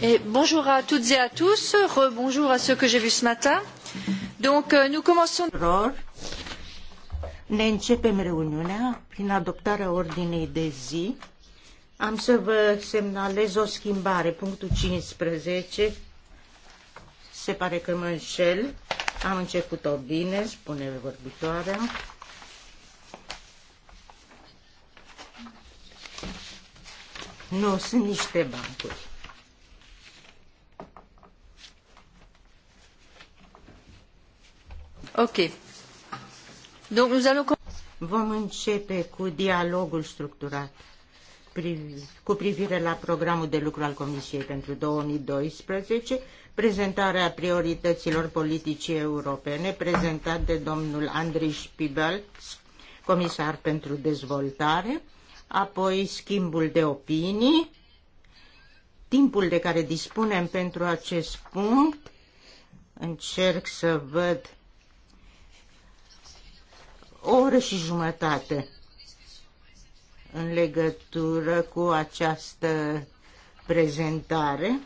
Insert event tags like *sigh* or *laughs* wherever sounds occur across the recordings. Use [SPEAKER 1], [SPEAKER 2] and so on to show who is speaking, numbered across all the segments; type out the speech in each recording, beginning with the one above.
[SPEAKER 1] et bonjour à toutes et à tous, rebonjour à ceux que
[SPEAKER 2] j'ai vus ce matin. Donc euh, nous commençons. Ne începem reuniunea prin adoptarea ordinei de zi. Am să vă semnalez o schimbare. Punctul 15. Se pare că mă înșel. Am început-o bine, spune vorbitoarea. Nu, sunt niște bancuri. Ok. Domnul nous Vom începe cu dialogul structurat cu privire la programul de lucru al Comisiei pentru 2012, prezentarea priorităților politicii europene, prezentat de domnul Andrei Spibel, comisar pentru dezvoltare, apoi schimbul de opinii, timpul de care dispunem pentru acest punct. Încerc să văd o oră și jumătate în legătură cu această prezentare.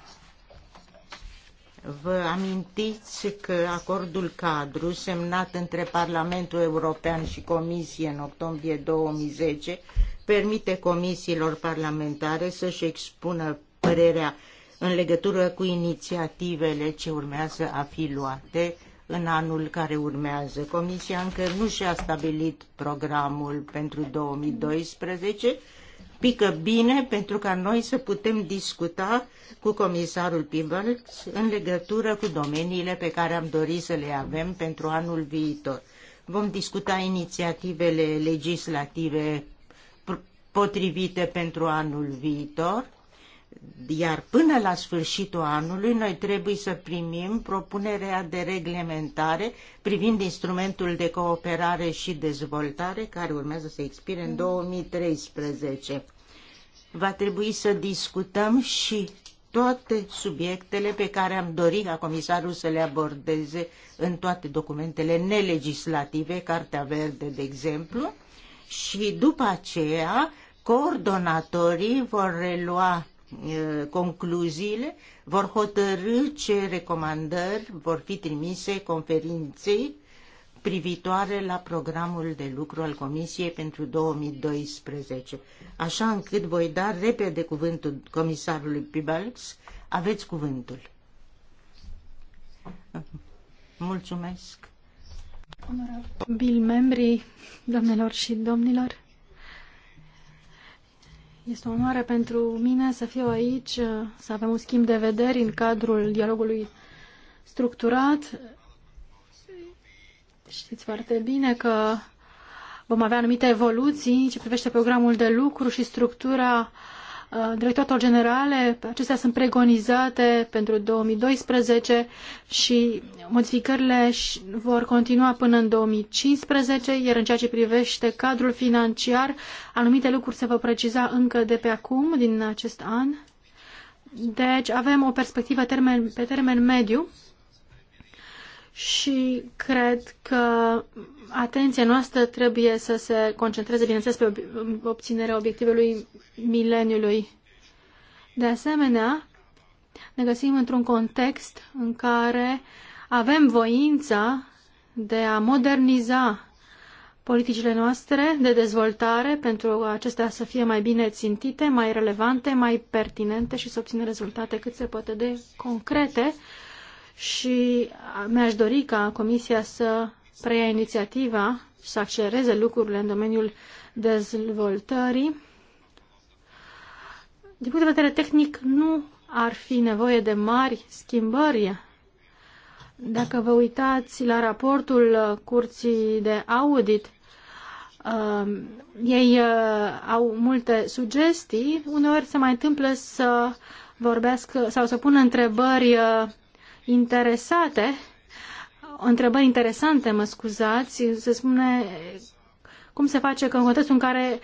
[SPEAKER 2] Vă amintiți că acordul cadru semnat între Parlamentul European și Comisie în octombrie 2010 permite comisiilor parlamentare să-și expună părerea în legătură cu inițiativele ce urmează a fi luate în anul care urmează. Comisia încă nu și-a stabilit programul pentru 2012, pică bine pentru ca noi să putem discuta cu comisarul Piebalgs în legătură cu domeniile pe care am dorit să le avem pentru anul viitor. Vom discuta inițiativele legislative potrivite pentru anul viitor, iar până la sfârșitul anului noi trebuie să primim propunerea de reglementare privind instrumentul de cooperare și dezvoltare care urmează să expire în 2013. Va trebui să discutăm și toate subiectele pe care am dorit ca comisarul să le abordeze în toate documentele nelegislative, Cartea Verde, de exemplu, și după aceea coordonatorii vor relua concluziile, vor hotărâ ce recomandări vor fi trimise conferinței privitoare la programul de lucru al Comisiei pentru 2012. Așa încât voi da repede cuvântul comisarului Pibalx. Aveți cuvântul. Mulțumesc.
[SPEAKER 1] Bill membrii, domnilor și domnilor, este o onoare pentru mine să fiu aici, să avem un schimb de vederi în cadrul dialogului structurat. Știți foarte bine că vom avea anumite evoluții ce privește programul de lucru și structura uh, Uh, directoratelor generale, acestea sunt pregonizate pentru 2012 și modificările vor continua până în 2015, iar în ceea ce privește cadrul financiar, anumite lucruri se vor preciza încă de pe acum, din acest an. Deci avem o perspectivă termen, pe termen mediu și cred că atenția noastră trebuie să se concentreze, bineînțeles, pe obținerea obiectivului mileniului. De asemenea, ne găsim într-un context în care avem voința de a moderniza politicile noastre de dezvoltare pentru acestea să fie mai bine țintite, mai relevante, mai pertinente și să obțină rezultate cât se poate de concrete și mi-aș dori ca Comisia să preia inițiativa să accelereze lucrurile în domeniul dezvoltării. Din punct de vedere tehnic, nu ar fi nevoie de mari schimbări. Dacă vă uitați la raportul uh, curții de audit, uh, ei uh, au multe sugestii, uneori se mai întâmplă să vorbească sau să pună întrebări interesate întrebări interesante, mă scuzați, se spune cum se face că în contextul în care uh,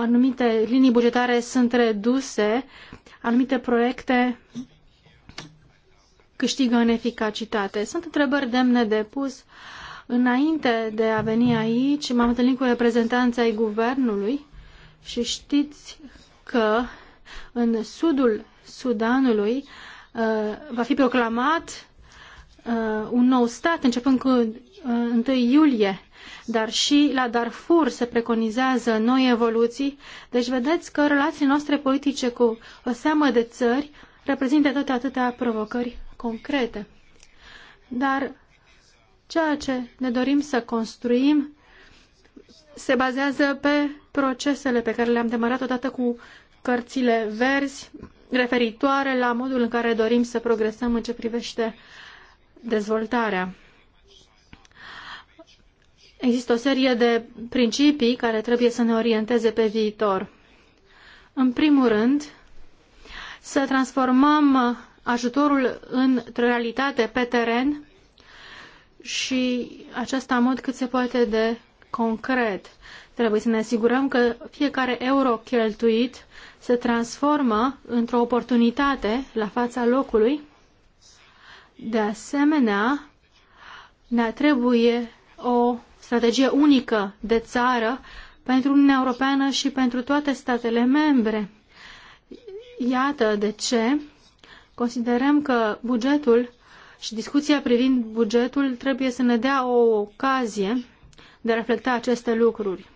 [SPEAKER 1] anumite linii bugetare sunt reduse, anumite proiecte câștigă în eficacitate. Sunt întrebări demne de pus. Înainte de a veni aici, m-am întâlnit cu reprezentanța ai guvernului și știți că în sudul Sudanului uh, va fi proclamat uh, un nou stat începând cu uh, 1 iulie, dar și la Darfur se preconizează noi evoluții. Deci vedeți că relațiile noastre politice cu o seamă de țări reprezintă toate atâtea provocări concrete. Dar ceea ce ne dorim să construim se bazează pe procesele pe care le-am demarat odată cu cărțile verzi referitoare la modul în care dorim să progresăm în ce privește uh, dezvoltarea. Există o serie de principii care trebuie să ne orienteze pe viitor. În primul rând, să transformăm ajutorul în realitate pe teren și aceasta în mod cât se poate de concret. Trebuie să ne asigurăm că fiecare euro cheltuit se transformă într-o oportunitate la fața locului de asemenea, ne trebuie o strategie unică de țară pentru Uniunea Europeană și pentru toate statele membre. Iată de ce considerăm că bugetul și discuția privind bugetul trebuie să ne dea o ocazie de a reflecta aceste lucruri.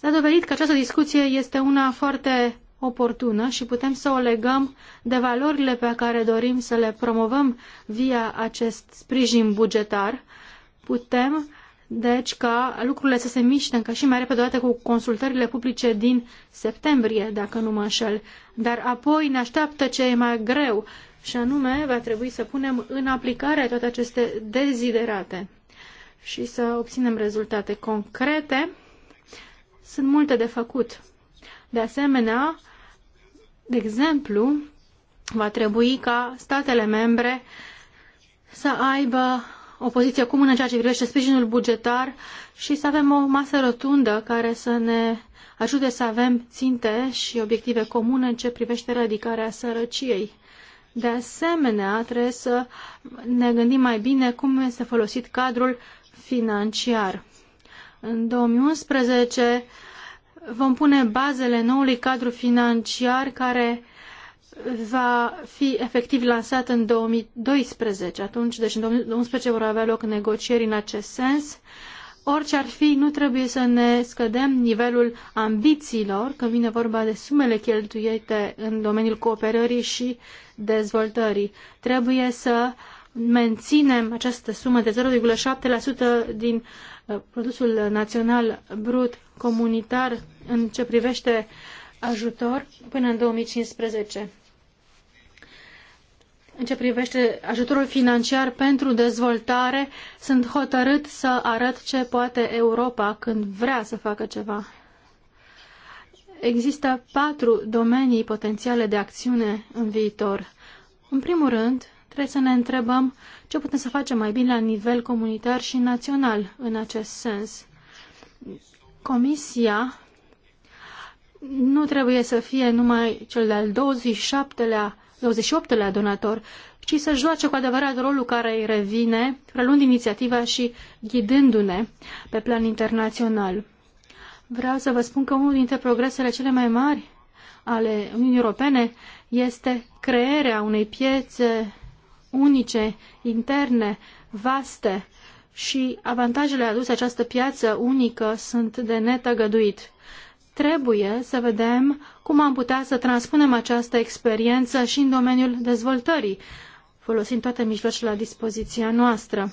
[SPEAKER 1] S-a dovedit că această discuție este una foarte oportună și putem să o legăm de valorile pe care dorim să le promovăm via acest sprijin bugetar. Putem, deci, ca lucrurile să se miște încă și mai repede odată cu consultările publice din septembrie, dacă nu mă înșel. Dar apoi ne așteaptă ce e mai greu și anume va trebui să punem în aplicare toate aceste deziderate și să obținem rezultate concrete. Sunt multe de făcut. De asemenea, de exemplu, va trebui ca statele membre să aibă o poziție comună în ceea ce privește sprijinul bugetar și să avem o masă rotundă care să ne ajute să avem ținte și obiective comune în ce privește eradicarea sărăciei. De asemenea, trebuie să ne gândim mai bine cum este folosit cadrul financiar. În 2011 vom pune bazele noului cadru financiar care va fi efectiv lansat în 2012. Atunci, deci în 2011 vor avea loc negocieri în acest sens. Orice ar fi, nu trebuie să ne scădem nivelul ambițiilor când vine vorba de sumele cheltuite în domeniul cooperării și dezvoltării. Trebuie să menținem această sumă de 0,7% din uh, produsul național brut comunitar în ce privește ajutor până în 2015. În ce privește ajutorul financiar pentru dezvoltare, sunt hotărât să arăt ce poate Europa când vrea să facă ceva. Există patru domenii potențiale de acțiune în viitor. În primul rând, trebuie să ne întrebăm ce putem să facem mai bine la nivel comunitar și național în acest sens. Comisia nu trebuie să fie numai cel de-al 27-lea, 28-lea donator, ci să joace cu adevărat rolul care îi revine, preluând inițiativa și ghidându-ne pe plan internațional. Vreau să vă spun că unul dintre progresele cele mai mari ale Uniunii Europene este crearea unei piețe unice, interne, vaste și avantajele aduse această piață unică sunt de netăgăduit. Trebuie să vedem cum am putea să transpunem această experiență și în domeniul dezvoltării, folosind toate mijloacele la dispoziția noastră.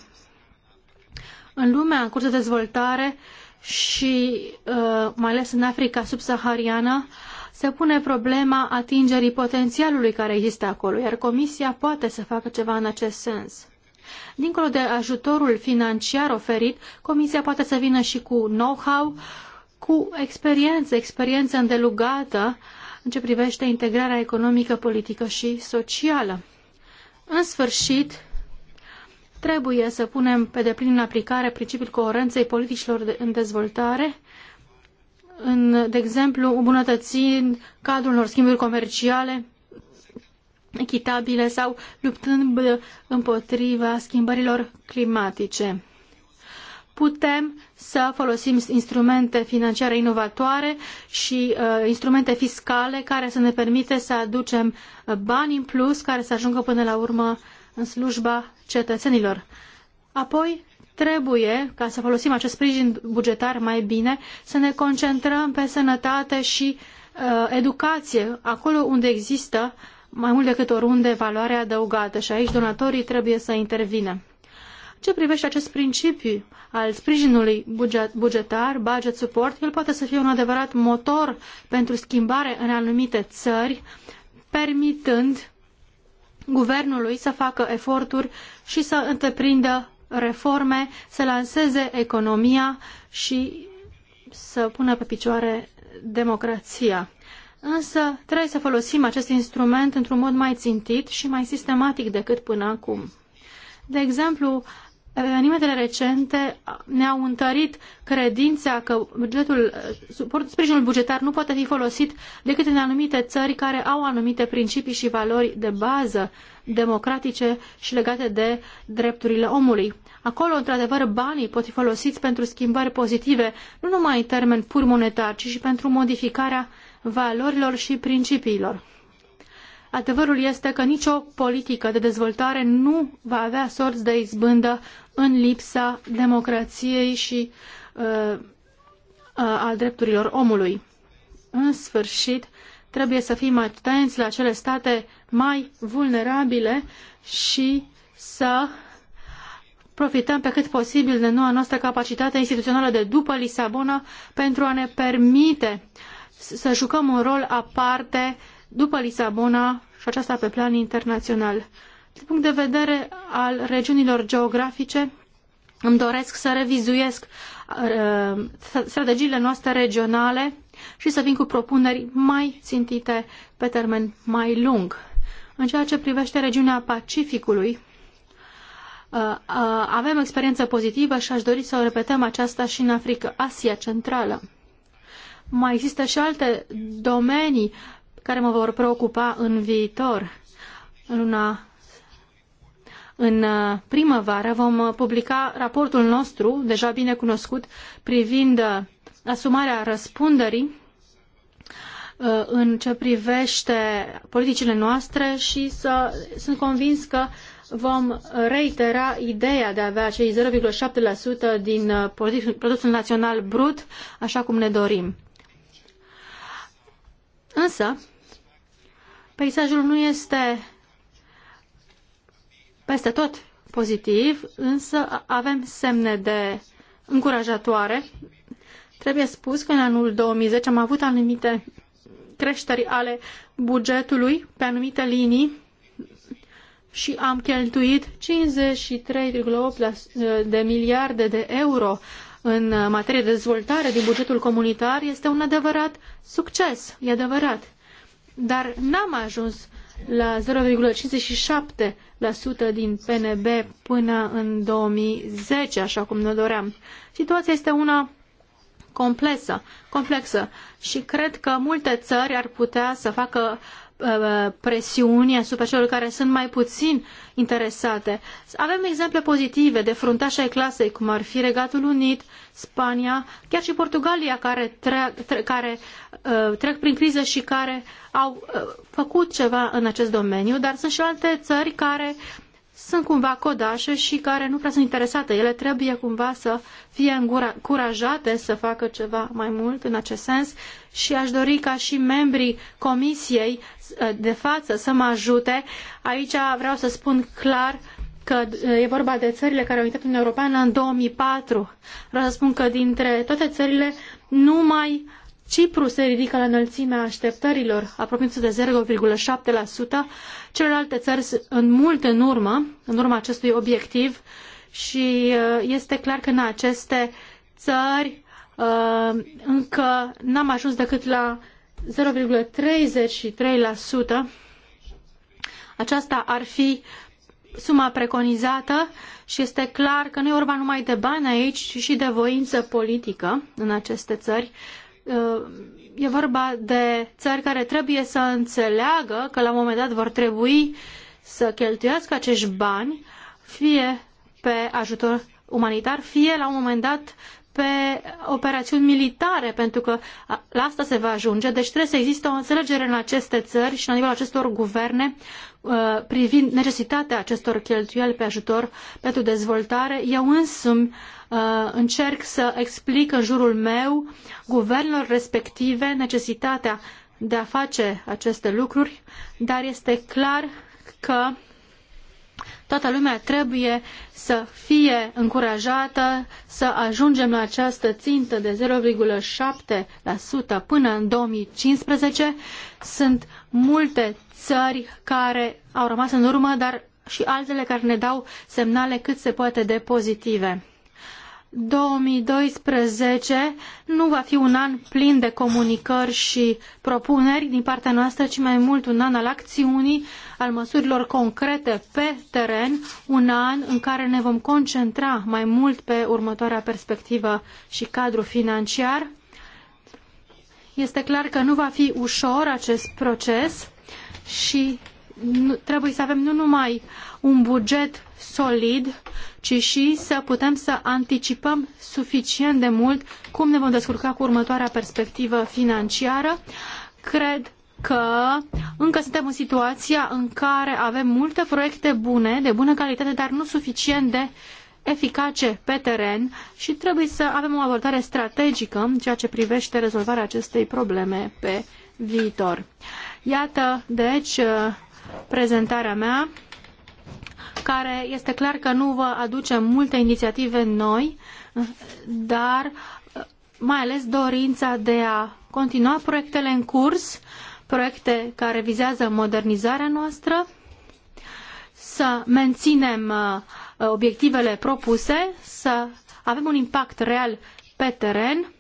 [SPEAKER 1] În lumea în curs de dezvoltare și uh, mai ales în Africa subsahariană, se pune problema atingerii potențialului care există acolo, iar Comisia poate să facă ceva în acest sens. Dincolo de ajutorul financiar oferit, Comisia poate să vină și cu know-how, cu experiență, experiență îndelugată în ce privește integrarea economică, politică și socială. În sfârșit, trebuie să punem pe deplin în aplicare principiul coerenței politicilor de, în dezvoltare, în, de exemplu, îmbunătățind cadrul unor schimburi comerciale echitabile sau luptând împotriva schimbărilor climatice putem să folosim instrumente financiare inovatoare și uh, instrumente fiscale care să ne permite să aducem uh, bani în plus care să ajungă până la urmă în slujba cetățenilor. Apoi, trebuie, ca să folosim acest sprijin bugetar mai bine, să ne concentrăm pe sănătate și uh, educație, acolo unde există mai mult decât oriunde valoare adăugată și aici donatorii trebuie să intervină ce privește acest principiu al sprijinului bugetar, budget support, el poate să fie un adevărat motor pentru schimbare în anumite țări, permitând guvernului să facă eforturi și să întreprindă reforme, să lanseze economia și să pună pe picioare democrația. Însă trebuie să folosim acest instrument într-un mod mai țintit și mai sistematic decât până acum. De exemplu, Evenimentele recente ne-au întărit credința că bugetul, sprijinul bugetar nu poate fi folosit decât în anumite țări care au anumite principii și valori de bază democratice și legate de drepturile omului. Acolo, într-adevăr, banii pot fi folosiți pentru schimbări pozitive, nu numai în termeni pur monetar, ci și pentru modificarea valorilor și principiilor. Adevărul este că nicio politică de dezvoltare nu va avea sorți de izbândă în lipsa democrației și uh, a drepturilor omului. În sfârșit, trebuie să fim atenți la cele state mai vulnerabile și să profităm pe cât posibil de noua noastră capacitate instituțională de după Lisabona pentru a ne permite să jucăm un rol aparte după Lisabona și aceasta pe plan internațional. Din punct de vedere al regiunilor geografice, îmi doresc să revizuiesc uh, strategiile noastre regionale și să vin cu propuneri mai țintite pe termen mai lung. În ceea ce privește regiunea Pacificului, uh, uh, avem experiență pozitivă și aș dori să o repetăm aceasta și în Africa, Asia Centrală. Mai există și alte domenii care mă vor preocupa în viitor. În, una, în uh, primăvară vom uh, publica raportul nostru, deja bine cunoscut, privind uh, asumarea răspunderii în ce privește politicile noastre și să, sunt convins că vom reitera ideea de a avea cei 0,7% din produsul național brut, așa cum ne dorim. Însă, Peisajul nu este peste tot pozitiv, însă avem semne de încurajatoare. Trebuie spus că în anul 2010 am avut anumite creșteri ale bugetului pe anumite linii și am cheltuit 53,8 de miliarde de euro în materie de dezvoltare din bugetul comunitar este un adevărat succes, e adevărat dar n-am ajuns la 0,57% din PNB până în 2010, așa cum ne doream. Situația este una complexă, complexă și cred că multe țări ar putea să facă uh, presiuni asupra celor care sunt mai puțin interesate. Avem exemple pozitive de fruntași ai clasei, cum ar fi Regatul Unit, Spania, chiar și Portugalia, care, trec, tre care uh, trec prin criză și care au uh, făcut ceva în acest domeniu, dar sunt și alte țări care sunt cumva codașe și care nu prea sunt interesate. Ele trebuie cumva să fie încurajate să facă ceva mai mult în acest sens și aș dori ca și membrii comisiei eh, de față să mă ajute. Aici vreau să spun clar că eh, e vorba de țările care au intrat în Europeană în 2004. Vreau să spun că dintre toate țările numai Cipru se ridică la înălțimea așteptărilor, apropiindu-se de 0,7%, celelalte țări sunt în mult în urmă, în urma acestui obiectiv și uh, este clar că în aceste țări uh, încă n-am ajuns decât la 0,33%. Aceasta ar fi suma preconizată și este clar că nu e vorba numai de bani aici, ci și de voință politică în aceste țări. Uh, e vorba de țări care trebuie să înțeleagă că la un moment dat vor trebui să cheltuiască acești bani, fie pe ajutor umanitar, fie la un moment dat pe operațiuni militare, pentru că la asta se va ajunge. Deci trebuie să existe o înțelegere în aceste țări și la nivelul acestor guverne uh, privind necesitatea acestor cheltuieli pe ajutor pentru dezvoltare. Eu însumi Uh, încerc să explic în jurul meu guvernelor respective necesitatea de a face aceste lucruri, dar este clar că toată lumea trebuie să fie încurajată să ajungem la această țintă de 0,7% până în 2015. Sunt multe țări care au rămas în urmă, dar și altele care ne dau semnale cât se poate de pozitive. 2012 nu va fi un an plin de comunicări și propuneri din partea noastră, ci mai mult un an al acțiunii, al măsurilor concrete pe teren, un an în care ne vom concentra mai mult pe următoarea perspectivă și cadru financiar. Este clar că nu va fi ușor acest proces și trebuie să avem nu numai un buget solid, ci și să putem să anticipăm suficient de mult cum ne vom descurca cu următoarea perspectivă financiară. Cred că încă suntem în situația în care avem multe proiecte bune, de bună calitate, dar nu suficient de eficace pe teren și trebuie să avem o abordare strategică în ceea ce privește rezolvarea acestei probleme pe viitor. Iată, deci, prezentarea mea care este clar că nu vă aduce multe inițiative noi, dar mai ales dorința de a continua proiectele în curs, proiecte care vizează modernizarea noastră, să menținem uh, obiectivele propuse, să avem un impact real pe teren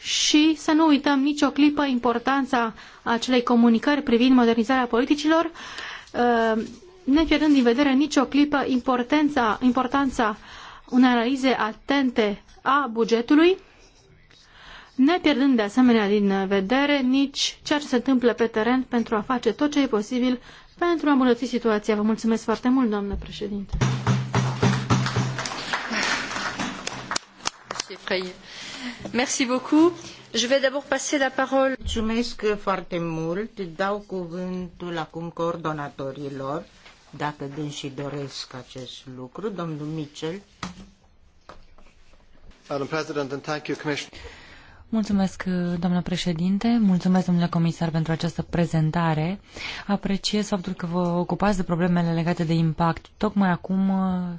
[SPEAKER 1] și să nu uităm nicio clipă importanța acelei comunicări privind modernizarea politicilor uh, necerând din vedere nicio clipă importanța, importanța unei analize atente a bugetului, ne pierdând de asemenea din vedere nici ceea ce se întâmplă pe teren pentru a face tot ce e posibil pentru a îmbunătăți situația. Vă mulțumesc foarte mult, doamnă președinte.
[SPEAKER 2] Merci beaucoup. Je vais d'abord passer la parole. Mulțumesc foarte mult. Dau cuvântul acum coordonatorilor dacă dânsii doresc acest lucru. Domnul Mitchell.
[SPEAKER 3] Madam President, and thank you,
[SPEAKER 4] Mulțumesc, doamnă președinte, mulțumesc, domnule comisar, pentru această prezentare. Apreciez faptul că vă ocupați de problemele legate de impact, tocmai acum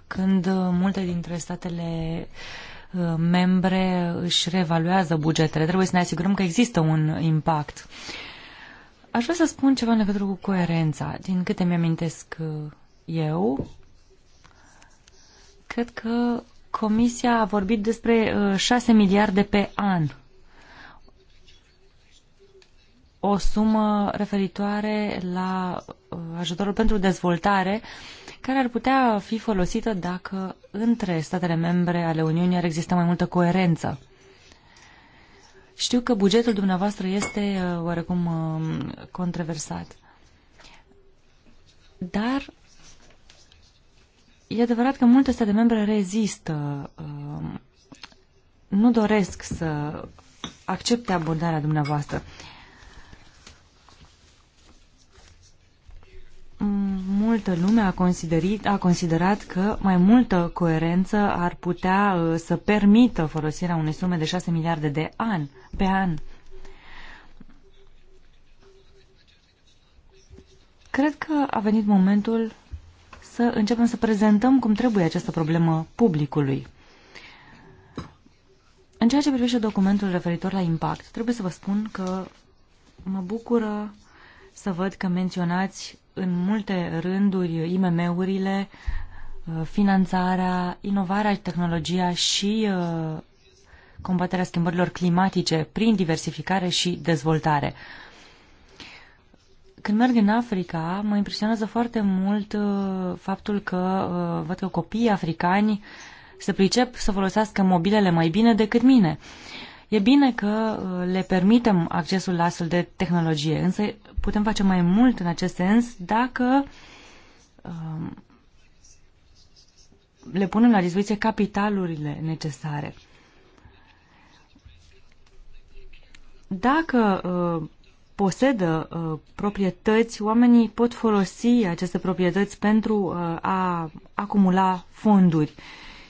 [SPEAKER 4] când multe dintre statele uh, membre își reevaluează bugetele. Trebuie să ne asigurăm că există un impact. Uh, Aș vrea să spun ceva în legătură cu coerența. Din câte mi-amintesc uh, eu, cred că Comisia a vorbit despre 6 uh, miliarde pe an. O sumă referitoare la uh, ajutorul pentru dezvoltare care ar putea fi folosită dacă între statele membre ale Uniunii ar exista mai multă coerență. Știu că bugetul dumneavoastră este uh, oarecum uh, controversat. Dar e adevărat că multe state membre rezistă, uh, nu doresc să accepte abordarea dumneavoastră. multă lume a, considerit, a considerat că mai multă coerență ar putea uh, să permită folosirea unei sume de 6 miliarde de ani pe an. Cred că a venit momentul să începem să prezentăm cum trebuie această problemă publicului. În ceea ce privește documentul referitor la impact, trebuie să vă spun că mă bucură să văd că menționați în multe rânduri IMM-urile, uh, finanțarea, inovarea, tehnologia și uh, combaterea schimbărilor climatice prin diversificare și dezvoltare. Când merg în Africa, mă impresionează foarte mult uh, faptul că văd că copiii africani se pricep să folosească mobilele mai bine decât mine. E bine că uh, le permitem accesul la astfel de tehnologie, însă putem face mai mult în acest sens dacă um, le punem la dispoziție capitalurile necesare. Dacă uh, posedă uh, proprietăți, oamenii pot folosi aceste proprietăți pentru a acumula fonduri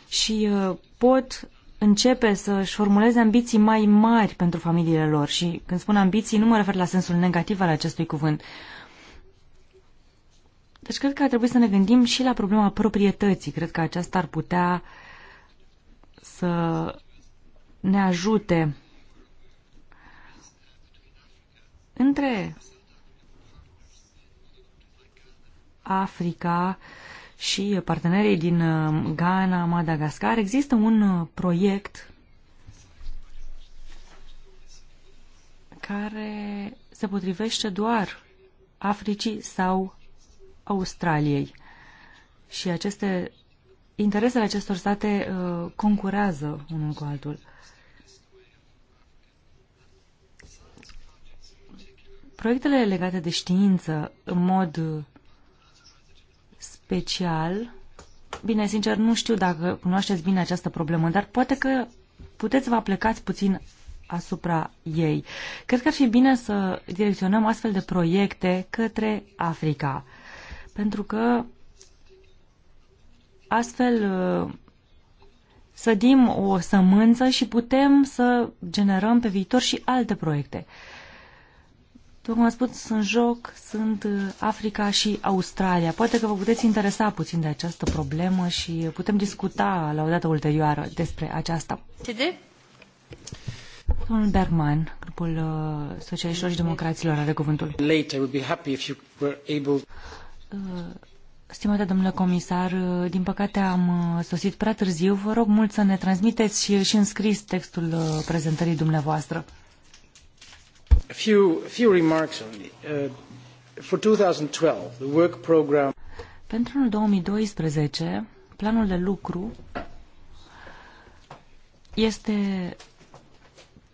[SPEAKER 4] și pot începe să își formuleze ambiții mai mari pentru familiile lor și când spun ambiții nu mă refer la sensul negativ al acestui cuvânt. Deci cred că ar trebui să ne gândim și la problema proprietății. Cred că aceasta ar putea să ne ajute între Africa și partenerii din uh, Ghana, Madagascar, există un uh, proiect care se potrivește doar Africii sau Australiei. Și aceste interesele acestor state uh, concurează unul cu altul. Proiectele legate de știință, în mod special, bine, sincer, nu știu dacă cunoașteți bine această problemă, dar poate că puteți vă aplecați puțin asupra ei. Cred că ar fi bine să direcționăm astfel de proiecte către Africa, pentru că astfel uh, sădim o sămânță și putem să generăm pe viitor și alte proiecte. După cum am spus, sunt joc sunt uh, Africa și Australia. Poate că vă puteți interesa puțin de această problemă și putem discuta la o dată ulterioară despre aceasta. de? Domnul Bergman, grupul uh, Socialiștilor și Democraților, are cuvântul. Uh, stimate domnule comisar, din păcate am sosit prea târziu. Vă rog mult să ne transmiteți și, și în scris textul prezentării dumneavoastră
[SPEAKER 3] a few, few remarks only. Uh, for 2012, the work program...
[SPEAKER 4] Pentru 2012, planul de lucru este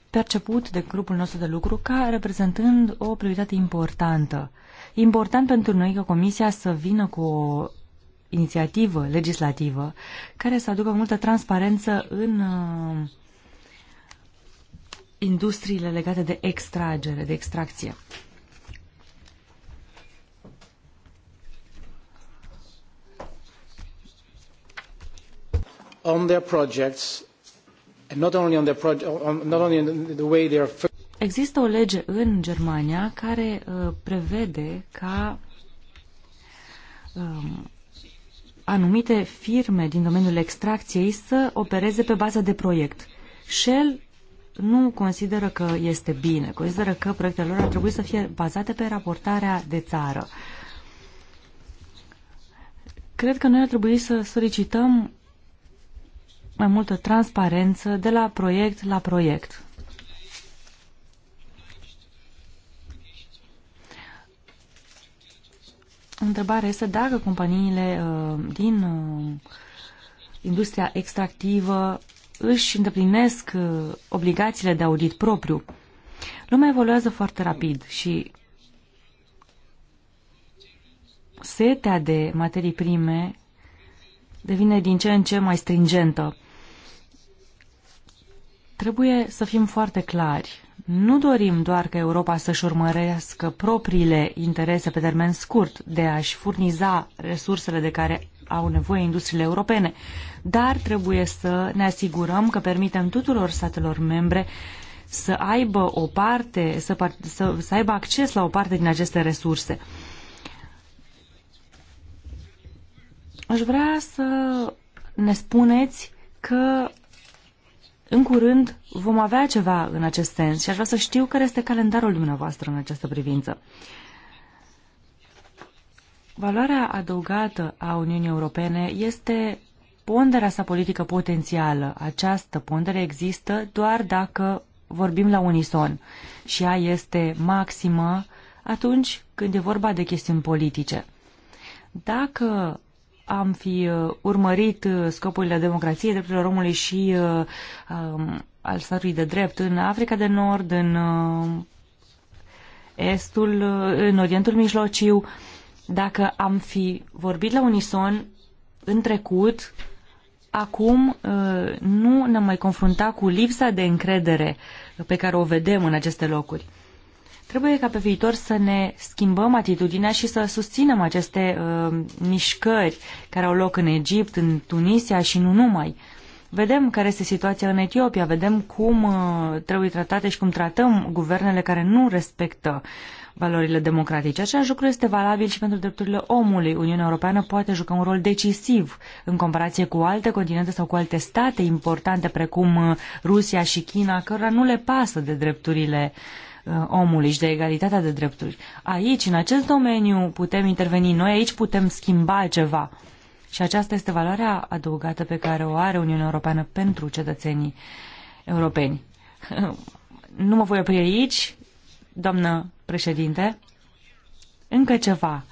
[SPEAKER 4] perceput de grupul nostru de lucru ca reprezentând o prioritate importantă. Important pentru noi ca Comisia să vină cu o inițiativă legislativă care să aducă multă transparență în uh, industriile legate de extragere, de extracție.
[SPEAKER 3] On their projects, and not only on their project, not only in the way they are.
[SPEAKER 4] Există o lege în Germania care uh, prevede ca um, anumite firme din domeniul extracției să opereze pe bază de proiect. Shell nu consideră că este bine, consideră că proiectele lor ar trebui să fie bazate pe raportarea de țară. Cred că noi ar trebui să solicităm mai multă transparență de la proiect la proiect. Întrebarea este dacă companiile uh, din uh, industria extractivă își îndeplinesc uh, obligațiile de audit propriu. Lumea evoluează foarte rapid și setea de materii prime devine din ce în ce mai stringentă. Trebuie să fim foarte clari. Nu dorim doar că Europa să-și urmărească propriile interese pe termen scurt de a-și furniza resursele de care au nevoie industriile europene, dar trebuie să ne asigurăm că permitem tuturor statelor membre să aibă o parte, să, par, să, să aibă acces la o parte din aceste resurse. Aș vrea să ne spuneți că în curând vom avea ceva în acest sens și aș vrea să știu care este calendarul dumneavoastră în această privință. Uh, Valoarea adăugată a Uniunii Europene este ponderea sa politică potențială. Această pondere există doar dacă vorbim la unison și ea este maximă atunci când e vorba de chestiuni politice. Dacă am fi uh, urmărit uh, scopurile democrației, drepturilor omului și uh, um, al statului de drept în Africa de Nord, în estul, în Orientul Mijlociu, uh, dacă am fi vorbit la unison în trecut, acum ă, nu ne mai confrunta cu lipsa de încredere pe care o vedem în aceste locuri. Trebuie ca pe viitor să ne schimbăm atitudinea și să susținem aceste uh, mișcări care au loc în Egipt, în Tunisia și nu numai. Vedem care este situația în Etiopia, vedem cum uh, trebuie tratate și cum tratăm guvernele care nu respectă valorile democratice. Același lucru este valabil și pentru drepturile omului. Uniunea Europeană poate juca un rol decisiv în comparație cu alte continente sau cu alte state importante precum uh, Rusia și China, cărora nu le pasă de drepturile uh, omului și de egalitatea de drepturi. Aici, în acest domeniu, putem interveni noi, aici putem schimba ceva. Și aceasta este valoarea adăugată pe care o are Uniunea Europeană pentru cetățenii europeni. *laughs* Nu mă voi opri aici, Doamnă președinte, încă ceva.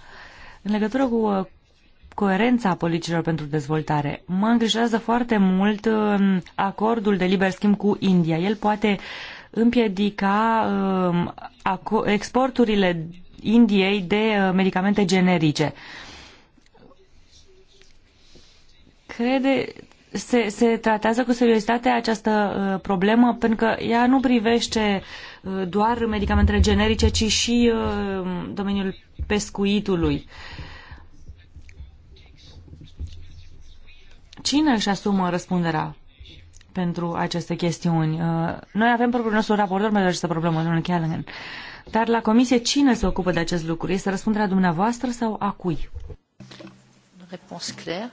[SPEAKER 4] În legătură cu uh, coerența politicilor pentru dezvoltare. Mă îngrijorează foarte mult um, acordul de liber schimb cu India. El poate împiedica um, exporturile Indiei de uh, medicamente generice. Crede, se, se tratează cu seriozitate această uh, problemă pentru că ea nu privește uh, Uh, doar medicamentele generice, ci și uh, domeniul pescuitului. Cine își asumă răspunderea pentru aceste chestiuni? Uh, noi avem propriul nostru raportor pentru această problemă, domnul Callahan. Dar la comisie cine se ocupă de acest lucru? Este răspunderea dumneavoastră sau a cui?
[SPEAKER 2] réponse claire,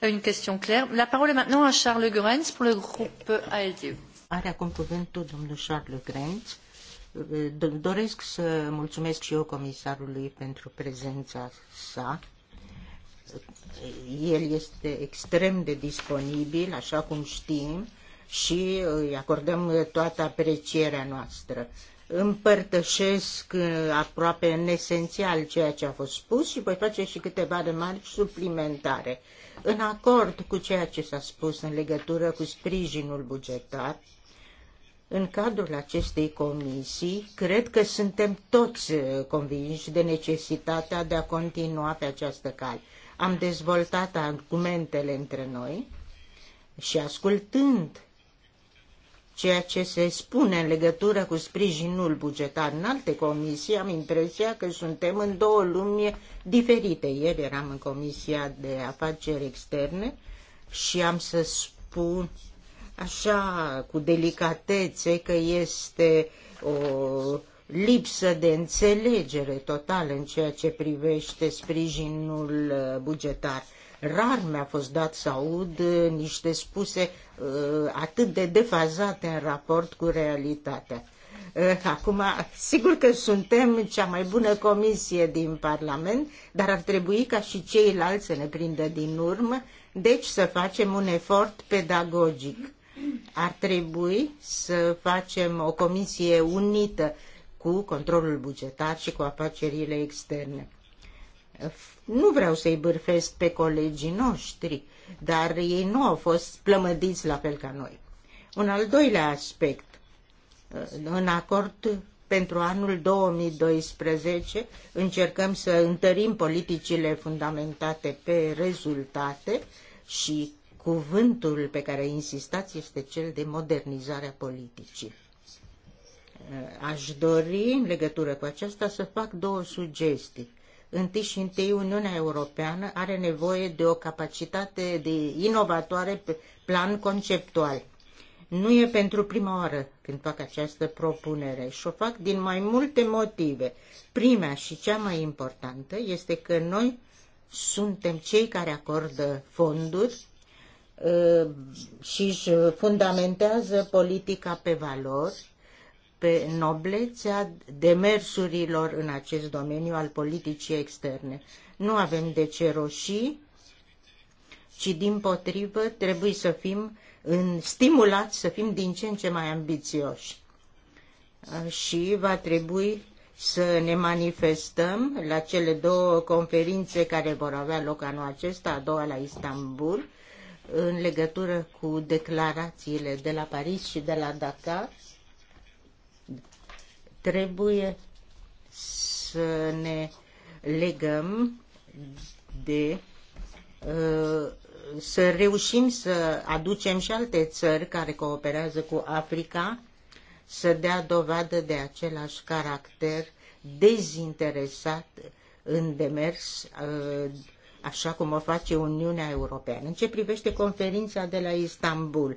[SPEAKER 2] euh, une question claire. La parole est maintenant à Charles Grenz pour le groupe ALDE. Are acum cuvântul domnul Charles Grenz Doresc să mulțumesc și eu comisarului pentru prezența sa. El este extrem de disponibil, așa cum știm, și îi acordăm toată aprecierea noastră. Împărtășesc uh, aproape în esențial ceea ce a fost spus și voi face și câteva remarci suplimentare. În acord cu ceea ce s-a spus în legătură cu sprijinul bugetar, în cadrul acestei comisii, cred că suntem toți uh, convinși de necesitatea de a continua pe această cale. Am dezvoltat argumentele între noi și ascultând ceea ce se spune în legătură cu sprijinul bugetar în alte comisii, am impresia că suntem în două lumi diferite. Ieri eram în Comisia de Afaceri Externe și am să spun așa cu delicatețe că este o lipsă de înțelegere totală în ceea ce privește sprijinul uh, bugetar. Rar mi-a fost dat să aud uh, niște spuse uh, atât de defazate în raport cu realitatea. Acum, sigur că suntem cea mai bună comisie din Parlament, dar ar trebui ca și ceilalți să ne prindă din urmă, deci să facem un efort pedagogic ar trebui să facem o comisie unită cu controlul bugetar și cu afacerile externe. Nu vreau să-i bârfesc pe colegii noștri, dar ei nu au fost plămădiți la fel ca noi. Un al doilea aspect. În acord pentru anul 2012 încercăm să întărim politicile fundamentate pe rezultate și cuvântul pe care insistați este cel de modernizare politicii. Eh, aș dori, în legătură cu aceasta, să fac două sugestii. Întâi și întâi, Uniunea Europeană are nevoie de o capacitate de inovatoare pe plan conceptual. Nu e pentru prima oară când fac această propunere și o fac din mai multe motive. Prima și cea mai importantă este că noi suntem cei care acordă fonduri Uh, și își fundamentează politica pe valori, pe noblețea demersurilor în acest domeniu al politicii externe. Nu avem de ce roșii, ci din potrivă trebuie să fim în, stimulați să fim din ce în ce mai ambițioși. Uh, și va trebui să ne manifestăm la cele două conferințe care vor avea loc anul acesta, a doua la Istanbul în legătură cu declarațiile de la Paris și de la Dakar, trebuie să ne legăm de uh, să reușim să aducem și alte țări care cooperează cu Africa să dea dovadă de același caracter dezinteresat în demers uh, așa cum o face Uniunea Europeană. În ce privește conferința de la Istanbul,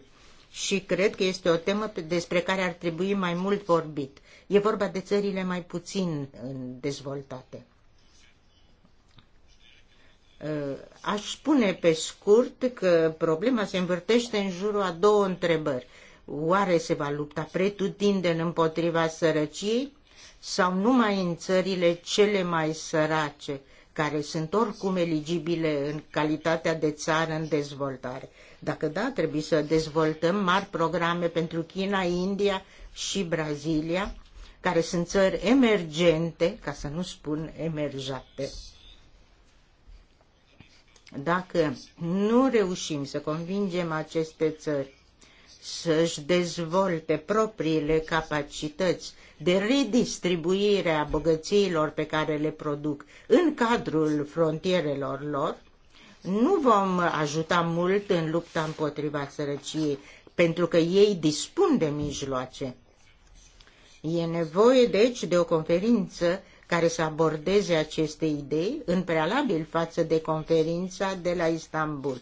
[SPEAKER 2] și cred că este o temă despre care ar trebui mai mult vorbit. E vorba de țările mai puțin dezvoltate. Uh, aș spune pe scurt că problema se învârtește în jurul a două întrebări. Oare se va lupta pretutindeni împotriva sărăciei sau numai în țările cele mai sărace? care sunt oricum eligibile în calitatea de țară în dezvoltare. Dacă da, trebuie să dezvoltăm mari programe pentru China, India și Brazilia, care sunt țări emergente, ca să nu spun emerjate. Dacă nu reușim să convingem aceste țări să-și dezvolte propriile capacități de redistribuire a bogățiilor pe care le produc în cadrul frontierelor lor, nu vom ajuta mult în lupta împotriva sărăciei, pentru că ei dispun de mijloace. E nevoie, deci, de o conferință care să abordeze aceste idei în prealabil față de conferința de la Istanbul.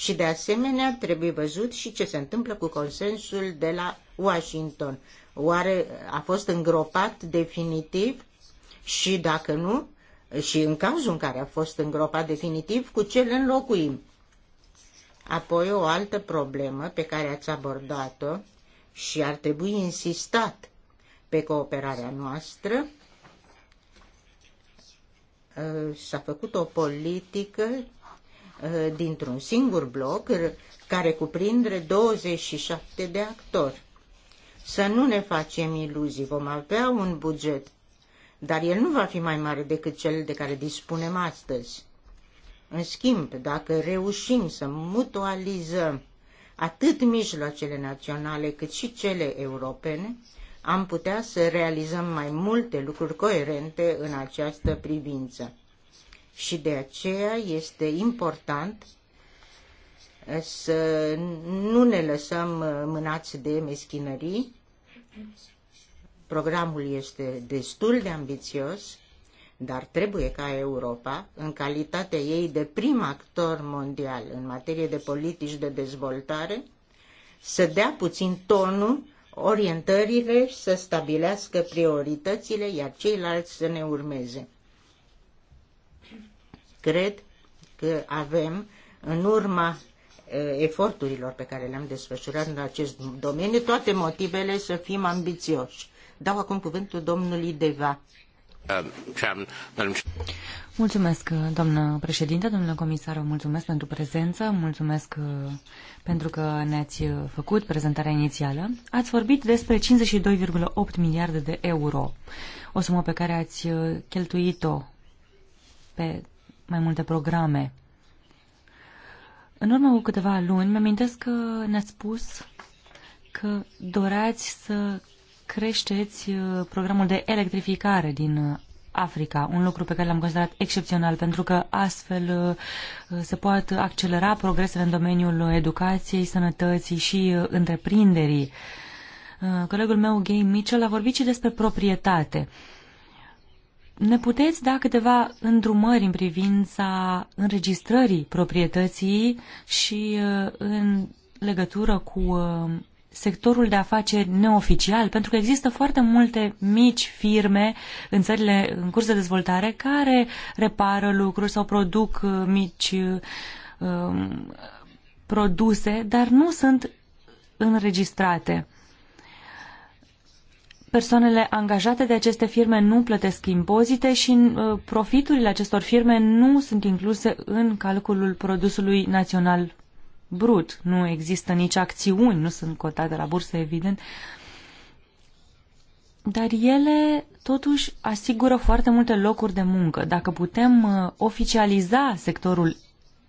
[SPEAKER 2] Și de asemenea trebuie văzut și ce se întâmplă cu consensul de la Washington. Oare a fost îngropat definitiv și dacă nu, și în cazul în care a fost îngropat definitiv, cu ce îl înlocuim? Apoi o altă problemă pe care ați abordat-o și ar trebui insistat pe cooperarea noastră, ă, s-a făcut o politică Uh, dintr-un singur bloc care cuprinde 27 de actori. Să nu ne facem iluzii, vom avea un buget, dar el nu va fi mai mare decât cel de care dispunem astăzi. În schimb, dacă reușim să mutualizăm atât mijloacele naționale cât și cele europene, am putea să realizăm mai multe lucruri coerente în această privință și de aceea este important eh, să nu ne lăsăm eh, mânați de meschinării. Programul este destul de ambițios, dar trebuie ca Europa, în calitatea ei de prim actor mondial în materie de politici de dezvoltare, să dea puțin tonul, orientările, să stabilească prioritățile, iar ceilalți să ne urmeze. Cred că avem, în urma eforturilor pe care le-am desfășurat în acest domeniu, toate motivele să fim ambițioși. Dau acum cuvântul domnului Deva.
[SPEAKER 4] Mulțumesc, doamnă președinte, domnule comisar, mulțumesc pentru prezență, mulțumesc pentru că ne-ați făcut prezentarea inițială. Ați vorbit despre 52,8 miliarde de euro, o sumă pe care ați cheltuit-o pe mai multe programe. În urmă cu câteva luni, mi-amintesc că ne-ați spus că doreați să creșteți uh, programul de electrificare din uh, Africa, un lucru pe care l-am considerat excepțional, pentru că astfel uh, se pot accelera progresele în domeniul educației, sănătății și întreprinderii. Colegul meu, Gay Mitchell, a vorbit și despre proprietate. Ne puteți da câteva îndrumări în privința înregistrării proprietății și uh, în legătură cu uh, sectorul de afaceri neoficial, pentru că există foarte multe mici firme în țările în curs de dezvoltare care repară lucruri sau produc uh, mici um, produse, dar nu sunt înregistrate persoanele angajate de aceste firme nu plătesc impozite și uh, profiturile acestor firme nu sunt incluse în calculul produsului național brut. Nu există nici acțiuni, nu sunt cotate la bursă, evident. Dar ele totuși asigură foarte multe locuri de muncă. Dacă putem uh, oficializa sectorul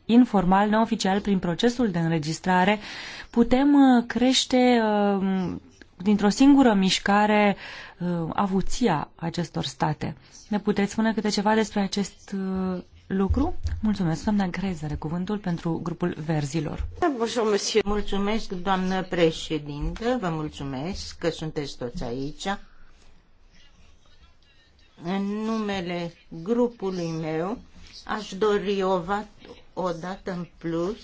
[SPEAKER 4] informal, neoficial, prin procesul de înregistrare, putem uh, crește dintr-o singură mișcare uh, avuția acestor state. Ne puteți spune câte ceva despre acest uh, lucru? Mulțumesc, doamna Grezere, cuvântul pentru grupul verzilor.
[SPEAKER 2] Mulțumesc, doamnă Președinte, vă mulțumesc că sunteți toți aici. În numele grupului meu aș dori o, o dată în plus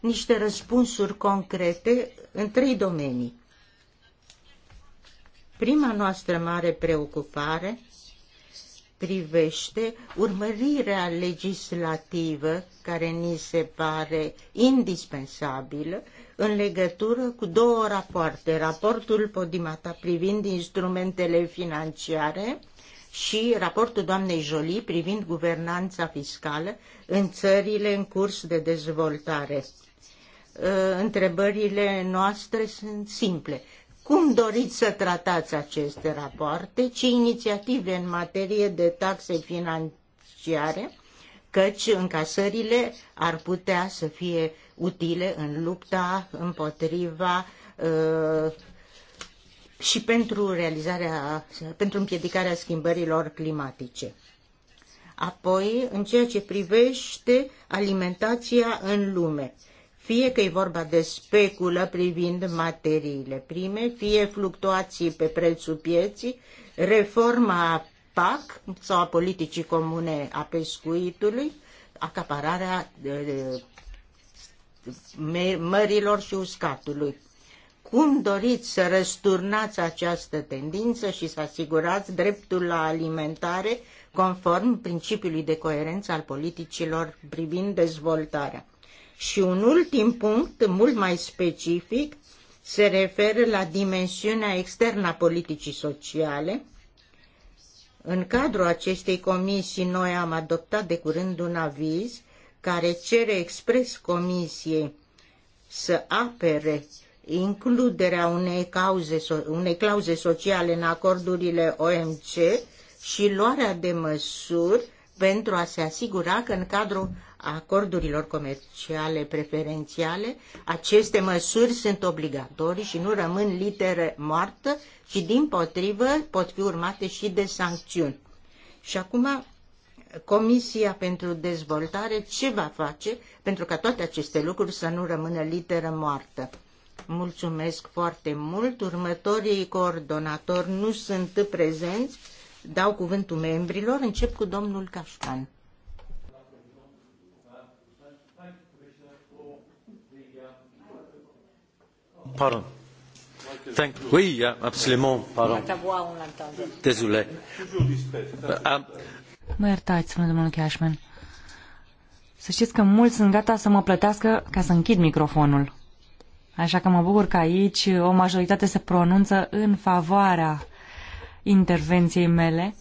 [SPEAKER 2] niște răspunsuri concrete în trei domenii. Prima noastră mare preocupare privește urmărirea legislativă care ni se pare indispensabilă în legătură cu două rapoarte, raportul Podimata privind instrumentele financiare și raportul doamnei Jolie privind guvernanța fiscală în țările în curs de dezvoltare. Ă, întrebările noastre sunt simple cum doriți să tratați aceste rapoarte, ce inițiative în materie de taxe financiare, căci încasările ar putea să fie utile în lupta împotriva uh, și pentru realizarea, pentru împiedicarea schimbărilor climatice. Apoi, în ceea ce privește alimentația în lume, fie că e vorba de speculă privind materiile prime, fie fluctuații pe prețul pieții, reforma PAC sau a politicii comune a pescuitului, acapararea mărilor și uscatului. Cum doriți să răsturnați această tendință și să asigurați dreptul la alimentare conform principiului de coerență al politicilor privind dezvoltarea? Și un ultim punct, mult mai specific, se referă la dimensiunea externă a politicii sociale. În cadrul acestei comisii noi am adoptat de curând un aviz care cere expres comisiei să apere includerea unei, cauze, unei clauze sociale în acordurile OMC și luarea de măsuri pentru a se asigura că în cadrul acordurilor comerciale preferențiale, aceste măsuri sunt obligatorii și nu rămân litere moartă, și din potrivă pot fi urmate și de sancțiuni. Și acum Comisia pentru Dezvoltare ce va face pentru ca toate aceste lucruri să nu rămână literă moartă? Mulțumesc foarte mult. Următorii coordonatori nu sunt prezenți. Dau cuvântul membrilor. Încep cu domnul Cașcan.
[SPEAKER 3] Pardon. Thank, oui, euh, absolument, pardon. Désolé. Euh,
[SPEAKER 4] mă iertați, domnul Cashman. Să știți că mulți sunt gata să mă plătească ca să închid microfonul. Așa că mă bucur că aici o majoritate se pronunță în favoarea intervenției mele.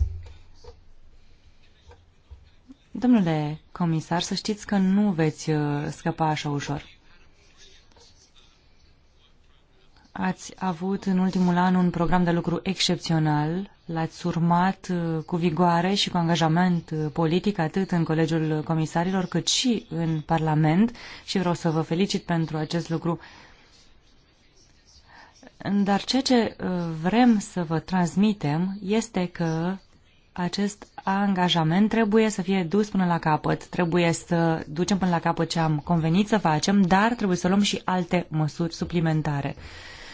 [SPEAKER 4] Domnule comisar, să știți că nu veți uh, scăpa așa ușor. Ați avut în ultimul an un program de lucru excepțional, l-ați urmat uh, cu vigoare și cu angajament uh, politic atât în Colegiul Comisarilor cât și în Parlament și vreau să vă felicit pentru acest lucru. Dar ceea ce uh, vrem să vă transmitem este că acest angajament trebuie să fie dus până la capăt, trebuie să ducem până la capăt ce am convenit să facem, dar trebuie să luăm și alte măsuri suplimentare.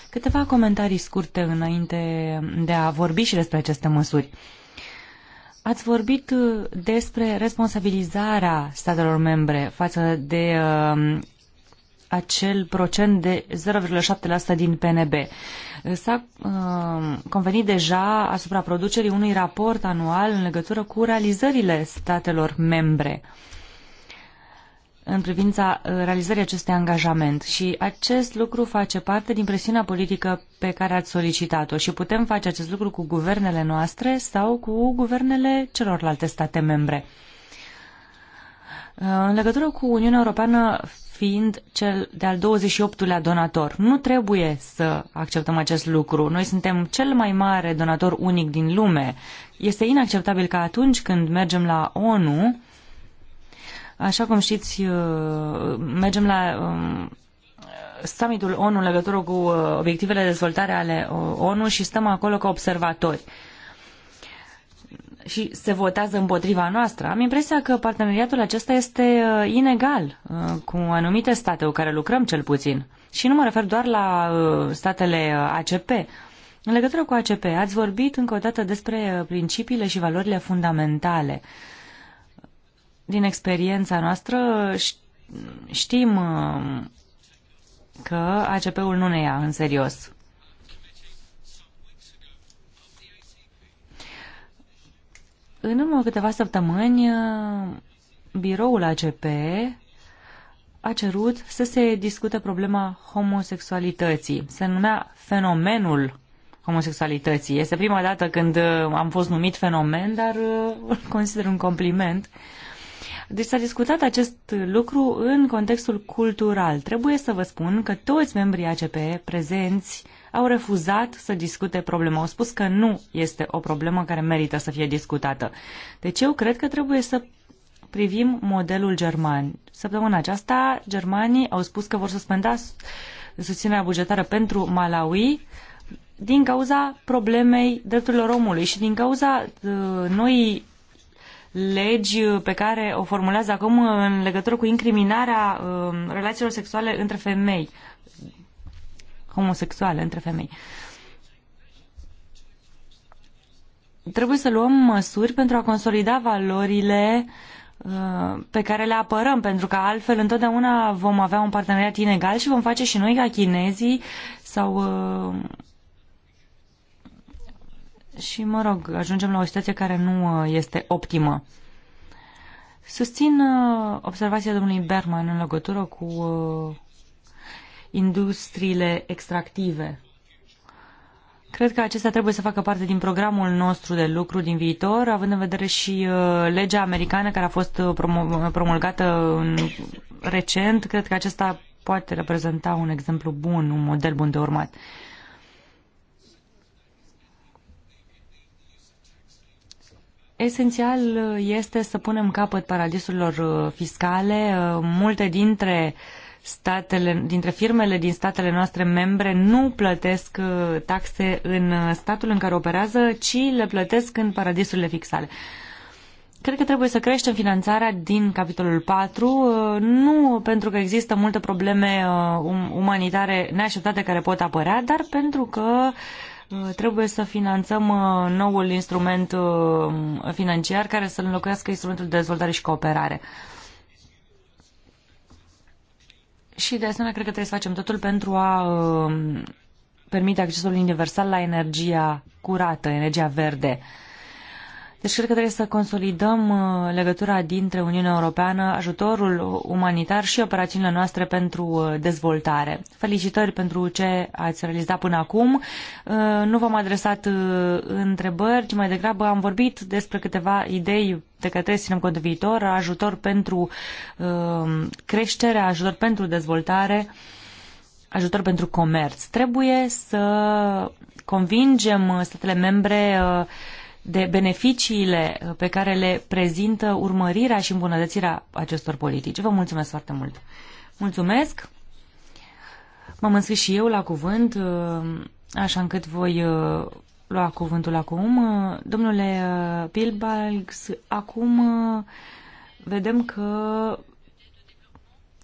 [SPEAKER 4] Câteva comentarii scurte înainte de a vorbi și despre aceste măsuri. Ați vorbit uh, despre responsabilizarea statelor membre față de uh, acel procent de 0,7% din PNB. Uh, s-a uh, convenit deja asupra producerii unui raport anual în legătură cu realizările statelor membre. Uh, în privința uh, realizării acestui angajament și acest lucru face parte din presiunea politică pe care ați solicitat-o și putem face acest lucru cu guvernele noastre sau cu guvernele celorlalte state membre. Uh, în legătură cu Uniunea Europeană fiind cel de-al 28-lea donator, nu trebuie să acceptăm acest lucru. Noi suntem cel mai mare donator unic din lume. Este inacceptabil că atunci când mergem la ONU, Așa cum știți, uh, mergem la um, summitul ONU în legătură cu uh, obiectivele de dezvoltare ale uh, ONU și stăm acolo ca observatori și se votează împotriva noastră. Am impresia că parteneriatul acesta este inegal cu anumite state cu care lucrăm cel puțin. Și nu mă refer doar la statele ACP. În legătură cu ACP, ați vorbit încă o dată despre principiile și valorile fundamentale din experiența noastră știm uh, că ACP-ul nu ne ia în serios. În urmă câteva săptămâni, uh, biroul ACP a cerut să se discute problema homosexualității. Se numea fenomenul homosexualității. Este prima dată când uh, am fost numit fenomen, dar îl consider un compliment. Uh, deci s-a discutat acest lucru în contextul cultural. Trebuie să vă spun că toți membrii ACP prezenți au refuzat să discute problema. Au spus că nu este o problemă care merită să fie discutată. Deci eu cred că trebuie să privim modelul german. Săptămâna aceasta, germanii au spus că vor suspenda susținerea bugetară pentru Malawi din cauza problemei drepturilor omului și din cauza uh, noii legi uh, pe care o formulează acum în legătură cu incriminarea uh, relațiilor sexuale între femei, homosexuale între femei. Trebuie să luăm măsuri pentru a consolida valorile uh, pe care le apărăm, pentru că altfel întotdeauna vom avea un parteneriat inegal și vom face și noi ca chinezii sau și, mă rog, ajungem la o situație care nu uh, este optimă. Susțin uh, observația domnului Berman în legătură cu uh, industriile extractive. Cred că acestea trebuie să facă parte din programul nostru de lucru din viitor, având în vedere și legea americană care a fost promulgată recent. Cred că acesta poate reprezenta un exemplu bun, un model bun de urmat. Esențial uh, este să punem capăt paradisurilor uh, fiscale. Uh, multe dintre statele, dintre firmele din statele noastre membre nu plătesc taxe în statul în care operează, ci le plătesc în paradisurile fiscale. Cred că trebuie să creștem finanțarea din capitolul 4, nu pentru că există multe probleme um, umanitare neașteptate care pot apărea, dar pentru că uh, Trebuie să finanțăm uh, noul instrument uh, financiar care să înlocuiască instrumentul de dezvoltare și cooperare. Și de asemenea, cred că trebuie să facem totul pentru a uh, permite accesul universal la energia curată, energia verde. Deci cred că trebuie să consolidăm uh, legătura dintre Uniunea Europeană, ajutorul umanitar și operațiunile noastre pentru uh, dezvoltare. Felicitări pentru ce ați realizat până acum. Uh, nu v-am adresat întrebări, ci mai degrabă am vorbit despre câteva idei de care trebuie să ținem cont de viitor, ajutor pentru creștere, ajutor pentru dezvoltare ajutor pentru comerț. Trebuie să convingem statele membre uh, de beneficiile uh, pe care le prezintă urmărirea și îmbunătățirea acestor politici. Vă mulțumesc foarte mult! Mulțumesc! M-am înscris și eu la cuvânt, uh, așa încât voi uh, lua cuvântul acum. Domnule Pilbalgs, acum vedem că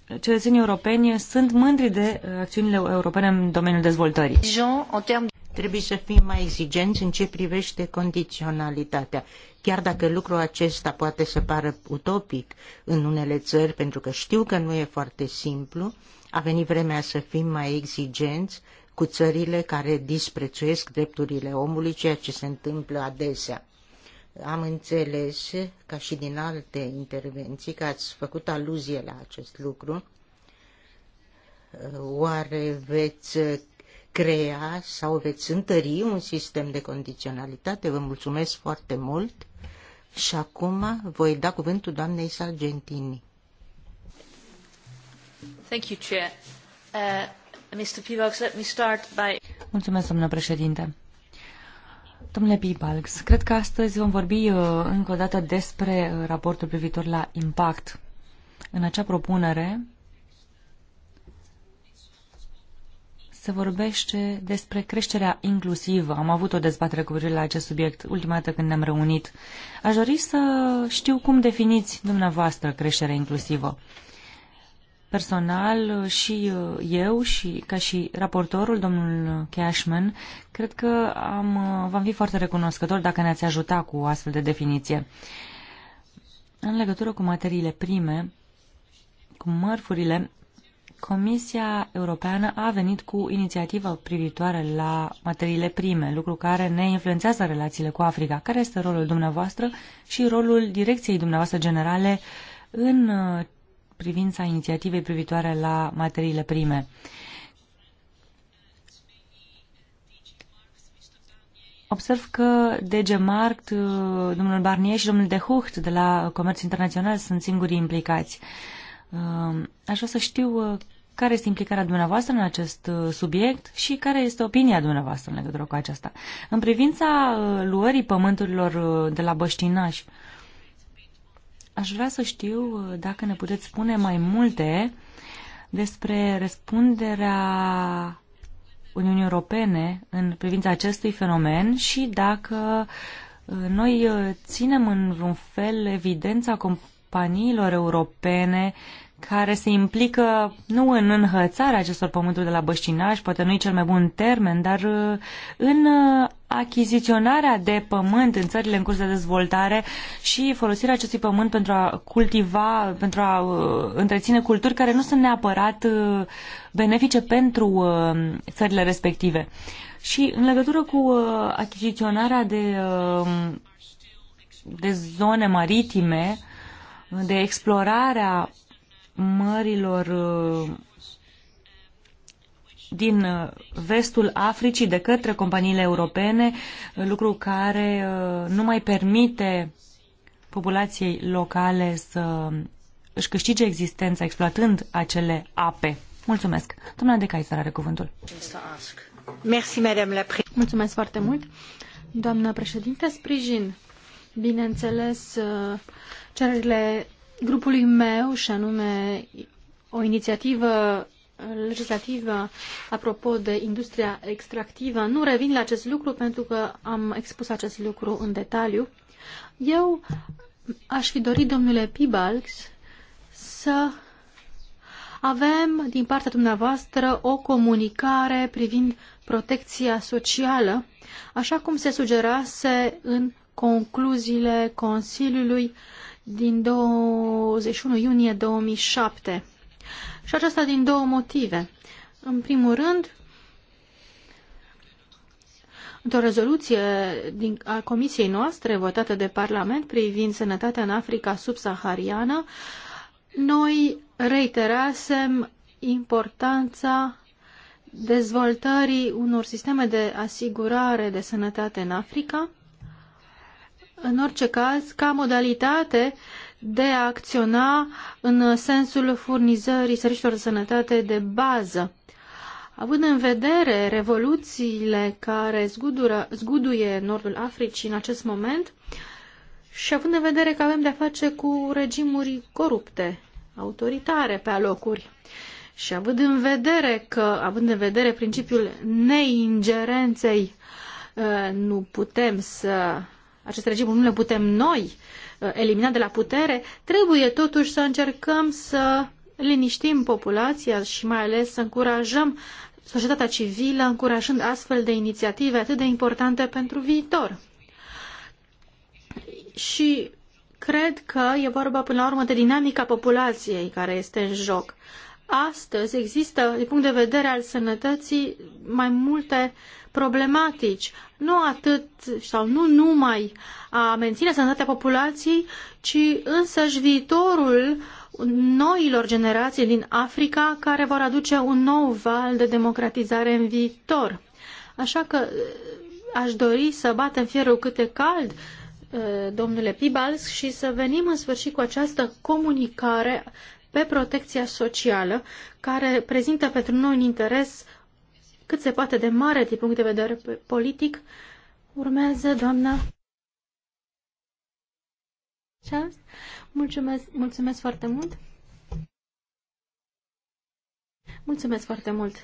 [SPEAKER 4] cetățenii europeni sunt mândri de
[SPEAKER 2] acțiunile europene în domeniul dezvoltării. Jean, în trebuie să fim mai exigenți în ce privește condiționalitatea. Chiar dacă lucrul acesta poate să pară utopic în unele țări, pentru că știu că nu e foarte simplu, a venit vremea să fim mai exigenți cu țările care disprețuiesc drepturile omului, ceea ce se întâmplă adesea. Am înțeles, ca și din alte intervenții, că ați făcut aluzie la acest lucru. Oare veți crea sau veți întări un sistem de condiționalitate. Vă mulțumesc foarte mult și acum voi da cuvântul doamnei Sargentini.
[SPEAKER 4] Thank you, Chair. Uh, Mr. Pivax, let me start by... Mulțumesc, domnule președinte. Domnule Pibalx, cred că astăzi vom vorbi uh, încă o dată despre uh, raportul privitor la impact. În acea propunere se vorbește despre creșterea inclusivă. Am avut o dezbatere cu privire la acest subiect ultima dată când ne-am reunit. Aș dori să știu cum definiți dumneavoastră creșterea inclusivă. Personal și uh, eu și ca și raportorul, domnul Cashman, cred că am, uh, v-am fi foarte recunoscător dacă ne-ați ajuta cu o astfel de definiție. În legătură cu materiile prime, cu mărfurile, Comisia Europeană a venit cu inițiativă privitoare la materiile prime, lucru care ne influențează relațiile cu Africa. Care este rolul dumneavoastră și rolul direcției dumneavoastră generale în uh, privința inițiativei privitoare la materiile prime? Observ că DG Markt, uh, domnul Barnier și domnul De Hucht de la Comerț Internațional sunt singurii implicați. Uh, aș vrea să știu care este implicarea dumneavoastră în acest uh, subiect și care este opinia dumneavoastră în legătură cu aceasta. În privința uh, luării pământurilor uh, de la băștinași, aș vrea să știu dacă ne puteți spune mai multe despre răspunderea Uniunii Europene în privința acestui fenomen și dacă noi ținem în vreun fel evidența companiilor europene care se implică nu în înhățarea acestor pământuri de la băștinaș, poate nu e cel mai bun termen, dar uh, în uh, achiziționarea de pământ în țările în curs de dezvoltare și folosirea acestui pământ pentru a cultiva, pentru a uh, întreține culturi care nu sunt neapărat benefice pentru țările respective. Și în legătură cu achiziționarea de, de zone maritime, de explorarea mărilor uh, din uh, vestul Africii de către companiile europene, uh, lucru care nu mai permite populației locale să își câștige existența exploatând acele ape. Mulțumesc. Doamna de Caisar are cuvântul.
[SPEAKER 1] Mulțumesc foarte mult. Doamna președinte, sprijin, bineînțeles, cererile grupului meu, și anume o inițiativă legislativă apropo de industria extractivă. Nu revin la acest lucru pentru că am expus acest lucru în detaliu. Eu aș fi dorit, domnule Pibalx, să avem din partea dumneavoastră o comunicare privind protecția socială, așa cum se sugerase în concluziile Consiliului din 21 iunie 2007. Și aceasta din două motive. În primul rând, într-o rezoluție din, a comisiei noastre votată de Parlament privind sănătatea în Africa subsahariană, noi reiterasem importanța dezvoltării unor sisteme de asigurare de sănătate în Africa, în orice caz, ca modalitate de a acționa în sensul furnizării serviciilor de sănătate de bază. Având în vedere revoluțiile care zgudură, zguduie Nordul Africii în acest moment și având în vedere că avem de-a face cu regimuri corupte, autoritare pe alocuri și având în vedere că, având în vedere principiul neingerenței, eh, nu putem să aceste regimuri nu le putem noi uh, elimina de la putere, trebuie totuși să încercăm să liniștim populația și mai ales să încurajăm societatea civilă, încurajând astfel de inițiative atât de importante pentru viitor. Și cred că e vorba până la urmă de dinamica populației care este în joc. Astăzi există, din punct de vedere al sănătății, mai multe uh, problematici, nu atât sau nu numai a menține sănătatea populației, ci însăși viitorul noilor generații din Africa care vor aduce un nou val de democratizare în viitor. Așa că eh, aș dori să batem fierul câte cald, eh, domnule Pibals, și să venim în sfârșit cu această comunicare pe protecția socială, care prezintă pentru noi un interes cât se poate de mare din punct de vedere politic. Urmează doamna Charles. Mulțumesc, mulțumesc foarte mult. Mulțumesc foarte mult.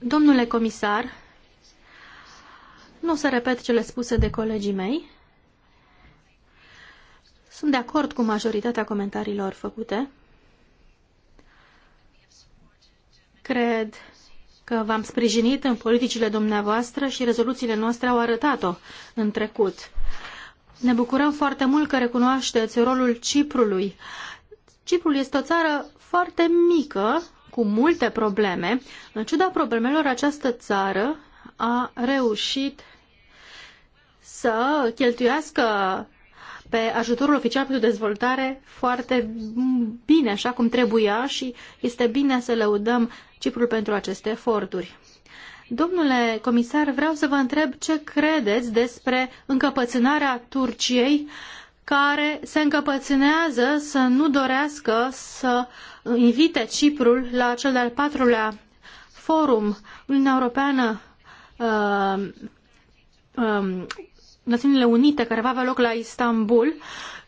[SPEAKER 1] Domnule comisar, nu o să repet cele spuse de colegii mei. Sunt de acord cu majoritatea comentariilor făcute. Cred că v-am sprijinit în politicile dumneavoastră și rezoluțiile noastre au arătat-o în trecut. Ne bucurăm foarte mult că recunoașteți rolul Ciprului. Ciprul este o țară foarte mică, cu multe probleme. În ciuda problemelor, această țară a reușit să cheltuiască pe ajutorul oficial pentru dezvoltare foarte bine, așa cum trebuia și este bine să lăudăm Ciprul pentru aceste eforturi. Domnule comisar, vreau să vă întreb ce credeți despre încăpățânarea Turciei care se încăpățânează să nu dorească să invite Ciprul la cel de-al patrulea forum Uniunea Europeană uh, um, Națiunile Unite care va avea loc la Istanbul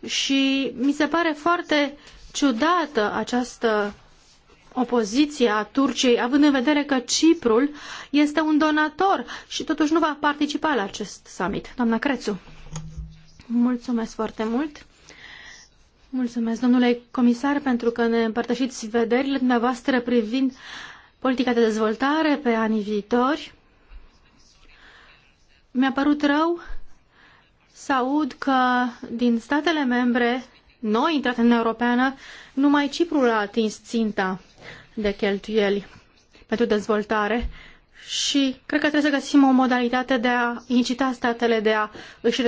[SPEAKER 1] și mi se pare foarte ciudată această opoziție a Turciei, având în vedere că Ciprul este un donator și totuși nu va participa la acest summit. Doamna Crețu, mulțumesc foarte mult. Mulțumesc, domnule comisar, pentru că ne împărtășiți vederile dumneavoastră privind politica de dezvoltare pe anii viitori. Mi-a părut rău să aud că din statele membre noi intrate în Europeană, numai Ciprul a atins ținta de cheltuieli pentru dezvoltare și cred că trebuie să găsim o modalitate de a incita statele de a își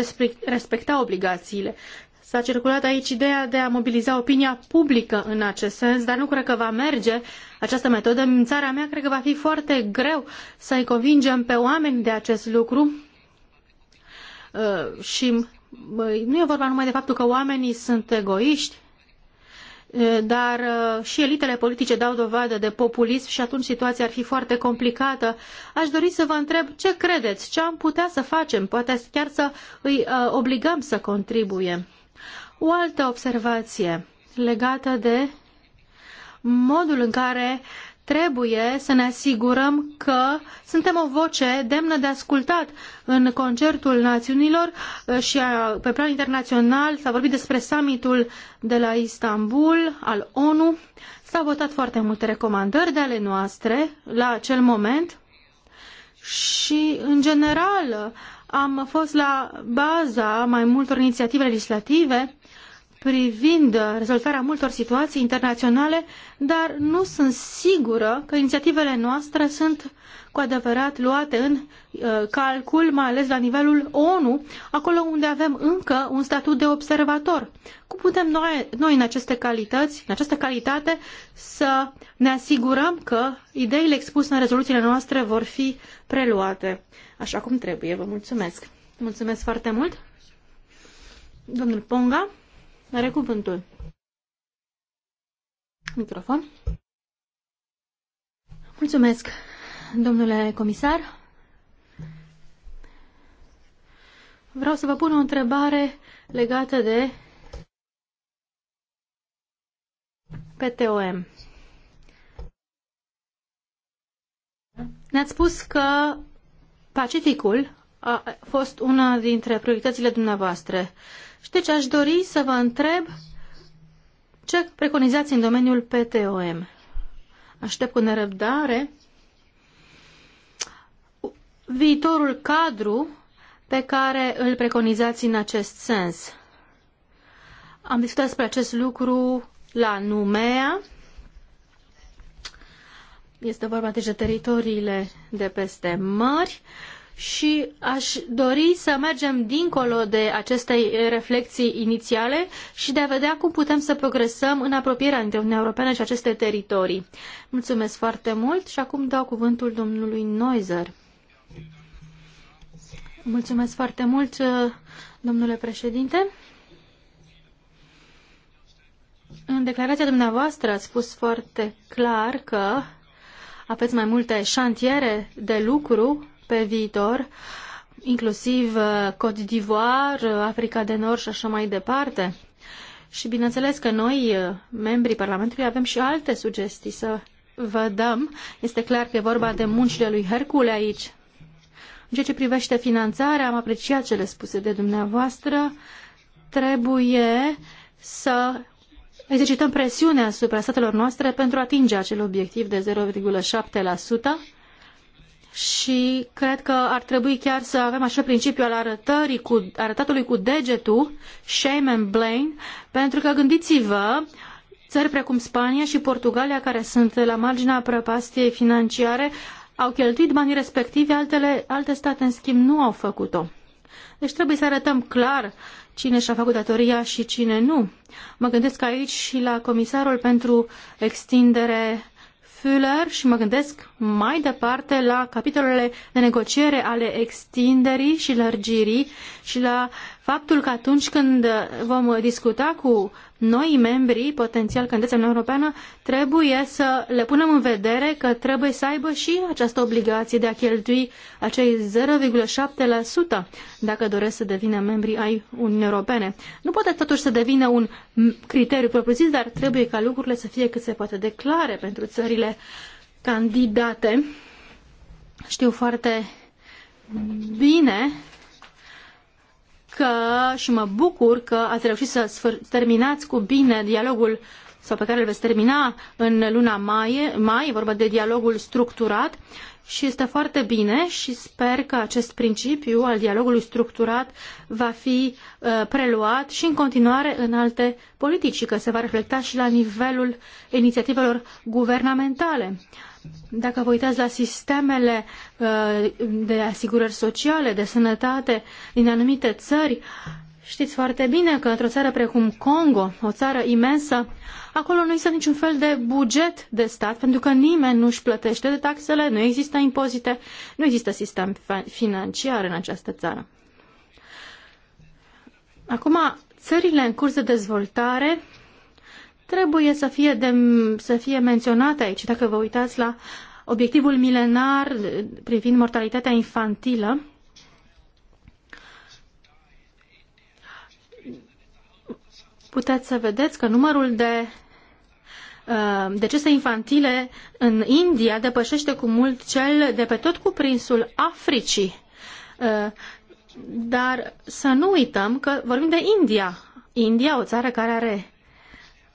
[SPEAKER 1] respecta obligațiile. S-a circulat aici ideea de a mobiliza opinia publică în acest sens, dar nu cred că va merge această metodă. În țara mea cred că va fi foarte greu să-i convingem pe oameni de acest lucru Uh, și nu e vorba numai de faptul că oamenii sunt egoiști, uh, dar uh, și elitele politice dau dovadă de populism și atunci situația ar fi foarte complicată. Aș dori să vă întreb ce credeți, ce am putea să facem, poate chiar să îi obligăm să contribuie. O altă observație legată de modul în care Trebuie să ne asigurăm că suntem o voce demnă de ascultat în concertul națiunilor uh, și pe plan internațional s-a vorbit despre summitul de la Istanbul al ONU. S-au votat foarte multe recomandări de ale noastre la acel moment și, în general, am fost la baza mai multor inițiative legislative uh, privind rezolvarea multor situații internaționale, dar nu sunt sigură că inițiativele noastre sunt cu adevărat luate în uh, calcul, mai ales la nivelul ONU, acolo unde avem încă un statut de observator. Cum putem noi, noi în aceste calități, în această calitate, să ne asigurăm că ideile expuse în rezoluțiile noastre vor fi preluate așa cum trebuie? Vă mulțumesc! Mulțumesc foarte mult! Domnul Ponga. Are cuvântul. Microfon. Mulțumesc, domnule comisar. Vreau să vă pun o întrebare legată de PTOM. Ne-ați spus că Pacificul a fost una dintre prioritățile dumneavoastră. Și deci aș dori să vă întreb ce preconizați în domeniul PTOM. Aștept cu nerăbdare viitorul cadru pe care îl preconizați în acest sens. Am discutat despre acest lucru la Numea. Este vorba deja de teritoriile de peste mări. Uh, și aș dori să mergem dincolo de aceste reflexii inițiale și de a vedea cum putem să progresăm în apropierea dintre Uniunea Europeană și aceste teritorii. Mulțumesc foarte mult și acum dau cuvântul domnului Noizer. Mulțumesc foarte mult, domnule președinte. În declarația dumneavoastră ați spus foarte clar că aveți mai multe șantiere de lucru pe viitor, inclusiv uh, Côte d'Ivoire, uh, Africa de Nord și așa mai departe. Și bineînțeles că noi, uh, membrii Parlamentului, avem și alte sugestii să vă dăm. Este clar că e vorba de muncile lui Hercule aici. În ceea ce privește finanțarea, am apreciat cele spuse de dumneavoastră. Trebuie să exercităm presiune asupra statelor noastre pentru a atinge acel obiectiv de 0,7% și cred că ar trebui chiar să avem așa principiul al arătării cu, arătatului cu degetul, shame and blame, pentru că gândiți-vă, țări precum Spania și Portugalia, care sunt la marginea prăpastiei financiare, au cheltuit banii respectivi, altele, alte state, în schimb, nu au făcut-o. Deci trebuie să arătăm clar cine și-a făcut datoria și cine nu. Mă gândesc aici și la comisarul pentru extindere Fuller și mă gândesc mai departe la capitolele de negociere ale extinderii și lărgirii și la faptul că atunci când vom discuta cu noi membri, potențial candidați în Uniunea Europeană, trebuie să le punem în vedere că trebuie să aibă și această obligație de a cheltui acei 0,7% dacă doresc să devină membri ai Uniunii Europene. Nu poate totuși să devină un criteriu propriu-zis, dar trebuie ca lucrurile să fie cât se poate de clare pentru țările candidate. Știu foarte bine că și mă bucur că ați reușit să terminați cu bine dialogul sau pe care îl veți termina în luna mai, mai, vorba de dialogul structurat și este foarte bine și sper că acest principiu al dialogului structurat va fi uh, preluat și în continuare în alte politici și că se va reflecta și la nivelul inițiativelor guvernamentale. Uh, dacă vă uitați la sistemele uh, de asigurări sociale, de sănătate din anumite țări, știți foarte bine că într-o țară precum Congo, o țară imensă, acolo nu există niciun fel de buget de stat, pentru că nimeni nu își plătește de taxele, nu există impozite, nu există sistem financiar în această țară. Acum, țările în curs de dezvoltare trebuie să fie, de, să fie menționate aici. Dacă vă uitați la obiectivul milenar privind mortalitatea infantilă, puteți să vedeți că numărul de uh, decese infantile în India depășește cu mult cel de pe tot cuprinsul Africii. Uh, dar să nu uităm că vorbim de India. India, o țară care are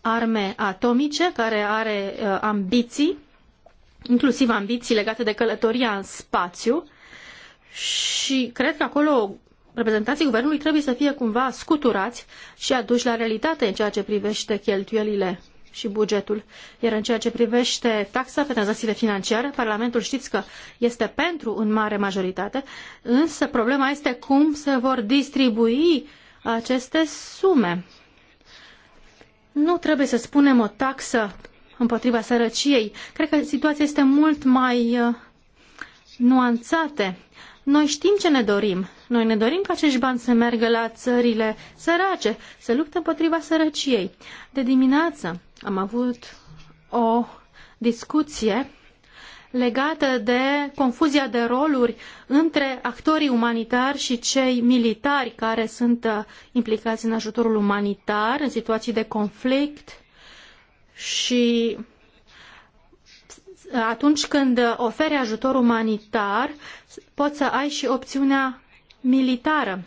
[SPEAKER 1] arme atomice, care are uh, ambiții, inclusiv ambiții legate de călătoria în spațiu și cred că acolo reprezentanții guvernului trebuie să fie cumva scuturați și aduși la realitate în ceea ce privește cheltuielile și bugetul. Iar în ceea ce privește taxa pe tranzacțiile financiare, Parlamentul știți că este pentru în mare majoritate, însă problema este cum se vor distribui aceste sume nu trebuie să spunem o taxă împotriva sărăciei. Cred că situația este mult mai uh, nuanțate. Noi știm ce ne dorim. Noi ne dorim ca acești bani să meargă la țările sărace, să lupte împotriva sărăciei. De dimineață am avut o discuție legată de confuzia de roluri între actorii umanitari și cei militari care sunt uh, implicați în ajutorul umanitar în situații de conflict și uh, atunci când oferi ajutor umanitar poți să ai și opțiunea militară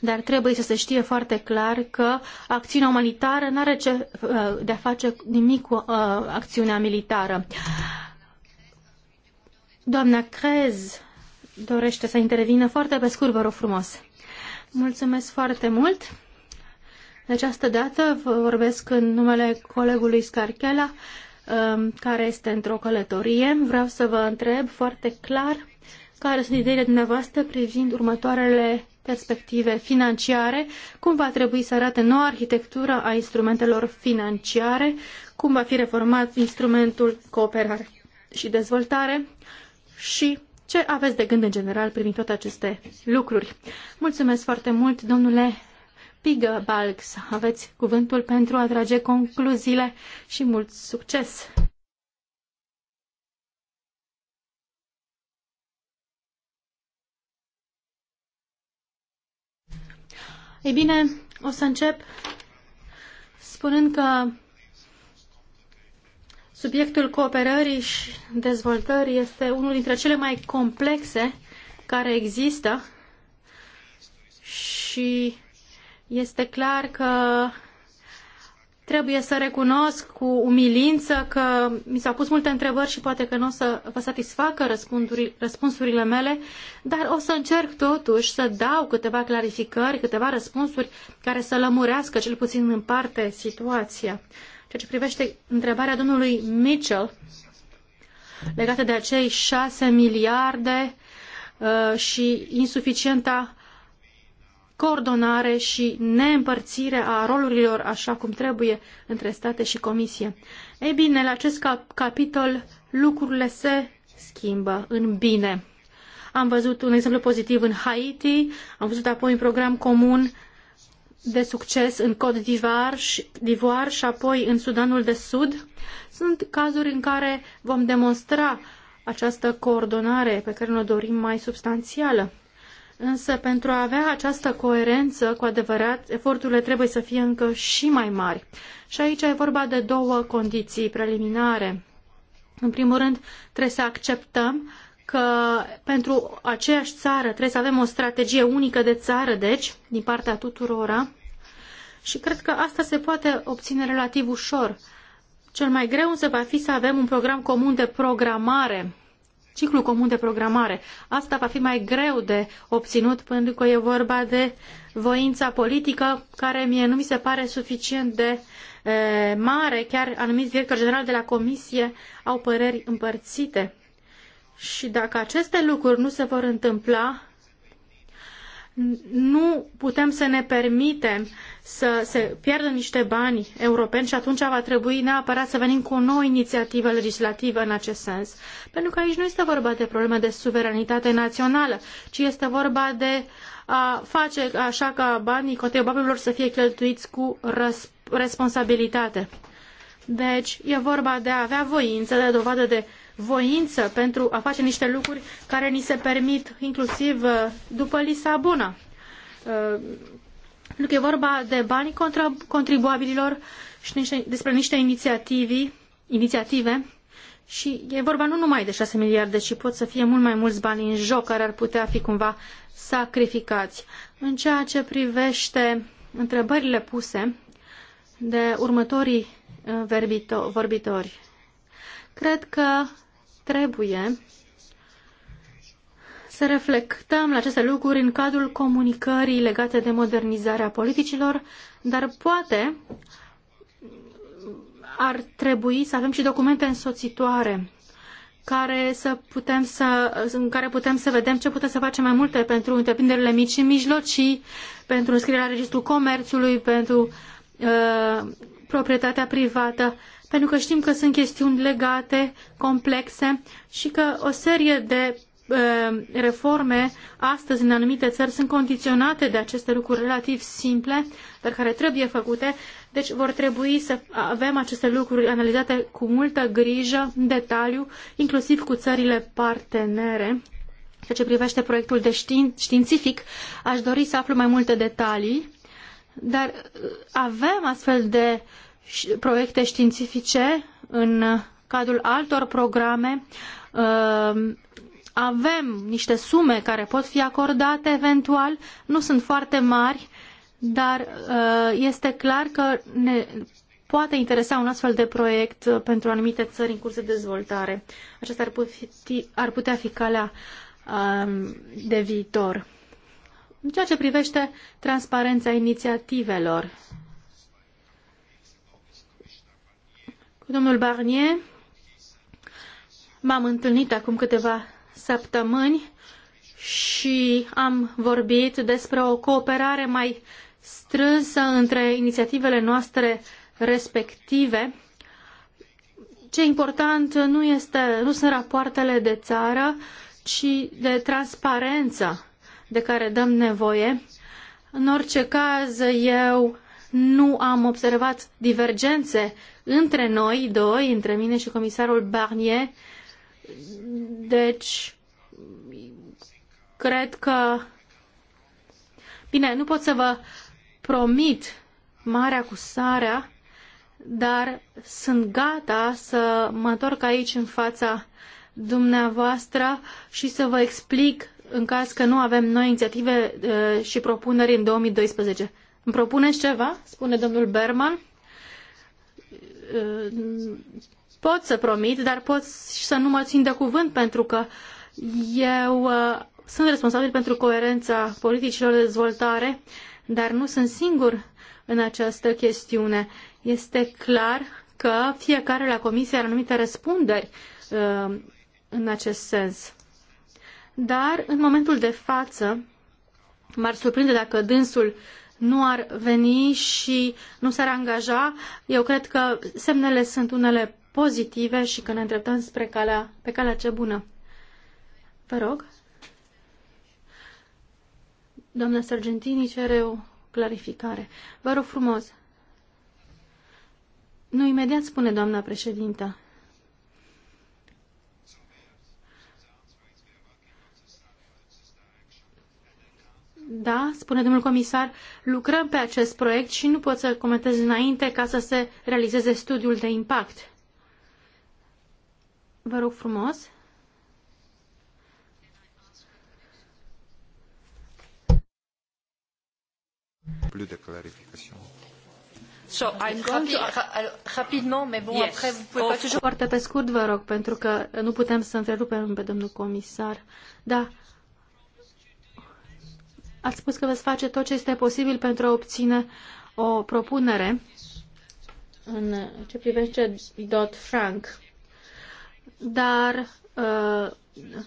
[SPEAKER 1] dar trebuie să se știe foarte clar că acțiunea umanitară nu are ce uh, de a face nimic cu acțiunea militară. Doamna Crez dorește să intervină foarte pe scurt, vă rog frumos. Mulțumesc foarte mult. De această dată vorbesc în numele colegului Scarchela, um, care este într-o călătorie. Vreau să vă întreb foarte clar care sunt ideile dumneavoastră privind următoarele perspective financiare, cum va trebui să arate noua arhitectură a instrumentelor financiare, cum va fi reformat instrumentul cooperare și dezvoltare, și ce aveți de gând în general privind toate aceste lucruri. Mulțumesc foarte mult, domnule Pigă să Aveți cuvântul pentru a trage concluziile și mult succes! Ei bine, o să încep spunând că Subiectul cooperării și dezvoltării este unul dintre cele mai complexe care există și este clar că trebuie să recunosc cu umilință că mi s-au pus multe întrebări și poate că nu o să vă satisfacă răspunsurile mele, dar o să încerc totuși să dau câteva clarificări, câteva răspunsuri care să lămurească cel puțin în parte situația ceea ce privește întrebarea domnului Mitchell legată de acei 6 miliarde uh, și insuficienta coordonare și neîmpărțire a rolurilor așa cum trebuie între state și comisie. Ei bine, la acest cap capitol lucrurile se schimbă în bine. Am văzut un exemplu pozitiv în Haiti, am văzut apoi un program comun de succes în Côte d'Ivoire și apoi în Sudanul de Sud. Sunt cazuri în care vom demonstra această coordonare pe care ne-o dorim mai substanțială. Însă, pentru a avea această coerență cu adevărat, eforturile trebuie să fie încă și mai mari. Și aici e vorba de două condiții preliminare. În primul rând, trebuie să acceptăm că pentru aceeași țară trebuie să avem o strategie unică de țară, deci, din partea tuturora. Și cred că asta se poate obține relativ ușor. Cel mai greu însă va fi să avem un program comun de programare, ciclu comun de programare. Asta va fi mai greu de obținut pentru că e vorba de voința politică care mie nu mi se pare suficient de e, mare. Chiar anumiți directori generali de la comisie au păreri împărțite și dacă aceste lucruri nu se vor întâmpla, nu putem să ne permitem să se pierdă niște bani europeni și atunci va trebui neapărat să venim cu o nouă inițiativă legislativă în acest sens. Pentru că aici nu este vorba de probleme de suveranitate națională, ci este vorba de a face așa ca banii contribuabililor să fie cheltuiți cu responsabilitate. Deci e vorba de a avea voință, de dovadă de voință pentru a face niște lucruri care ni se permit inclusiv uh, după Lisabona. Pentru uh, că e vorba de banii contribuabililor și despre niște inițiativi, inițiative și e vorba nu numai de 6 miliarde, ci pot să fie mult mai mulți bani în joc care ar putea fi cumva sacrificați. În ceea ce privește întrebările puse de următorii uh, vorbitori, cred că Trebuie să reflectăm la aceste lucruri în cadrul comunicării legate de modernizarea politicilor, dar poate ar trebui să avem și documente însoțitoare care să putem să, în care putem să vedem ce putem să facem mai multe pentru întreprinderile mici și mijlocii, pentru înscrierea registrului comerțului, pentru uh, proprietatea privată pentru că știm că sunt chestiuni legate, complexe și că o serie de uh, reforme astăzi în anumite țări sunt condiționate de aceste lucruri relativ simple, dar care trebuie făcute, deci vor trebui să avem aceste lucruri analizate cu multă grijă, în detaliu, inclusiv cu țările partenere. Ceea ce privește proiectul de știin științific, aș dori să aflu mai multe detalii, dar uh, avem astfel de uh, proiecte științifice în cadrul altor programe uh, avem niște sume care pot fi acordate eventual, nu sunt foarte mari, dar uh, este clar că ne poate interesa un astfel de proiect uh, pentru anumite țări în curs de dezvoltare. Aceasta ar, puti, ar putea fi calea um, de viitor. În ceea ce privește transparența inițiativelor Cu domnul Barnier m-am întâlnit acum câteva săptămâni și am vorbit despre o cooperare mai strânsă între inițiativele noastre respective. Ce important nu, este, nu sunt rapoartele de țară, ci de transparență de care dăm nevoie. În orice caz, eu nu am observat divergențe între noi doi, între mine și comisarul Barnier. Deci, cred că... Bine, nu pot să vă promit marea cu sarea, dar sunt gata să mă întorc aici în fața dumneavoastră și să vă explic în caz că nu avem noi inițiative uh, și propuneri în 2012. Îmi propuneți ceva? Spune domnul Berman. Pot să promit, dar pot și să nu mă țin de cuvânt, pentru că eu uh, sunt responsabil pentru coerența politicilor de dezvoltare, dar nu sunt singur în această chestiune. Este clar că fiecare la comisie are anumite răspunderi uh, în acest sens. Dar, în momentul de față, m-ar surprinde dacă dânsul nu ar veni și nu s-ar angaja, eu cred că semnele sunt unele pozitive și că ne îndreptăm spre calea, pe calea ce bună. Vă rog. Doamna Sargentini cere o clarificare. Vă rog frumos. Nu imediat spune doamna președintă. Da, spune domnul comisar, lucrăm pe acest proiect și nu pot să comentez înainte ca să se realizeze studiul de impact. Vă rog frumos.
[SPEAKER 3] Plus de clarification.
[SPEAKER 1] So, I'm going deci, to... Rapidement, mais bon, yes. après, vous pouvez pas oh. toujours... Foarte pe scurt, vă rog, pentru că nu putem să întrerupem pe domnul comisar. Da, Ați spus că veți face tot ce este posibil pentru a obține o propunere în ce privește Dodd-Frank. Dar uh,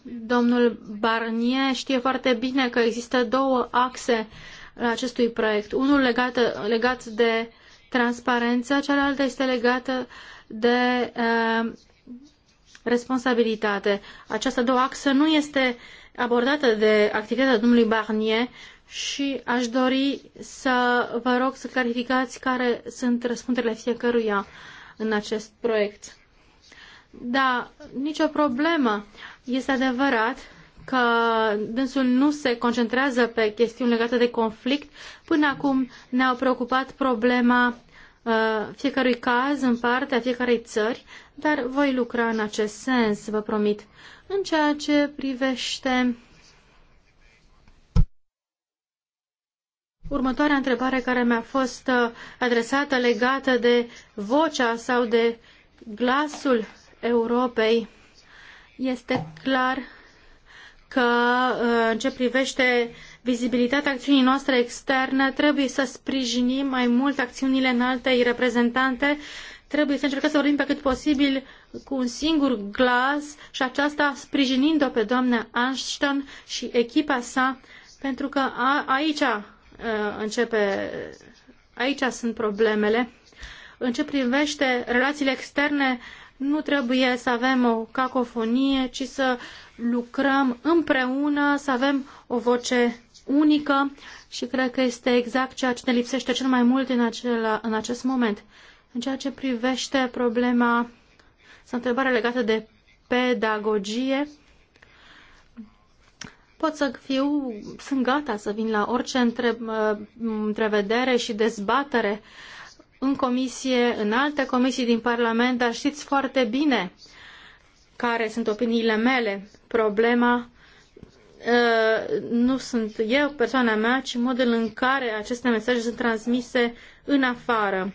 [SPEAKER 1] domnul Barnier știe foarte bine că există două axe la acestui proiect. Unul legat, legat de transparență, cealaltă este legată de uh, responsabilitate. Această două axă nu este abordată de activitatea domnului Barnier și aș dori să vă rog să clarificați care sunt răspunderile fiecăruia în acest proiect. Da, nicio problemă. Este adevărat că dânsul nu se concentrează pe chestiuni legate de conflict. Până acum ne-au preocupat problema fiecărui caz în parte a fiecarei țări, dar voi lucra în acest sens, vă promit. În ceea ce privește următoarea întrebare care mi-a fost adresată legată de vocea sau de glasul Europei, este clar că în ce privește vizibilitatea acțiunii noastre externe, trebuie să sprijinim mai mult acțiunile înaltei reprezentante, trebuie să încercăm să vorbim pe cât posibil cu un singur glas și aceasta sprijinind-o pe doamna Ashton și echipa sa, pentru că a, aici uh, începe, aici sunt problemele. În ce privește relațiile externe, nu trebuie să avem o cacofonie, ci să lucrăm împreună, să avem o voce unică și cred că este exact ceea ce ne lipsește cel mai mult în, acel, în acest moment. În ceea ce privește problema sau întrebarea legată de pedagogie, pot să fiu, sunt gata să vin la orice între, uh, întrevedere și dezbatere în comisie, în alte comisii din Parlament, dar știți foarte bine care sunt opiniile mele. Problema Uh, nu sunt eu, persoana mea, ci modul în care aceste mesaje sunt transmise în afară.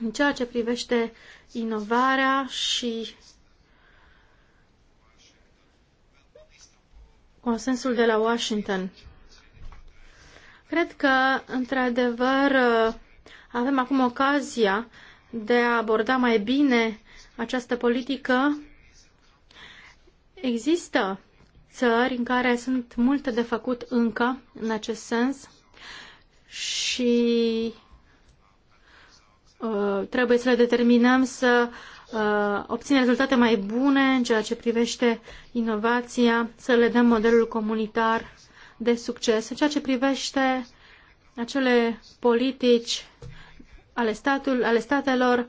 [SPEAKER 1] În ceea ce privește inovarea și consensul de la Washington. Cred că, într-adevăr, uh, avem acum ocazia de a aborda mai bine această politică. Există țări în care sunt multe de făcut încă în acest sens și uh, trebuie să le determinăm să uh, obțină rezultate mai bune în ceea ce privește inovația, să le dăm modelul comunitar de succes. În ceea ce privește acele politici ale, statul, ale statelor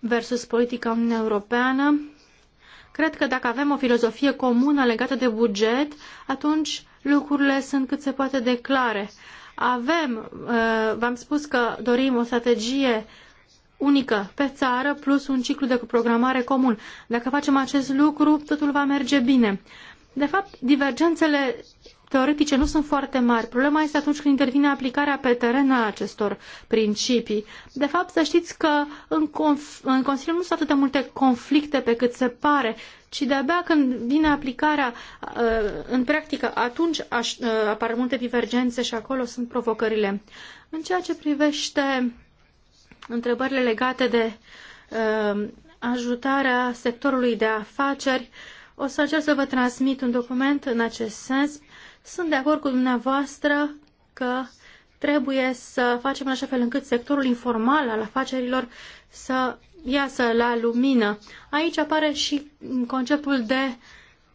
[SPEAKER 1] versus politica Uniunii Europeană, Cred că dacă avem o filozofie comună legată de buget, atunci lucrurile sunt cât se poate de clare. Avem, uh, v-am spus că dorim o strategie unică pe țară plus un ciclu de programare comun. Dacă facem acest lucru, totul va merge bine. De fapt, divergențele teoretice nu sunt foarte mari. Problema este atunci când intervine aplicarea pe teren a acestor principii. De fapt, să știți că în, în Consiliu nu sunt atât de multe conflicte pe cât se pare, ci de-abia când vine aplicarea uh, în practică, atunci uh, apar multe divergențe și acolo sunt provocările. În ceea ce privește întrebările legate de uh, ajutarea sectorului de afaceri, o să încerc să vă transmit un document în acest sens sunt de acord cu dumneavoastră că trebuie să facem în așa fel încât sectorul informal al afacerilor să iasă la lumină. Aici apare și conceptul de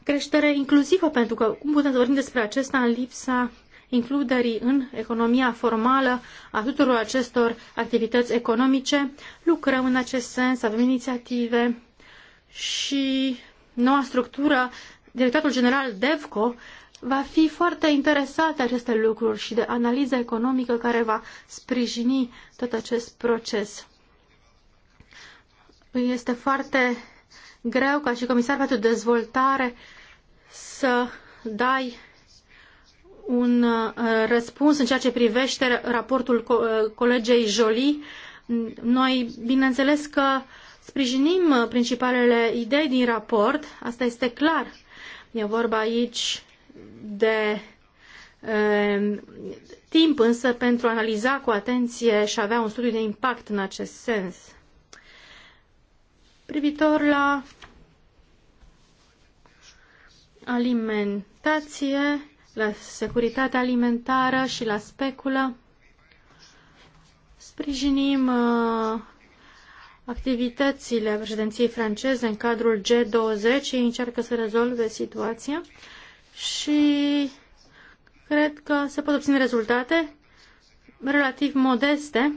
[SPEAKER 1] creștere inclusivă, pentru că cum putem să vorbim despre acesta în lipsa includerii în economia formală a tuturor acestor activități economice. Lucrăm în acest sens, avem inițiative și noua structură, directorul General DEVCO, va fi foarte interesat de aceste lucruri și de analiza economică care va sprijini tot acest proces. Este foarte greu ca și comisar pentru dezvoltare să dai un uh, răspuns în ceea ce privește raportul co uh, colegei Jolie. Noi, bineînțeles că sprijinim uh, principalele idei din raport, asta este clar. E vorba aici de e, um, timp însă pentru a analiza cu atenție și avea un studiu de impact în acest sens. Privitor la alimentație, la securitatea alimentară și la speculă, sprijinim uh, activitățile președinției franceze în cadrul G20 și încearcă să rezolve situația și cred că se pot obține rezultate relativ modeste,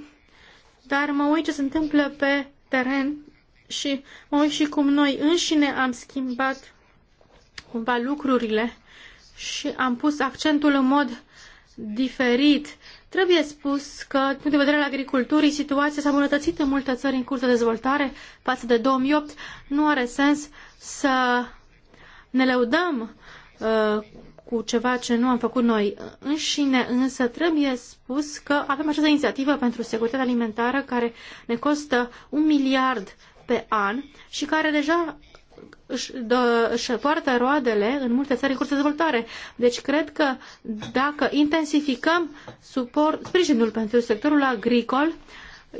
[SPEAKER 1] dar mă uit ce se întâmplă pe teren și mă uit și cum noi înșine am schimbat cumva lucrurile și am pus accentul în mod diferit. Trebuie spus că, din punct de vedere al agriculturii, situația s-a îmbunătățit în multe țări în curs de dezvoltare față de 2008. Nu are sens să ne lăudăm Uh, cu ceva ce nu am făcut noi înșine, însă trebuie spus că avem această inițiativă pentru securitatea alimentară care ne costă un miliard pe an și care deja își, dă, își poartă roadele în multe țări în curs de dezvoltare. Deci cred că dacă intensificăm suport, sprijinul pentru sectorul agricol,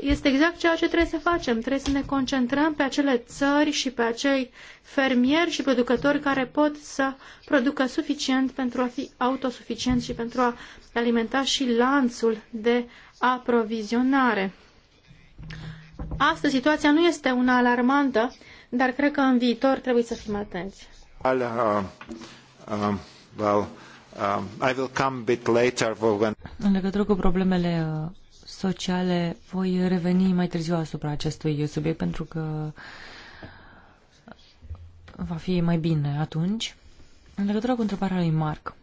[SPEAKER 1] este exact ceea ce trebuie să facem. Trebuie să ne concentrăm pe acele țări și pe acei fermieri și producători care pot să producă suficient pentru a fi autosuficient și pentru a alimenta și lanțul de aprovizionare. Astăzi situația nu este una alarmantă, dar cred că în viitor
[SPEAKER 4] trebuie să fim atenți.
[SPEAKER 3] uh, uh, well, uh, um, um, I will come bit later when...
[SPEAKER 4] În legătură cu problemele uh, sociale. Voi reveni mai târziu asupra acestui subiect pentru că va fi mai bine atunci. În legătură cu întrebarea lui Marc.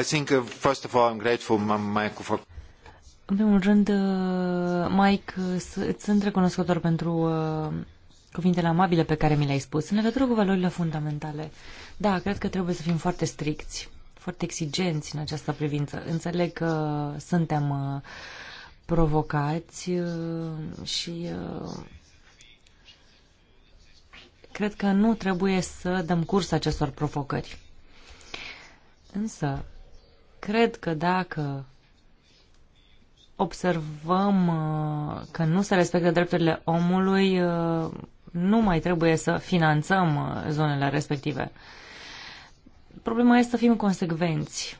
[SPEAKER 3] I think, uh, first of all, I'm grateful, Mike, for...
[SPEAKER 4] În primul rând, uh, Mike, uh, îți sunt recunoscător pentru cuvintele amabile pe care mi le-ai spus. În legătură cu valorile fundamentale, da, cred că trebuie să fim foarte stricți foarte exigenți în această privință. Înțeleg că suntem uh, provocați uh, și uh, cred că nu trebuie să dăm curs acestor provocări. Însă, cred că dacă observăm că nu se respectă drepturile omului, nu mai trebuie să finanțăm zonele respective. Problema este să fim consecvenți.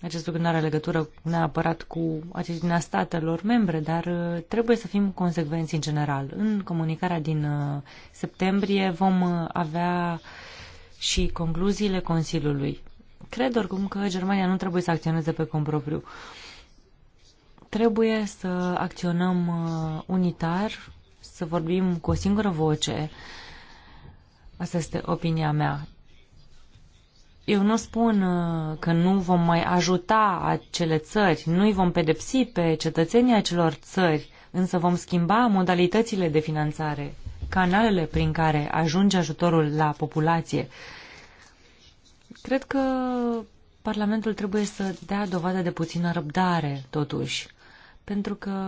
[SPEAKER 4] Acest lucru nu are legătură neapărat cu atitudinea statelor membre, dar uh, trebuie să fim consecvenți în general. În comunicarea din uh, septembrie vom uh, avea și concluziile Consiliului. Cred oricum că Germania nu trebuie să acționeze pe propriu. Trebuie să acționăm unitar, să vorbim cu o singură voce. Asta este opinia mea. Eu nu spun uh, că nu vom mai ajuta acele țări, nu îi vom pedepsi pe cetățenii acelor țări, însă vom schimba modalitățile de finanțare, canalele prin care ajunge ajutorul la populație. Cred că Parlamentul trebuie să dea dovadă de puțină răbdare, totuși, pentru că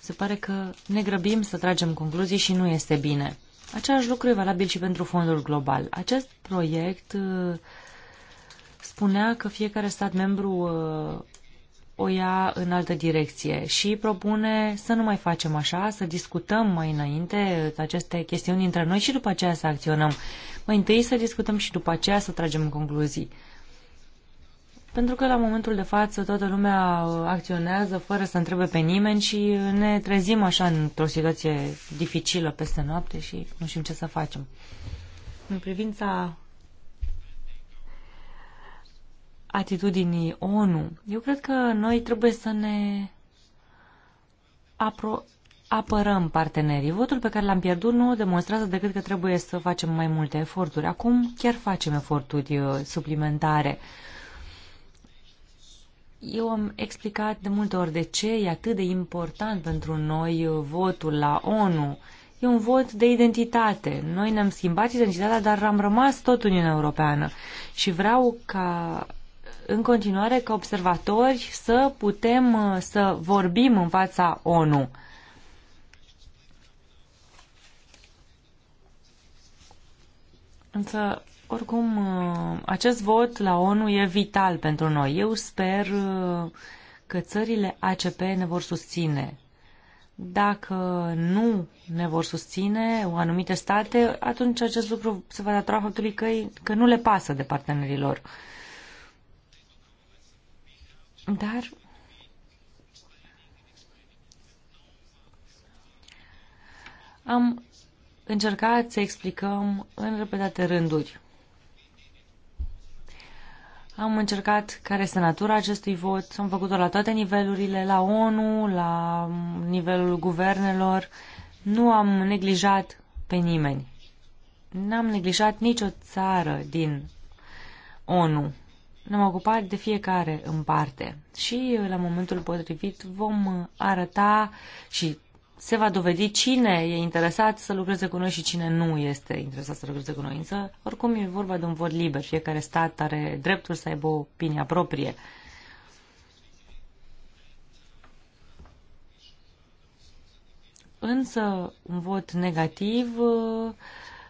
[SPEAKER 4] se pare că ne grăbim să tragem concluzii și nu este bine. Același lucru e valabil și pentru fondul global. Acest proiect uh, spunea că fiecare stat membru uh, o ia în altă direcție și propune să nu mai facem așa, să discutăm mai înainte aceste chestiuni între noi și după aceea să acționăm. Mai întâi să discutăm și după aceea să tragem concluzii. Pentru că la momentul de față toată lumea uh, acționează fără să întrebe pe nimeni și uh, ne trezim așa într-o situație dificilă peste noapte și nu știm ce să facem. În privința atitudinii ONU, eu cred că noi trebuie să ne apro apărăm partenerii. Votul pe care l-am pierdut nu demonstrează decât că trebuie să facem mai multe eforturi. Acum chiar facem eforturi uh, suplimentare. Uh, eu am explicat de multe ori de ce e atât de important pentru noi votul la ONU. E un vot de identitate. Noi ne-am schimbat identitatea, dar am rămas tot Uniunea Europeană. Și vreau ca în continuare, ca observatori, să putem uh, să vorbim în fața ONU. Însă oricum, uh, acest vot la ONU e vital pentru noi. Eu sper uh, că țările ACP ne vor susține. Dacă nu ne vor susține anumite state, atunci acest lucru se va datora faptului că, că nu le pasă de partenerilor. Dar am încercat să explicăm în repetate rânduri am încercat care este natura acestui vot, am făcut-o la toate nivelurile, la ONU, la nivelul guvernelor. Nu am neglijat pe nimeni. N-am neglijat nicio țară din ONU. Ne-am ocupat de fiecare în parte și la momentul potrivit vom arăta și se va dovedi cine e interesat să lucreze cu noi și cine nu este interesat să lucreze cu noi. Însă, oricum, e vorba de un vot liber. Fiecare stat are dreptul să aibă o opinia proprie. Însă, un vot negativ uh,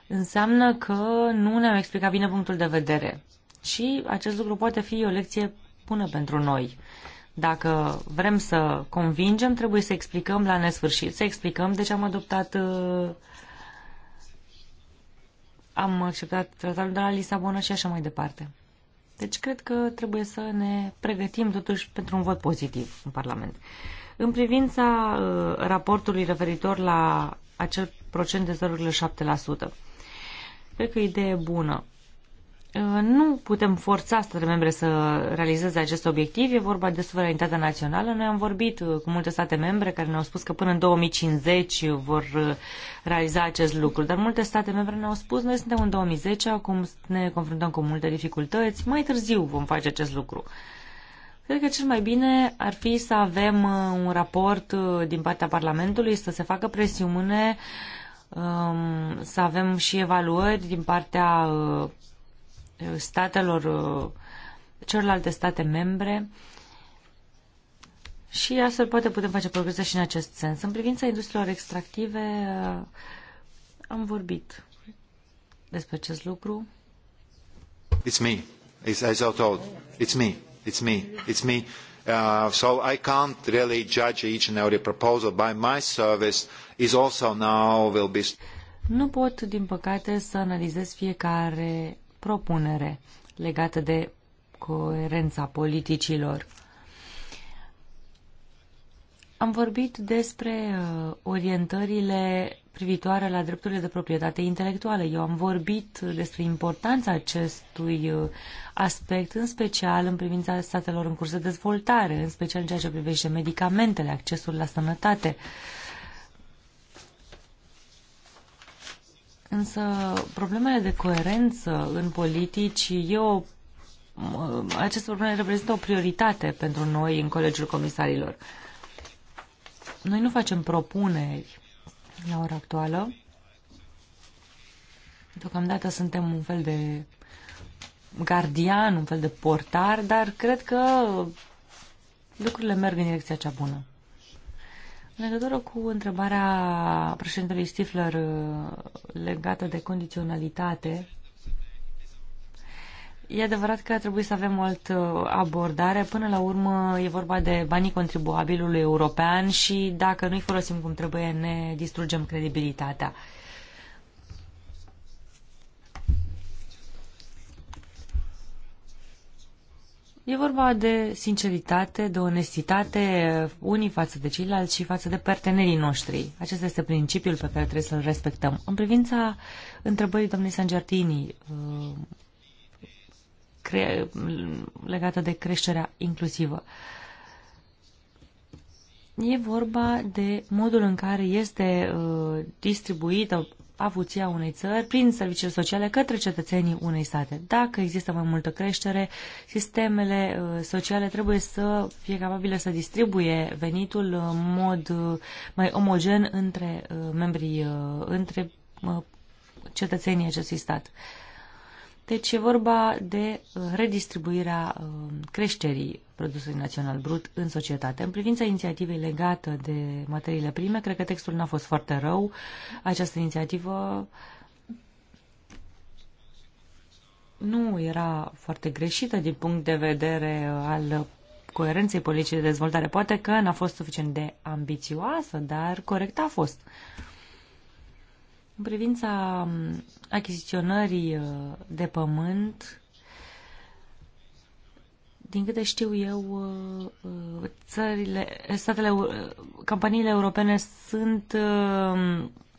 [SPEAKER 4] înseamnă că nu ne-am explicat bine punctul de vedere. Și acest lucru poate fi o lecție bună pentru noi. Dacă vrem să convingem, trebuie să explicăm la nesfârșit, să explicăm de ce am adoptat uh, am acceptat tratatul de la Lisabona și așa mai departe. Deci cred că trebuie să ne pregătim totuși pentru un vot pozitiv în Parlament. În privința uh, raportului referitor la acel procent de 0,7%, cred că e idee bună. Nu putem forța statele membre să realizeze acest obiectiv, e vorba de suveranitatea națională. Noi am vorbit uh, cu multe state membre care ne-au spus că până în 2050 vor uh, realiza acest lucru, dar multe state membre ne-au spus noi suntem în 2010, acum ne confruntăm cu multe dificultăți, mai târziu vom face acest lucru. Cred că cel mai bine ar fi să avem uh, un raport din partea Parlamentului, să se facă presiune, um, să avem și evaluări din partea statelor uh, celorlalte state membre și astfel poate putem face progrese și în acest sens. În privința industriilor extractive uh, am vorbit despre acest lucru.
[SPEAKER 3] It's me. It's, as I told, it's me. It's me. It's me. Uh, so I can't really judge each and every proposal by my service is also now will be...
[SPEAKER 4] Nu pot, din păcate, să analizez fiecare propunere legată de coerența politicilor. Am vorbit despre uh, orientările privitoare la drepturile de proprietate intelectuală. Eu am vorbit despre importanța acestui uh, aspect, în special în privința statelor în curs de dezvoltare, în special în ceea ce privește medicamentele, accesul la sănătate. Uh, Însă problemele de coerență în politici, eu, aceste probleme reprezintă o prioritate pentru noi în Colegiul Comisarilor. Noi nu facem propuneri la ora actuală. Deocamdată suntem un fel de gardian, un fel de portar, dar cred că lucrurile merg în direcția cea bună. În legătură cu întrebarea președintelui Stifler uh, legată de condiționalitate, e adevărat că trebuie să avem o altă abordare. Până la urmă e vorba de banii contribuabilului european și dacă nu-i folosim cum trebuie, ne distrugem credibilitatea. E vorba de sinceritate, de onestitate eh, unii față de ceilalți și față de partenerii noștri. Acesta este principiul pe care trebuie să-l respectăm. În privința întrebării domnului Sangiartini eh, legată de creșterea inclusivă, e vorba de modul în care este eh, distribuită avuția unei țări prin serviciile sociale către cetățenii unei state. Dacă există mai multă creștere, sistemele uh, sociale trebuie să fie capabile să distribuie venitul în mod uh, mai omogen între uh, membrii, între cetățenii acestui stat. Deci e vorba de redistribuirea creșterii produsului național brut în societate. În privința inițiativei legată de materiile prime, cred că textul n-a fost foarte rău. Această inițiativă nu era foarte greșită din punct de vedere al coerenței politicii de dezvoltare. Poate că n-a fost suficient de ambițioasă, dar corect a fost. În privința achiziționării de pământ, din câte știu eu, uh, uh, țările, statele, uh, companiile europene sunt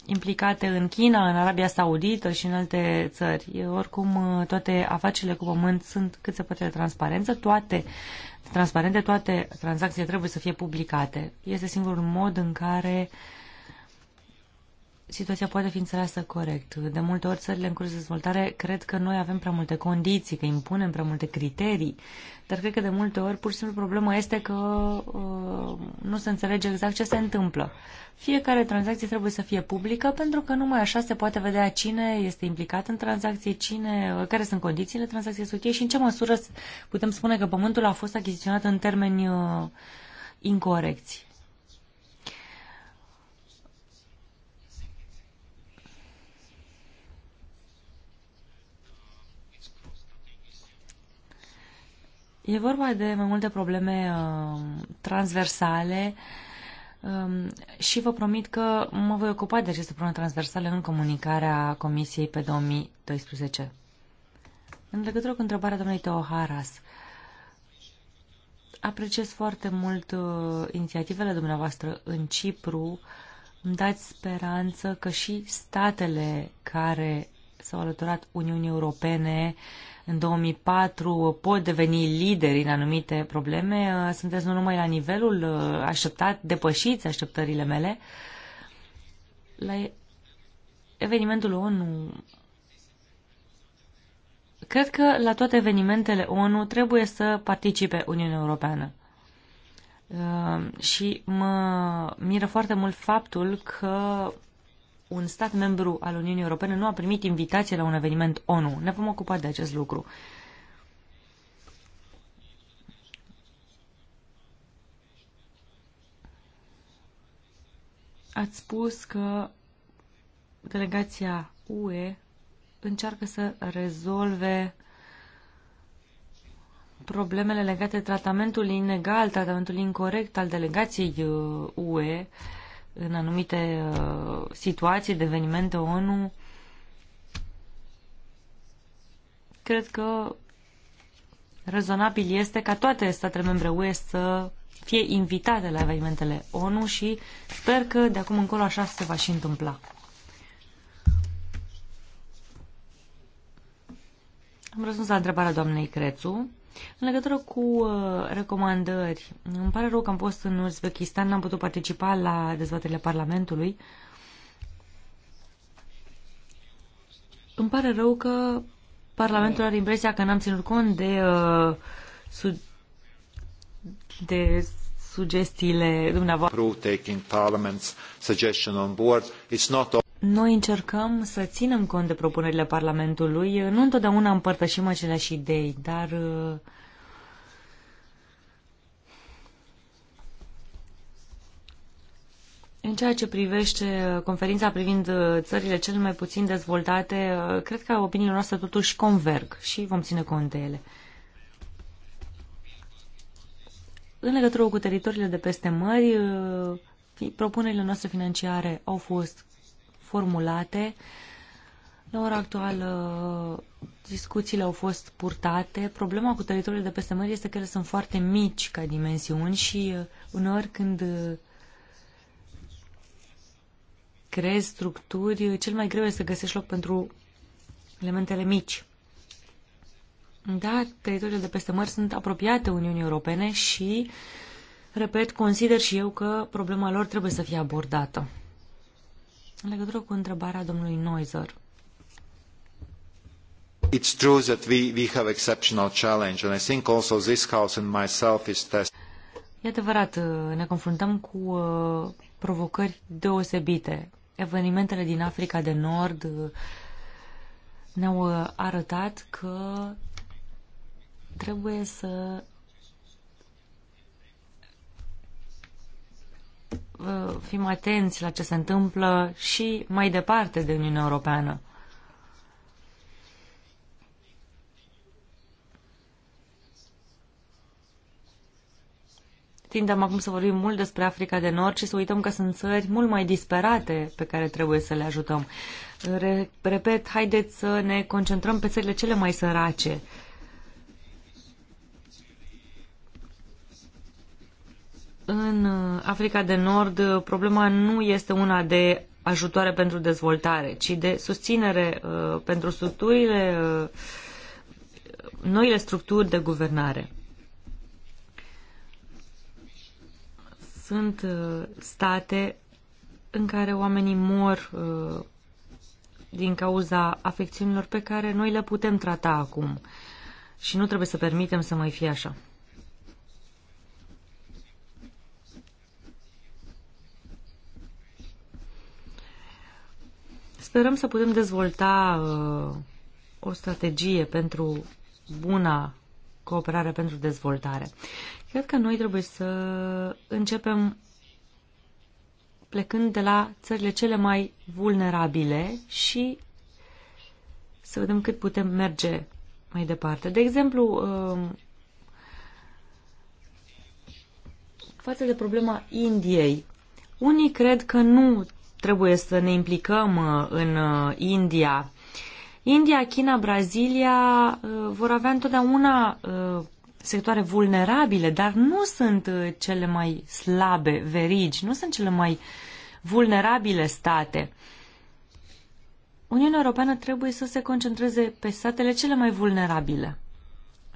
[SPEAKER 4] implicate în China, în Arabia Saudită și în alte țări. Oricum, toate afacerile cu pământ sunt cât se poate de transparență, toate transparente, toate tranzacțiile trebuie să fie publicate. Este singurul mod în care uh, situația poate fi înțeleasă corect. De multe ori țările în curs de dezvoltare cred că noi avem prea multe condiții, că impunem prea multe criterii, dar cred că de multe ori pur și simplu problema este că uh, nu se înțelege exact ce se întâmplă. Fiecare tranzacție trebuie să fie publică pentru că numai așa se poate vedea cine este implicat în tranzacție, cine, care sunt condițiile tranzacției sutiei și în ce măsură putem spune că pământul a fost achiziționat în termeni uh, incorecți. E vorba de mai multe probleme uh, transversale um, și vă promit că mă voi ocupa de aceste probleme transversale în comunicarea Comisiei pe 2012. În legătură cu întrebarea domnului Teoharas, apreciez foarte mult uh, inițiativele dumneavoastră în Cipru. Îmi dați speranță că și statele care s-au alăturat Uniunii Europene în 2004 pot deveni lideri în anumite probleme. Sunteți nu numai la nivelul uh, așteptat, depășiți așteptările mele. La evenimentul ONU Cred că la toate evenimentele ONU trebuie să participe Uniunea Europeană. Uh, și mă miră foarte mult faptul că un stat membru al Uniunii Europene nu a primit invitație la un eveniment ONU. Ne vom ocupa de acest lucru. Ați spus că delegația UE încearcă să rezolve problemele legate de tratamentul inegal, tratamentul incorrect al delegației UE uh, în anumite uh, situații de evenimente ONU, cred că rezonabil este ca toate statele membre UE să fie invitate la evenimentele ONU și sper că de acum încolo așa se va și întâmpla. Am răspuns la întrebarea doamnei Crețu. În legătură cu uh, recomandări, îmi pare rău că am fost în Uzbekistan, n-am putut participa la dezbaterile Parlamentului. Îmi pare rău că Parlamentul are impresia că n-am ținut cont de, uh, su- de sugestiile dumneavoastră. Noi încercăm să ținem cont de propunerile Parlamentului. Nu întotdeauna împărtășim aceleași idei, dar uh, În ceea ce privește conferința privind uh, țările cel mai puțin dezvoltate, uh, cred că opiniile noastre totuși converg și vom ține cont de ele. În legătură cu teritoriile de peste mări, propunerile noastre financiare au fost formulate. La ora actuală discuțiile au fost purtate. Problema cu teritoriile de peste mări este că ele sunt foarte mici ca dimensiuni și uh, uneori când uh, crezi structuri, uh, cel mai greu este să găsești loc pentru elementele mici. Da, teritoriile de peste mări sunt apropiate Uniunii Europene și, repet, consider și eu că problema lor trebuie să fie abordată. În legătură cu întrebarea domnului Noizer.
[SPEAKER 3] It's true that we, we have exceptional challenge and I think also this house and myself is test.
[SPEAKER 4] E adevărat, ne confruntăm cu uh, provocări deosebite. Evenimentele din Africa de Nord uh, ne-au uh, arătat că trebuie să Uh, fim atenți la ce se întâmplă și mai departe de Uniunea Europeană. Tindem acum să vorbim mult despre Africa de Nord și să uităm că sunt țări mult mai disperate pe care trebuie să le ajutăm. Re- repet, haideți să ne concentrăm pe țările cele mai sărace În Africa de Nord, problema nu este una de ajutoare pentru dezvoltare, ci de susținere uh, pentru structurile, uh, noile structuri de guvernare. Sunt uh, state în care oamenii mor uh, din cauza afecțiunilor pe care noi le putem trata acum și nu trebuie să permitem să mai fie așa. Sperăm să putem dezvolta uh, o strategie pentru buna cooperare pentru dezvoltare. Cred că noi trebuie să începem plecând de la țările cele mai vulnerabile și să vedem cât putem merge mai departe. De exemplu, um, față de problema Indiei, unii cred că nu trebuie să ne implicăm uh, în uh, India. India, China, Brazilia uh, vor avea întotdeauna sectoare vulnerabile, dar nu sunt cele mai slabe verigi, nu sunt cele mai vulnerabile state. Uniunea Europeană trebuie să se concentreze pe statele cele mai vulnerabile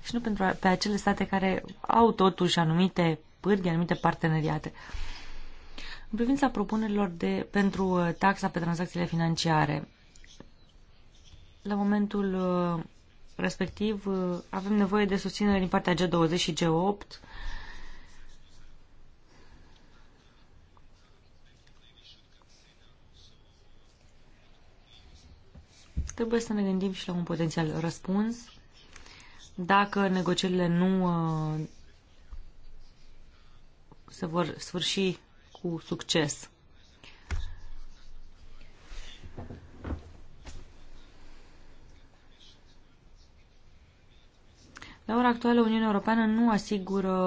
[SPEAKER 4] și nu pentru, pe acele state care au totuși anumite pârghi, anumite parteneriate. Uh, în privința propunerilor de, pentru uh, taxa pe tranzacțiile financiare, la momentul uh, respectiv uh, avem nevoie de susținere din partea G20 și G8 Trebuie să ne gândim și la un potențial răspuns. Dacă negocierile nu se vor sfârși cu succes. La ora actuală, Uniunea Europeană nu asigură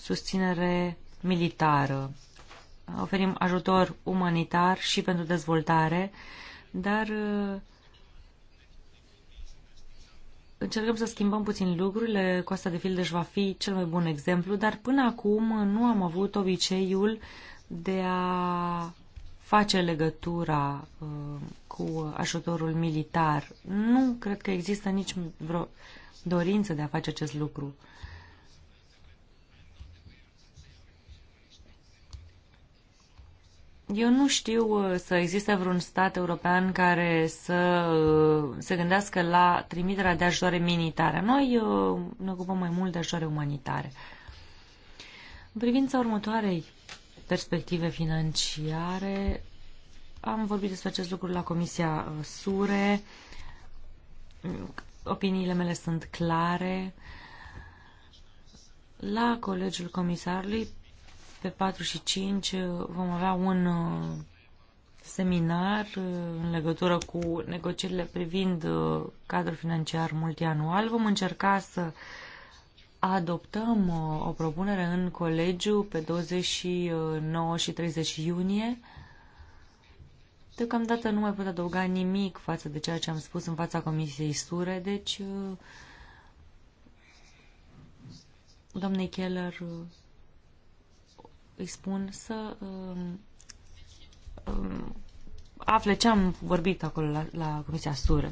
[SPEAKER 4] susținere militară. Oferim ajutor umanitar și pentru dezvoltare, dar Încercăm să schimbăm puțin lucrurile, Costa de Fildeș va fi cel mai bun exemplu, dar până acum nu am avut obiceiul de a face legătura uh, cu ajutorul militar. Nu cred că există nici vreo dorință de a face acest lucru. Eu nu știu uh, să existe vreun stat european care să uh, se gândească la trimiterea de ajutoare militare. Noi uh, ne ocupăm mai mult de ajutoare umanitare. În privința următoarei perspective financiare, am vorbit despre acest lucru la Comisia SURE. Opiniile mele sunt clare. La Colegiul Comisarului pe 4 și 5 uh, vom avea un uh, seminar uh, în legătură cu negocierile privind cadrul financiar multianual. Vom încerca să adoptăm o propunere în colegiu pe 29 și 30 iunie. Deocamdată nu mai pot adăuga nimic față de ceea ce am spus în fața Comisiei Sure, deci, domnul Keller, îi spun să uh, uh, afle ce am vorbit acolo la, la Comisia Sură.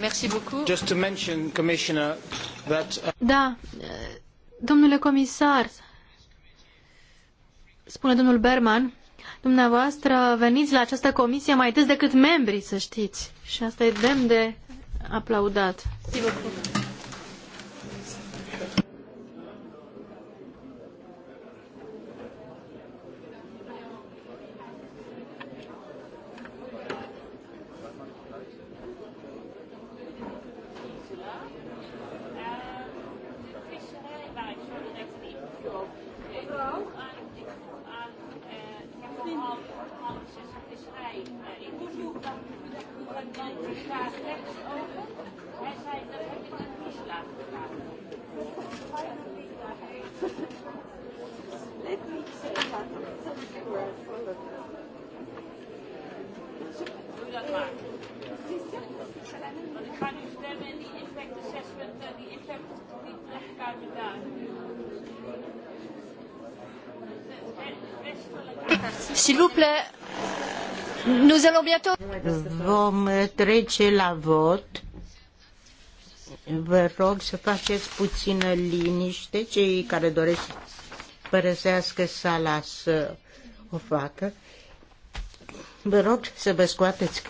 [SPEAKER 3] Merci beaucoup. Just to mention, Commissioner, that... Uh...
[SPEAKER 4] Da, domnule
[SPEAKER 1] comisar, spune domnul Berman, dumneavoastră veniți la această comisie mai des decât membrii, să știți. Și asta e demn de aplaudat. Merci beaucoup.
[SPEAKER 2] vom eh, trece la vot. Vă rog să faceți puțină liniște, cei care doresc să părăsească sala să o facă. Vă rog să vă scoateți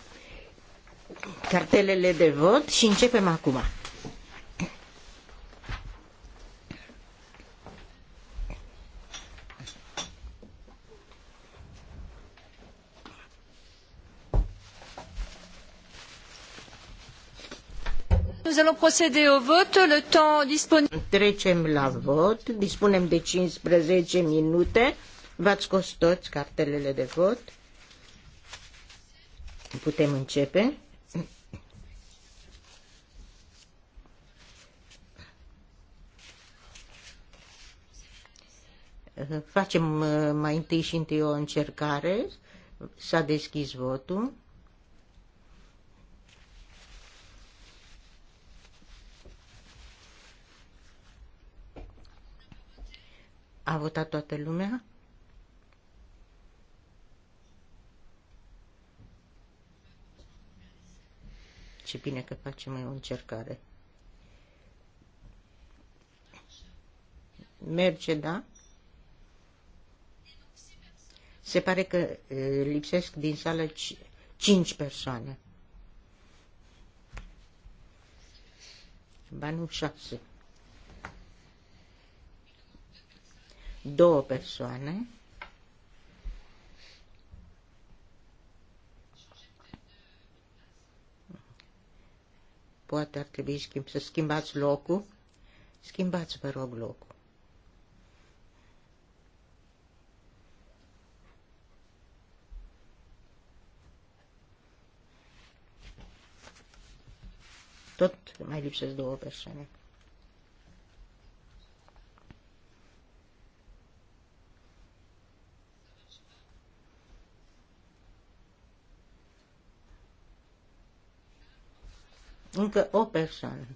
[SPEAKER 2] cartelele de vot și începem acum. nous disponibil. Trecem la vot. Dispunem de 15 minute. V-ați scos toți cartelele de vot. Putem începe. Facem uh, mai întâi și întâi o încercare. S-a deschis votul. A votat toată lumea? Ce bine că facem mai o încercare. Merge, da? Se pare că lipsesc din sală cinci persoane. Ba nu, șase. două persoane Poate ar trebui schimb, să schimbați locul. Schimbați, vă rog, locul. Tot mai lipsesc două persoane. Încă o persoană.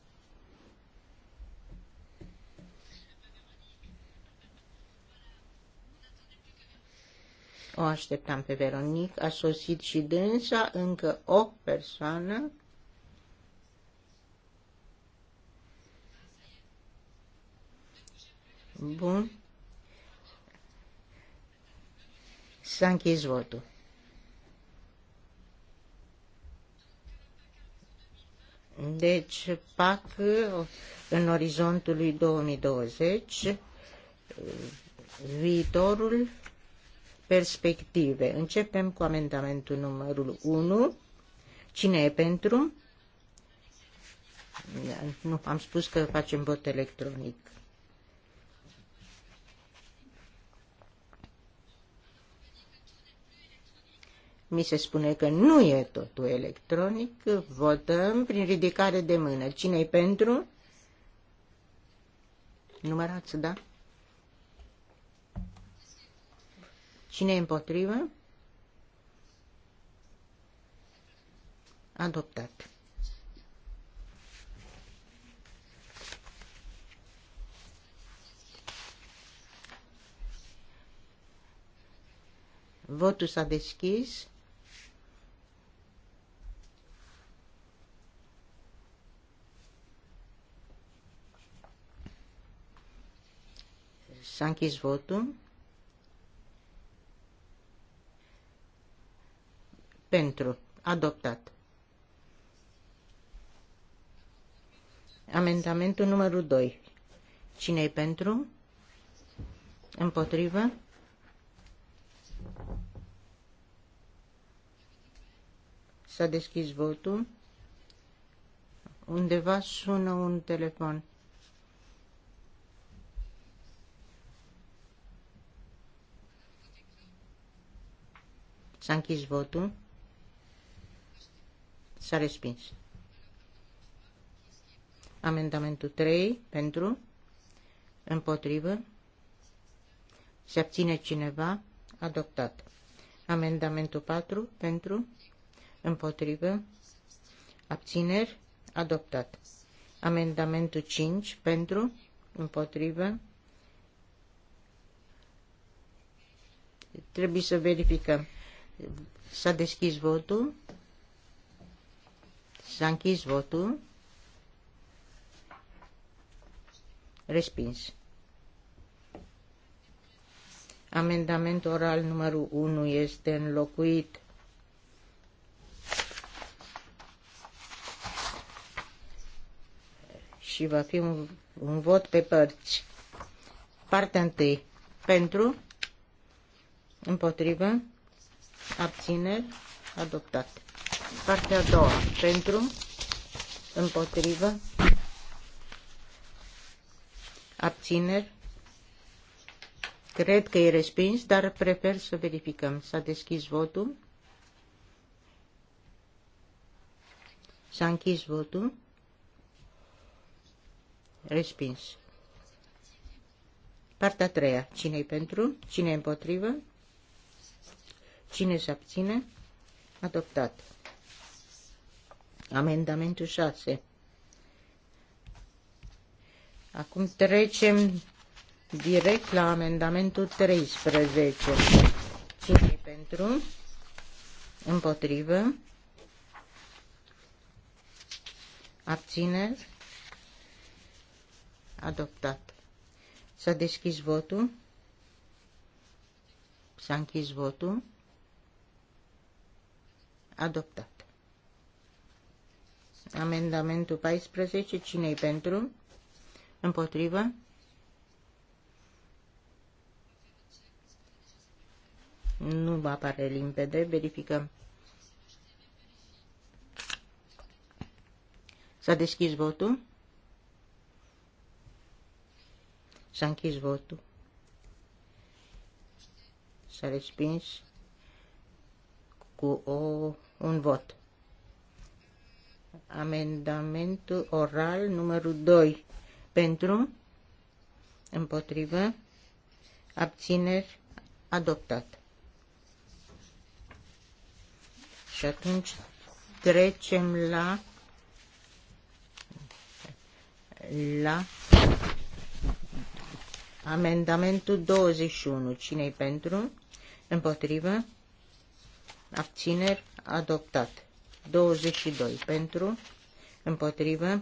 [SPEAKER 2] O așteptam pe Veronic, a sosit și dânsa, încă o persoană. Bun. S-a închis votul. Deci, PAC în orizontul lui 2020, viitorul perspective. Începem cu amendamentul numărul 1. Cine e pentru? Nu, am spus că facem vot electronic. Mi se spune că nu e totul electronic. Votăm prin ridicare de mână. Cine-i pentru? Numărați, da? Cine e împotrivă? Adoptat. Votul s-a deschis. S-a închis votul. Pentru. Adoptat. Amendamentul numărul 2. Cine-i pentru? Împotrivă? S-a deschis votul. Undeva sună un telefon. S-a închis votul. S-a respins. Amendamentul 3 pentru, împotrivă, se abține cineva, adoptat. Amendamentul 4 pentru, împotrivă, abțineri, adoptat. Amendamentul 5 pentru, împotrivă, trebuie să verificăm. S-a deschis votul. S-a închis votul. Respins. Amendamentul oral numărul 1 este înlocuit și va fi un, un vot pe părți. Partea 1. Pentru. Împotrivă abțineri, adoptat. Partea a doua, pentru, împotrivă, abțineri, cred că e respins, dar prefer să verificăm. S-a deschis votul. S-a închis votul. Respins. Partea a treia. Cine-i pentru? Cine-i împotrivă? Cine se abține? Adoptat. Amendamentul 6. Acum trecem direct la amendamentul 13. Cine pentru? Împotrivă? Abțineri? Adoptat. S-a deschis votul? S-a închis votul? Adoptat. Amendamentul 14. cine e pentru? Împotrivă? Nu mă apare limpede. Verificăm. S-a deschis votul. S-a închis votul. S-a respins cu o un vot. Amendamentul oral numărul 2 pentru, împotrivă, abțineri, adoptat. Și atunci trecem la la amendamentul 21. Cine-i pentru? Împotrivă? Abțineri? adoptat. 22 pentru, împotrivă,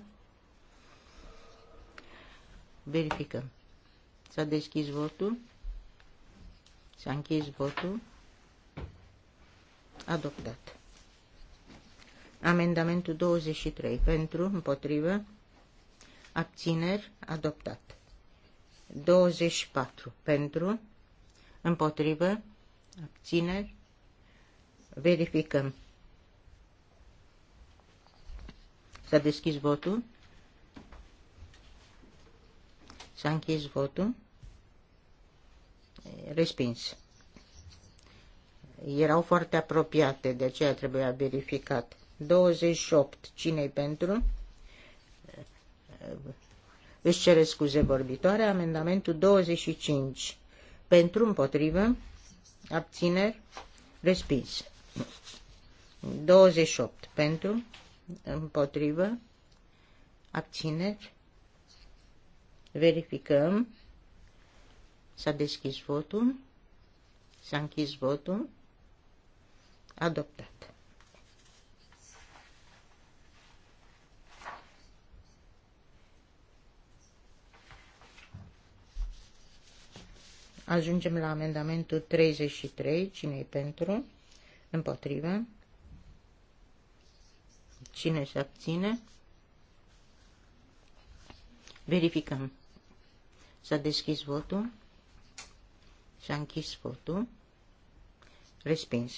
[SPEAKER 2] verificăm. S-a deschis votul, s-a închis votul, adoptat. Amendamentul 23 pentru, împotrivă, abțineri, adoptat. 24 pentru, împotrivă, abțineri, Verificăm. S-a deschis votul. S-a închis votul. Respins. Erau foarte apropiate, de aceea trebuia verificat. 28. cine pentru? Își cere scuze vorbitoare. Amendamentul 25. Pentru, împotrivă, abțineri, respins. 28 pentru, împotrivă, abțineri, verificăm, s-a deschis votul, s-a închis votul, adoptat. Ajungem la amendamentul 33, cine-i pentru? Împotrivă. Cine se abține? Verificăm. S-a deschis votul. S-a închis votul. Respins.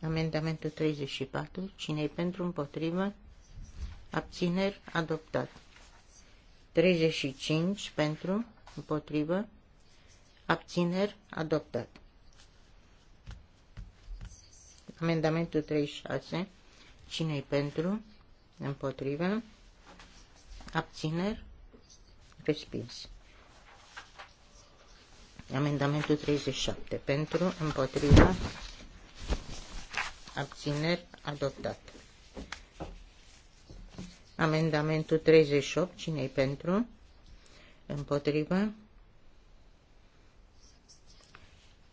[SPEAKER 2] Amendamentul 34. cine e pentru împotrivă? Abțineri adoptat. 35 pentru împotrivă. Abțineri? Adoptat. Amendamentul 36. cine e pentru? Împotrivă. Abțineri? Respins. Amendamentul 37. Pentru, Împotrivă. abțineri, adoptat. Amendamentul 38. cine e pentru? Împotrivă.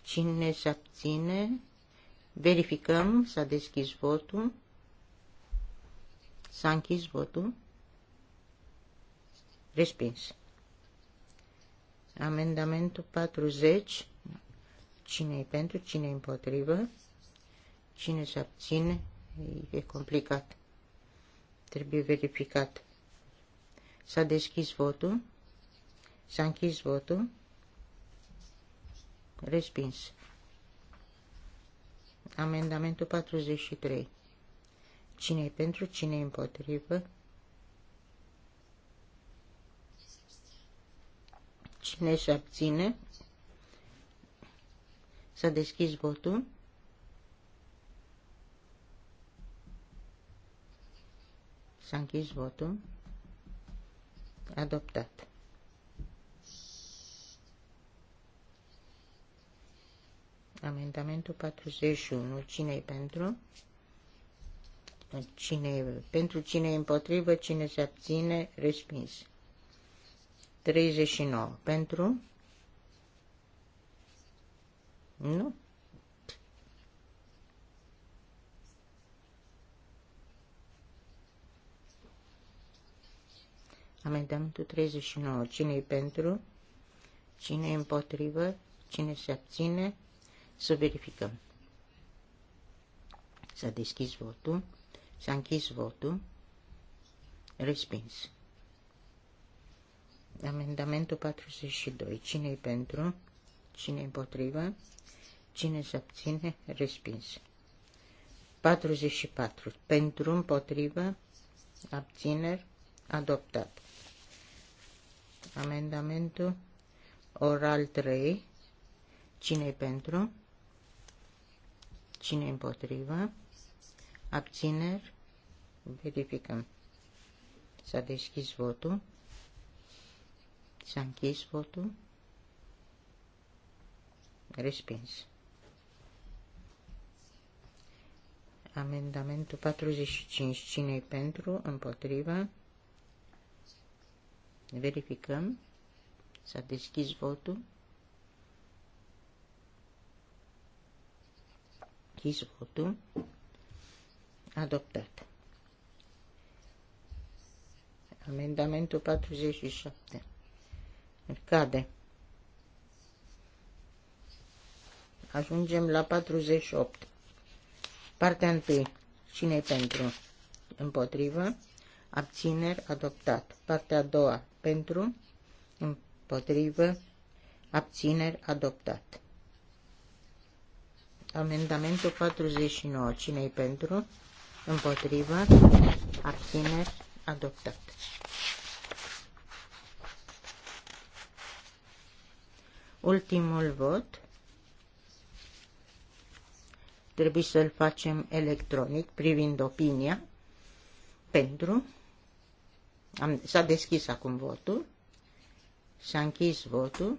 [SPEAKER 2] Cine se abține? Verificăm, s-a deschis votul. S-a închis votul. Respins. Amendamentul 40. Cine e pentru, cine e împotrivă? Cine se abține? E complicat. Trebuie verificat. S-a deschis votul. S-a închis votul. Respins. Amendamentul 43. cine e pentru, cine e împotrivă? Cine se abține? S-a deschis votul. S-a închis votul. Adoptat. Amendamentul 41. cine e pentru? Cine e pentru? Cine e împotrivă? Cine se abține? Respins. 39. Pentru? Nu. Amendamentul 39. cine e pentru? Cine e împotrivă? Cine se abține? Să verificăm. S-a deschis votul, s-a închis votul, respins. Amendamentul 42. Cine-i pentru? Cine împotrivă? Cine se abține? Respins. 44. Pentru, împotrivă, abțineri, adoptat. Amendamentul oral 3. Cine-i pentru? Cine împotrivă? Abțineri? Verificăm. S-a deschis votul. S-a închis votul. Respins. Amendamentul 45. cine pentru? Împotrivă? Verificăm. S-a deschis votul. Închis votul. Adoptat. Amendamentul 47. Cade. Ajungem la 48. Partea 1. cine pentru? Împotrivă. Abțineri. Adoptat. Partea a doua. Pentru. Împotrivă. Abțineri. Adoptat. Amendamentul 49. cine pentru? Împotrivă? Abțineri? Adoptat. Ultimul vot. Trebuie să-l facem electronic, privind opinia. Pentru. s-a deschis acum votul. S-a închis votul.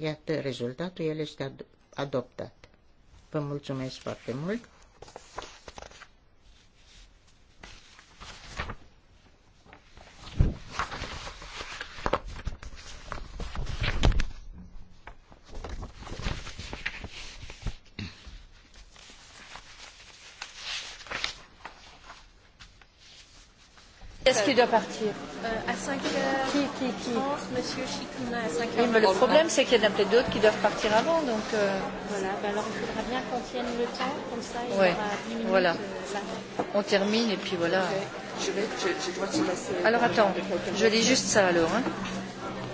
[SPEAKER 2] Iată rezultatul, el este ad adoptat. Vă mulțumesc foarte mult!
[SPEAKER 1] Est-ce qu'il doit partir euh, Qui, qui, qui Monsieur Chikuna à 5 Oui, mais le problème, c'est
[SPEAKER 3] qu'il y en a peut-être d'autres qui doivent partir avant. Donc, euh...
[SPEAKER 1] Voilà, ben alors il faudra bien qu'on tienne le temps, comme ça il ouais. y aura 10 minutes. Voilà. Euh,
[SPEAKER 4] On termine et puis voilà.
[SPEAKER 3] Je vais, je, je dois te laisser. Alors attends, je lis juste
[SPEAKER 4] ça alors. Hein.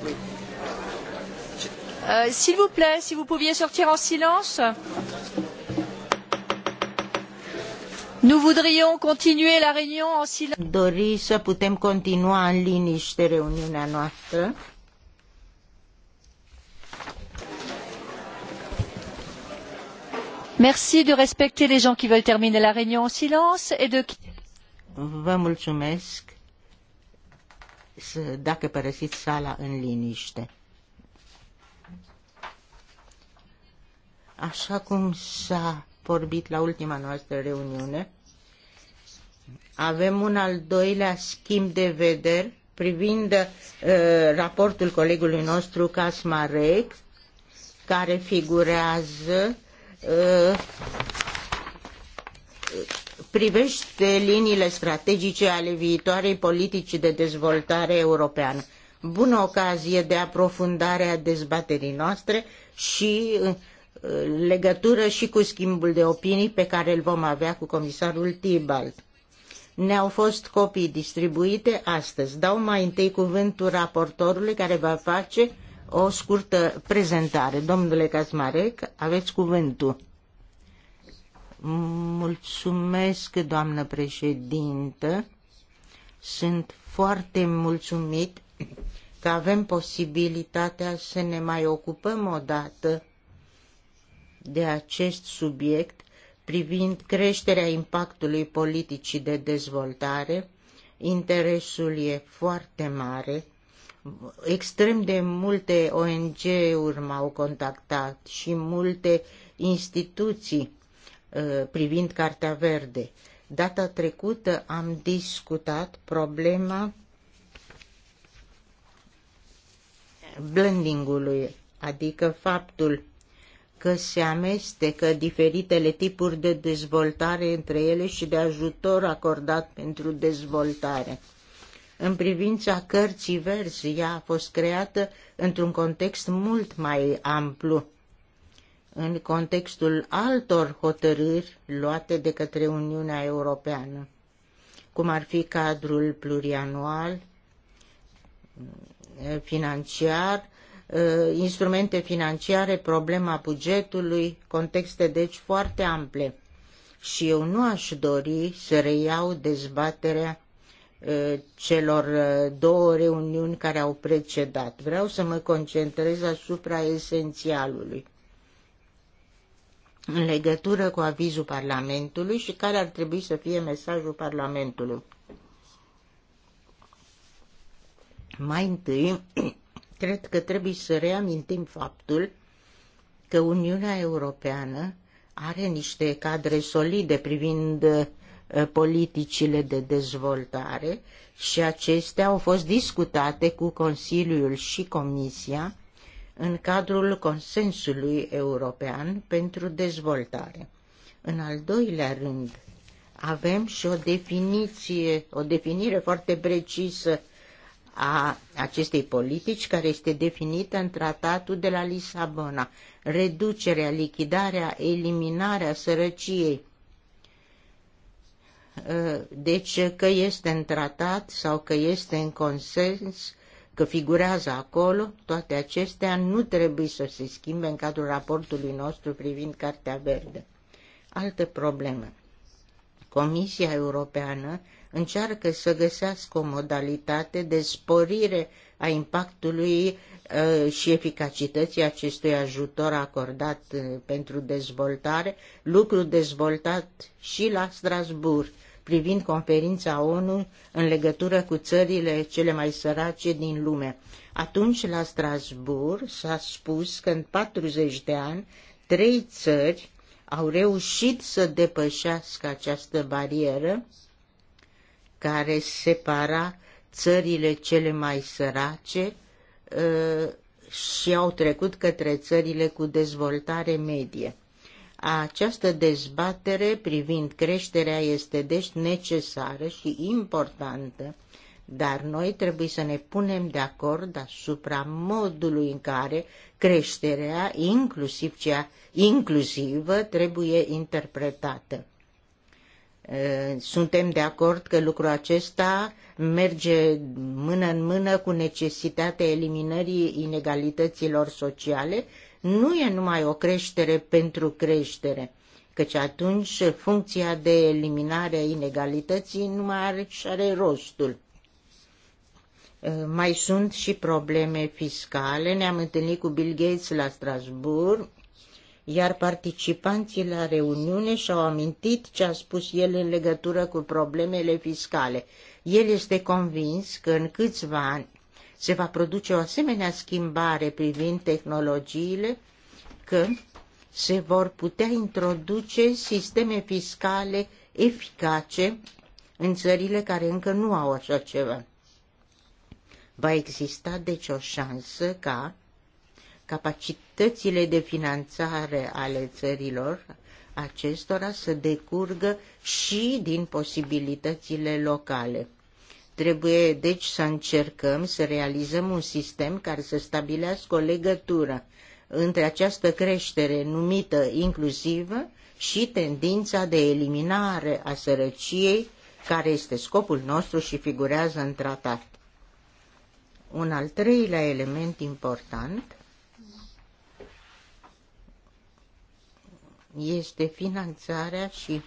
[SPEAKER 4] Oui.
[SPEAKER 1] Euh, S'il vous plaît, si vous pouviez sortir en silence. Oui.
[SPEAKER 2] Nous voudrions continuer la réunion en silence. Dori să putem continua în liniște reuniunea noastră.
[SPEAKER 3] Merci de respecter les gens qui veulent terminer la réunion en silence et de
[SPEAKER 2] Vă mulțumesc dacă părăsiți sala în liniște. Așa cum s-a vorbit la ultima noastră reuniune. Avem un al doilea schimb de vederi privind uh, raportul colegului nostru Casmarec, care figurează uh, privește liniile strategice ale viitoarei politici de dezvoltare europeană. Bună ocazie de aprofundare a dezbaterii noastre și uh, în legătură și cu schimbul de opinii pe care îl vom avea cu comisarul Tibalt. Ne-au fost copii distribuite astăzi. Dau mai întâi cuvântul raportorului care va face o scurtă prezentare. Domnule Casmarec, aveți cuvântul. Mulțumesc, doamnă președintă. Sunt foarte mulțumit că avem posibilitatea să ne mai ocupăm odată de acest subiect privind creșterea impactului politicii de dezvoltare. Interesul e foarte mare. Extrem de multe ONG-uri m-au contactat și multe instituții uh, privind Cartea Verde. Data trecută am discutat problema blendingului, adică faptul că se amestecă diferitele tipuri de dezvoltare între ele și de ajutor acordat pentru dezvoltare. În privința cărții verzi, ea a fost creată într-un context mult mai amplu, în contextul altor hotărâri luate de către Uniunea Europeană, cum ar fi cadrul plurianual, financiar, Uh, instrumente financiare, problema bugetului, contexte deci foarte ample. Și eu nu aș dori să reiau dezbaterea uh, celor uh, două reuniuni care au precedat. Vreau să mă concentrez asupra esențialului în legătură cu avizul Parlamentului și care ar trebui să fie mesajul Parlamentului. Mai întâi, Cred că trebuie să reamintim faptul că Uniunea Europeană are niște cadre solide privind uh, politicile de dezvoltare și acestea au fost discutate cu Consiliul și Comisia în cadrul consensului european pentru dezvoltare. În al doilea rând, avem și o definiție, o definire foarte precisă a acestei politici care este definită în tratatul de la Lisabona. Reducerea, lichidarea, eliminarea sărăciei. Ă, deci că este în tratat sau că este în consens, că figurează acolo, toate acestea nu trebuie să se schimbe în cadrul raportului nostru privind Cartea Verde. Altă problemă. Comisia Europeană încearcă să găsească o modalitate de sporire a impactului uh, și eficacității acestui ajutor acordat uh, pentru dezvoltare, lucru dezvoltat și la Strasbourg privind conferința ONU în legătură cu țările cele mai sărace din lume. Atunci, la Strasbourg s-a spus că în 40 de ani, trei țări au reușit să depășească această barieră care separa țările cele mai sărace uh, și au trecut către țările cu dezvoltare medie. Această dezbatere privind creșterea este deci necesară și importantă, dar noi trebuie să ne punem de acord asupra modului în care creșterea, inclusiv cea inclusivă, trebuie interpretată. Eh, suntem de acord că lucrul acesta merge mână în mână cu necesitatea eliminării inegalităților sociale. Nu e numai o creștere pentru creștere, căci atunci funcția de eliminare a inegalității nu mai are și are rostul. Eh, mai sunt și probleme fiscale. Ne-am întâlnit cu Bill Gates la Strasbourg iar participanții la reuniune și-au amintit ce a spus el în legătură cu problemele fiscale. El este convins că în câțiva ani se va produce o asemenea schimbare privind tehnologiile, că se vor putea introduce sisteme fiscale eficace în țările care încă nu au așa ceva. Va exista deci o șansă ca capacitățile de finanțare ale țărilor acestora să decurgă și din posibilitățile locale. Trebuie deci să încercăm să realizăm un sistem care să stabilească o legătură între această creștere numită inclusivă și tendința de eliminare a sărăciei, care este scopul nostru și figurează în tratat. Un al treilea element important este finanțarea și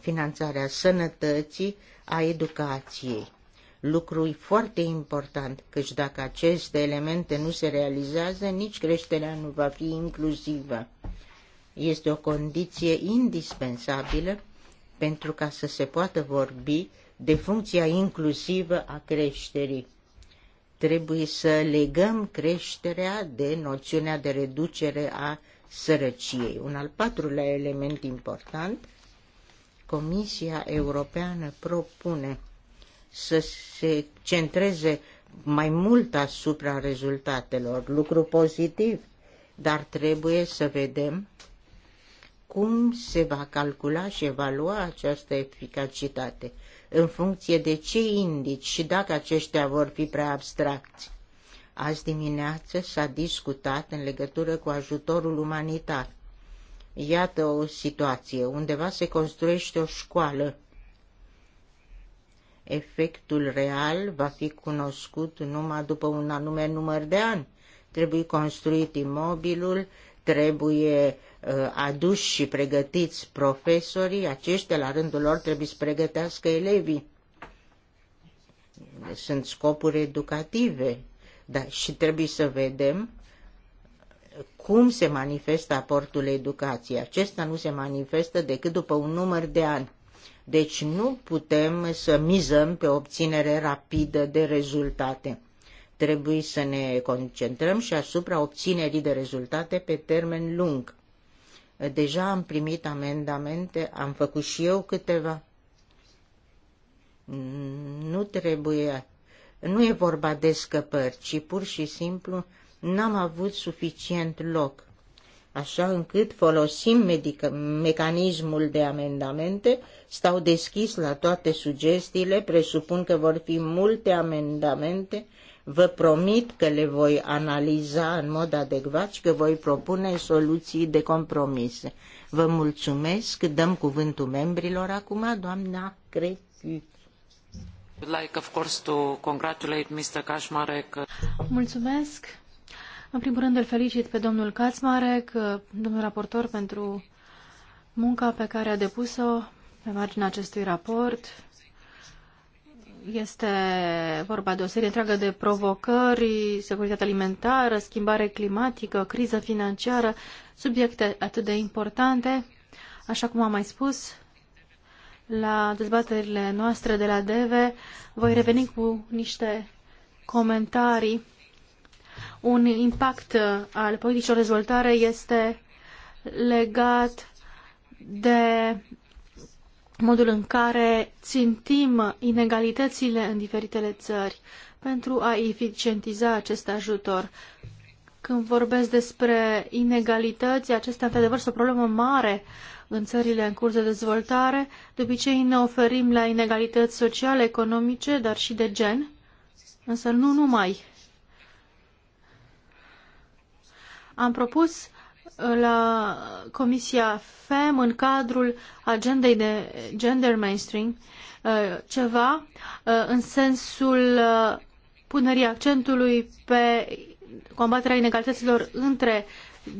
[SPEAKER 2] finanțarea sănătății, a educației. Lucru foarte important, căci dacă aceste elemente nu se realizează, nici creșterea nu va fi inclusivă. Este o condiție indispensabilă pentru ca să se poată vorbi de funcția inclusivă a creșterii. Trebuie să legăm creșterea de noțiunea de reducere a sărăciei. Un al patrulea element important, Comisia Europeană propune să se centreze mai mult asupra rezultatelor, lucru pozitiv, dar trebuie să vedem cum se va calcula și evalua această eficacitate, în funcție de ce indici și dacă aceștia vor fi prea abstracți. Azi dimineață s-a discutat în legătură cu ajutorul umanitar. Iată o situație. Undeva se construiește o școală. Efectul real va fi cunoscut numai după un anume număr de ani. Trebuie construit imobilul, trebuie uh, aduși și pregătiți profesorii, aceștia la rândul lor trebuie să pregătească elevii. Sunt scopuri educative da, și trebuie să vedem cum se manifestă aportul educației. Acesta nu se manifestă decât după un număr de ani. Deci nu putem să mizăm pe obținere rapidă de rezultate. Trebuie să ne concentrăm și asupra obținerii de rezultate pe termen lung. Deja am primit amendamente, am făcut și eu câteva. Nu trebuie nu e vorba de scăpări, ci pur și simplu n-am avut suficient loc, așa încât folosim mecanismul de amendamente, stau deschis la toate sugestiile, presupun că vor fi multe amendamente, vă promit că le voi analiza în mod adecvat și că voi propune soluții de compromise. Vă mulțumesc, dăm cuvântul membrilor acum, doamna Crețiu
[SPEAKER 4] would like, of course, to congratulate Mr. Kaczmarek.
[SPEAKER 1] Mulțumesc. În primul rând îl felicit pe domnul Kaczmarek, domnul raportor, pentru munca pe care a depus-o pe marginea acestui raport. Este vorba de o serie întreagă de provocări, securitate alimentară, schimbare climatică, criză financiară, subiecte atât de importante. Așa cum am mai spus, la dezbaterile noastre de la DEVE. Voi reveni cu niște comentarii. Un impact uh, al politicilor dezvoltare este legat de modul în care țintim inegalitățile în diferitele țări pentru a eficientiza acest ajutor. Când vorbesc despre inegalități, acestea într-adevăr sunt o problemă mare uh, în țările în curs de dezvoltare. De obicei ne oferim la inegalități sociale, economice, dar și de gen, însă nu numai. Am propus uh, la Comisia FEM în cadrul agendei de gender mainstream uh, ceva uh, în sensul punerii accentului pe combaterea inegalităților între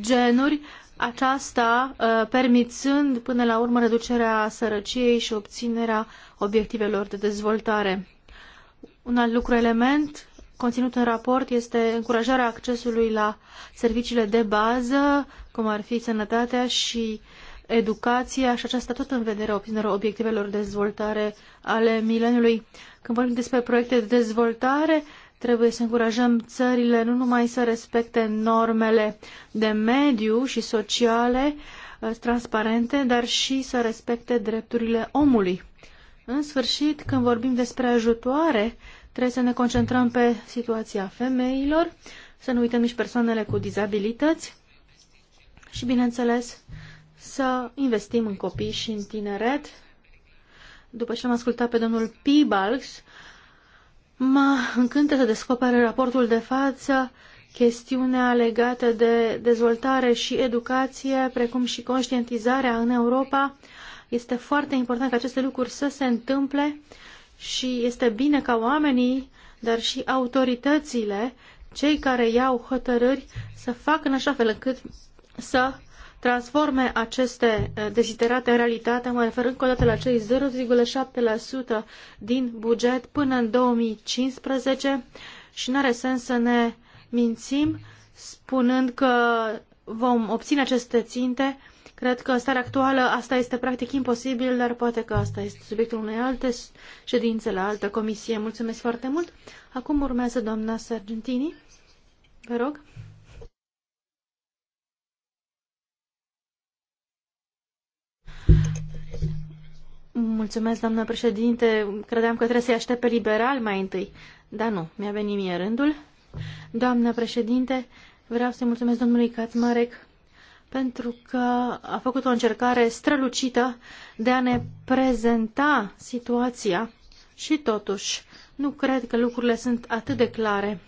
[SPEAKER 1] genuri aceasta uh, permițând până la urmă reducerea sărăciei și obținerea obiectivelor de dezvoltare. Un alt lucru element conținut în raport este încurajarea accesului la serviciile de bază, cum ar fi sănătatea și educația și aceasta tot în vederea obținerea obiectivelor de dezvoltare ale mileniului. Când vorbim despre proiecte de dezvoltare, Trebuie să încurajăm țările nu numai să respecte normele de mediu și sociale uh, transparente, dar și să respecte drepturile omului. În sfârșit, când vorbim despre ajutoare, trebuie să ne concentrăm pe situația femeilor, să nu uităm nici persoanele cu dizabilități și, bineînțeles, să investim în copii și în tineret. După ce am ascultat pe domnul Pibalx, Mă încântă să descopere raportul de față chestiunea legată de dezvoltare și educație, precum și conștientizarea în Europa. Este foarte important ca aceste lucruri să se întâmple și este bine ca oamenii, dar și autoritățile, cei care iau hotărâri, să facă în așa fel încât să uh, transforme aceste eh, deziderate în realitate, mă refer încă o dată la cei 0,7% din buget până în 2015 și nu are sens să ne mințim spunând că vom obține aceste ținte. Cred că în starea actuală asta este practic imposibil, dar poate că asta este subiectul unei alte ședințe la altă comisie. Mulțumesc foarte mult. Acum urmează doamna Sargentini. Vă rog. Mulțumesc, doamnă președinte. Credeam că trebuie să-i aștept pe liberal mai întâi. Dar nu, mi-a venit mie rândul. Doamnă președinte, vreau să-i mulțumesc domnului Kaczmarek pentru că a făcut o încercare strălucită de a ne prezenta situația și totuși nu cred că lucrurile sunt atât de clare.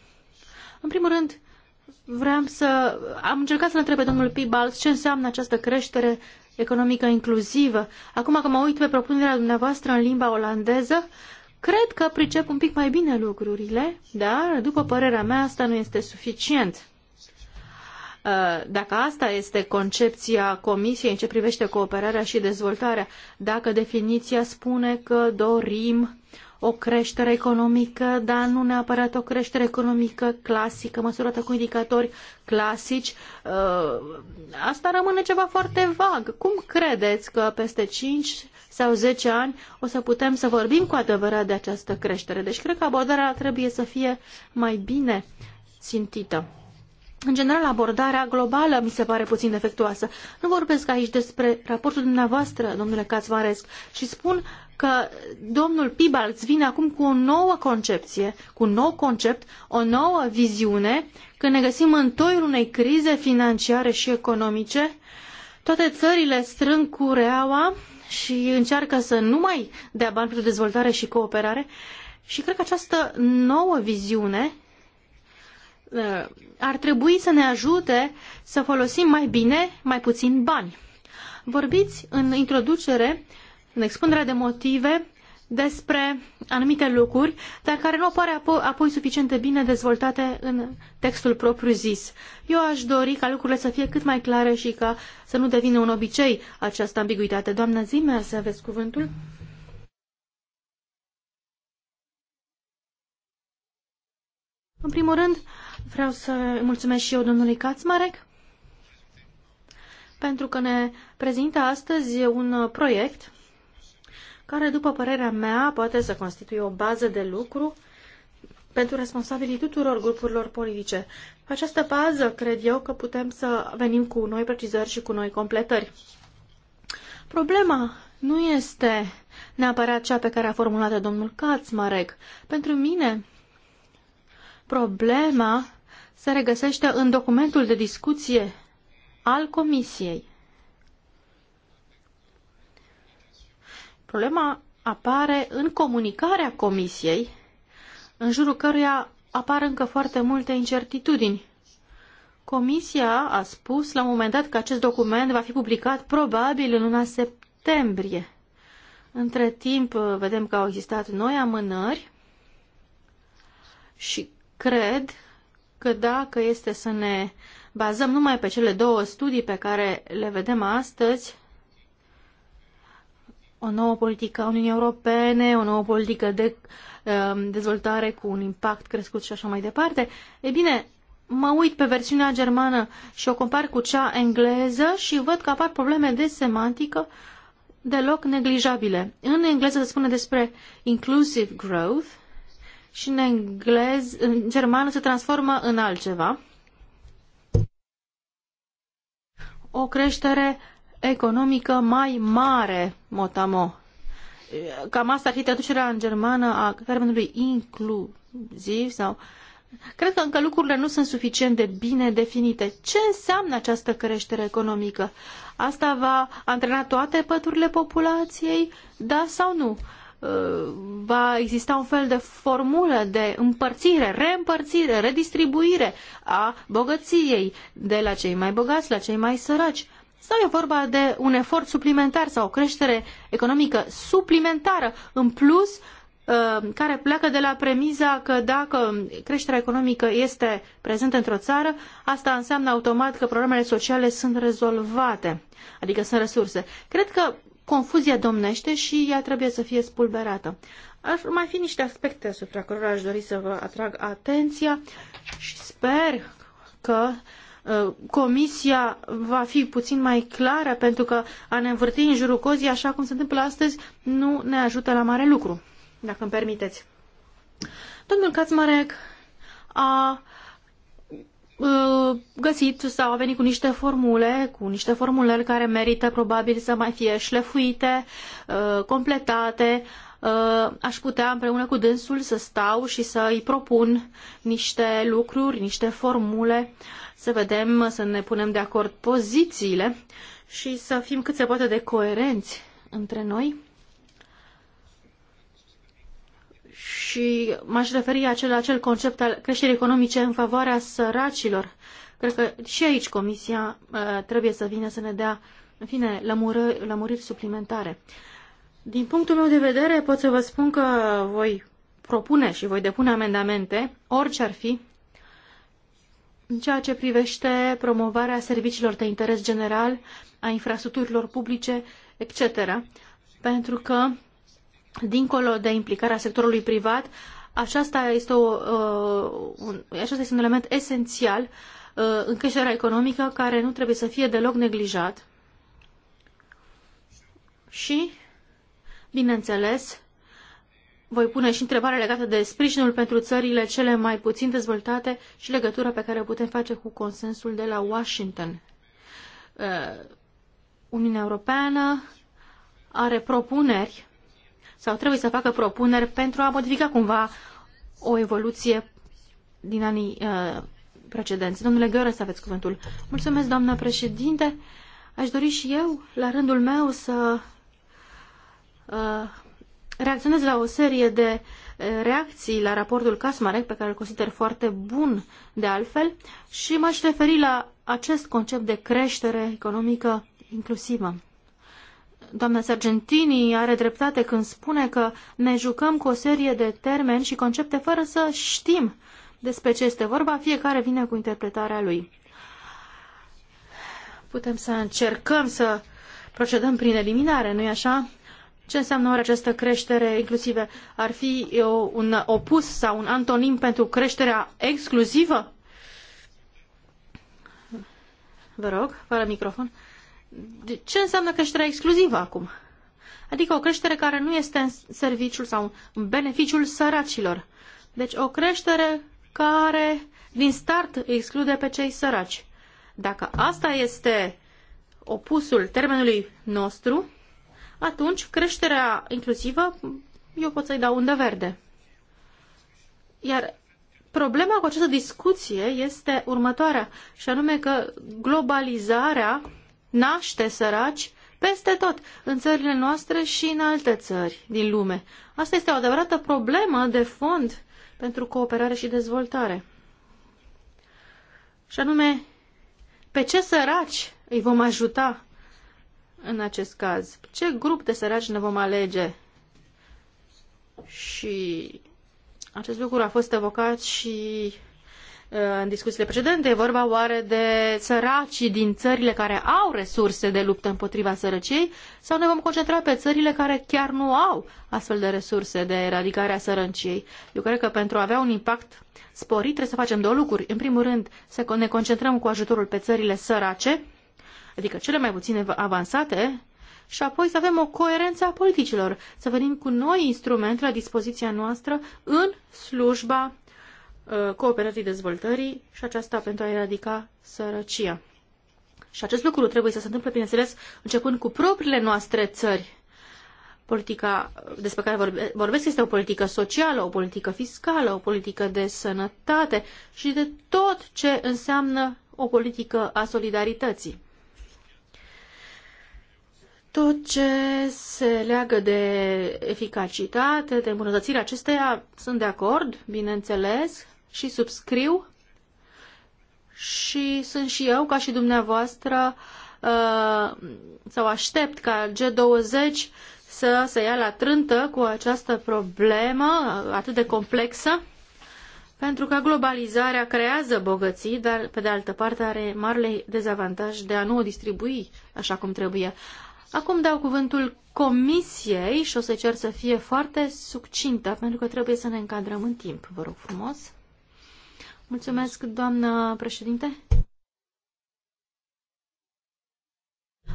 [SPEAKER 1] În primul rând, vreau să... am încercat să-l întreb pe domnul Pibal ce înseamnă această creștere economică inclusivă. Acum că mă uit pe propunerea dumneavoastră în limba olandeză, cred că pricep un pic mai bine lucrurile, dar, după părerea mea, asta nu este suficient. Uh, dacă asta este concepția Comisiei în ce privește cooperarea și dezvoltarea, dacă definiția spune că dorim o creștere economică, dar nu neapărat o creștere economică clasică, măsurată cu indicatori clasici. Uh, asta rămâne ceva foarte vag. Cum credeți că peste 5 sau 10 ani o să putem să vorbim cu adevărat de această creștere? Deci cred că abordarea trebuie să fie mai bine țintită. În general, abordarea globală mi se pare puțin defectuoasă. Nu vorbesc aici despre raportul dumneavoastră, domnule Cațmaresc, și spun că domnul Pibalz vine acum cu o nouă concepție, cu un nou concept, o nouă viziune, că ne găsim în toiul unei crize financiare și economice, toate țările strâng cureaua și încearcă să nu mai dea bani pentru dezvoltare și cooperare și cred că această nouă viziune uh, ar trebui să ne ajute să folosim mai bine, mai puțin bani. Vorbiți în introducere în expunerea de motive despre anumite lucruri, dar care nu apare apoi suficient de bine dezvoltate în textul propriu-zis. Eu aș dori ca lucrurile să fie cât mai clare și ca să nu devină un obicei această ambiguitate. Doamna Zimmer, să aveți cuvântul. În primul rând, vreau să mulțumesc și eu domnului Kaczmarek pentru că ne prezintă astăzi un proiect care, după părerea mea, poate să constituie o bază de lucru pentru responsabilii tuturor grupurilor politice. Pe această bază, cred eu că putem să venim cu noi precizări și cu noi completări. Problema nu este neapărat cea pe care a formulat-o domnul Kaczmarek. Pentru mine, problema se regăsește în documentul de discuție al Comisiei. Problema apare în comunicarea comisiei, în jurul căruia apar încă foarte multe incertitudini. Comisia a spus la un moment dat că acest document va fi publicat probabil în luna septembrie. Între timp, vedem că au existat noi amânări și cred că dacă este să ne bazăm numai pe cele două studii pe care le vedem astăzi, o nouă politică a Uniunii Europene, o nouă politică de um, dezvoltare cu un impact crescut și așa mai departe. E bine, mă uit pe versiunea germană și o compar cu cea engleză și văd că apar probleme de semantică deloc neglijabile. În engleză se spune despre inclusive growth și în, englez, în germană se transformă în altceva. O creștere economică mai mare, motamo. Cam asta ar fi traducerea în germană a termenului inclusiv sau... Cred că încă lucrurile nu sunt suficient de bine definite. Ce înseamnă această creștere economică? Asta va antrena toate păturile populației, da sau nu? Ă, va exista un fel de formulă de împărțire, reîmpărțire, redistribuire a bogăției de la cei mai bogați la cei mai săraci sau e vorba de un efort suplimentar sau o creștere economică suplimentară în plus uh, care pleacă de la premiza că dacă creșterea economică este prezentă într-o țară, asta înseamnă automat că problemele sociale sunt rezolvate, adică sunt resurse. Cred că confuzia domnește și ea trebuie să fie spulberată. Ar mai fi niște aspecte asupra cărora aș dori să vă atrag atenția și sper că uh, Uh, comisia va fi puțin mai clară, pentru că a ne învârti în jurul cozii, așa cum se întâmplă astăzi, nu ne ajută la mare lucru, dacă îmi permiteți. Domnul Kaczmarek a uh, găsit sau a venit cu niște formule, cu niște formulări care merită probabil să mai fie șlefuite, uh, completate. Aș putea împreună cu dânsul să stau și să îi propun niște lucruri, niște formule să vedem, să ne punem de acord pozițiile și să fim cât se poate de coerenți între noi. Și m-aș referi acel, la acel concept al creșterii economice în favoarea săracilor. Cred că și aici Comisia uh, trebuie să vină să ne dea, în fine, lămurări, lămuriri suplimentare. Din punctul meu de vedere, pot să vă spun că voi propune și voi depune amendamente, orice ar fi, în ceea ce privește promovarea serviciilor de interes general, a infrastructurilor publice, etc. Pentru că, dincolo de implicarea sectorului privat, aceasta este, o, uh, un, aceasta este un element esențial uh, în creșterea economică care nu trebuie să fie deloc neglijat. Și, bineînțeles, voi pune și întrebarea legată de sprijinul pentru țările cele mai puțin dezvoltate și legătura pe care o putem face cu consensul de la Washington. Uh, Uniunea Europeană are propuneri sau trebuie să facă propuneri pentru a modifica cumva o evoluție din anii uh, precedenți. Domnule Gheorghe, să aveți cuvântul. Mulțumesc, doamna președinte. Aș dori și eu, la rândul meu, să uh, reacționez la o serie de eh, reacții la raportul Casmarec, pe care îl consider foarte bun de altfel, și m-aș referi la acest concept de creștere economică inclusivă. Doamna Sargentini are dreptate când spune că ne jucăm cu o serie de termeni și concepte fără să știm despre ce este vorba, fiecare vine cu interpretarea lui. Putem să încercăm să procedăm prin eliminare, nu-i așa? Ce înseamnă oare această creștere inclusivă? Ar fi un opus sau un antonim pentru creșterea exclusivă? Vă rog, fără microfon. De ce înseamnă creșterea exclusivă acum? Adică o creștere care nu este în serviciul sau în beneficiul săracilor. Deci o creștere care din start exclude pe cei săraci. Dacă asta este opusul termenului nostru, atunci creșterea inclusivă eu pot să-i dau undă verde. Iar problema cu această discuție este următoarea, și anume că globalizarea naște săraci peste tot, în țările noastre și în alte țări din lume. Asta este o adevărată problemă de fond pentru cooperare și dezvoltare. Și anume, pe ce săraci îi vom ajuta în acest caz? Ce grup de săraci ne vom alege? Și acest lucru a fost evocat și uh, în discuțiile precedente. E vorba oare de săracii din țările care au resurse de luptă împotriva sărăciei sau ne vom concentra pe țările care chiar nu au astfel de resurse de eradicare a sărăciei? Eu cred că pentru a avea un impact sporit trebuie să facem două lucruri. În primul rând, să ne concentrăm cu ajutorul pe țările sărace adică cele mai puține avansate, și apoi să avem o coerență a politicilor, să venim cu noi instrumente la dispoziția noastră în slujba uh, cooperării dezvoltării și aceasta pentru a eradica sărăcia. Și acest lucru trebuie să se întâmple, bineînțeles, începând cu propriile noastre țări. Politica despre care vorbesc este o politică socială, o politică fiscală, o politică de sănătate și de tot ce înseamnă o politică a solidarității. Tot ce se leagă de eficacitate, de îmbunătățirea acesteia, sunt de acord, bineînțeles, și subscriu. Și sunt și eu, ca și dumneavoastră, uh, sau aștept ca G20 să se ia la trântă cu această problemă atât de complexă, pentru că globalizarea creează bogății, dar pe de altă parte are marele dezavantaj de a nu o distribui așa cum trebuie. Acum dau cuvântul comisiei și o să cer să fie foarte succintă, pentru că trebuie să ne încadrăm în timp. Vă rog frumos. Mulțumesc, doamnă președinte.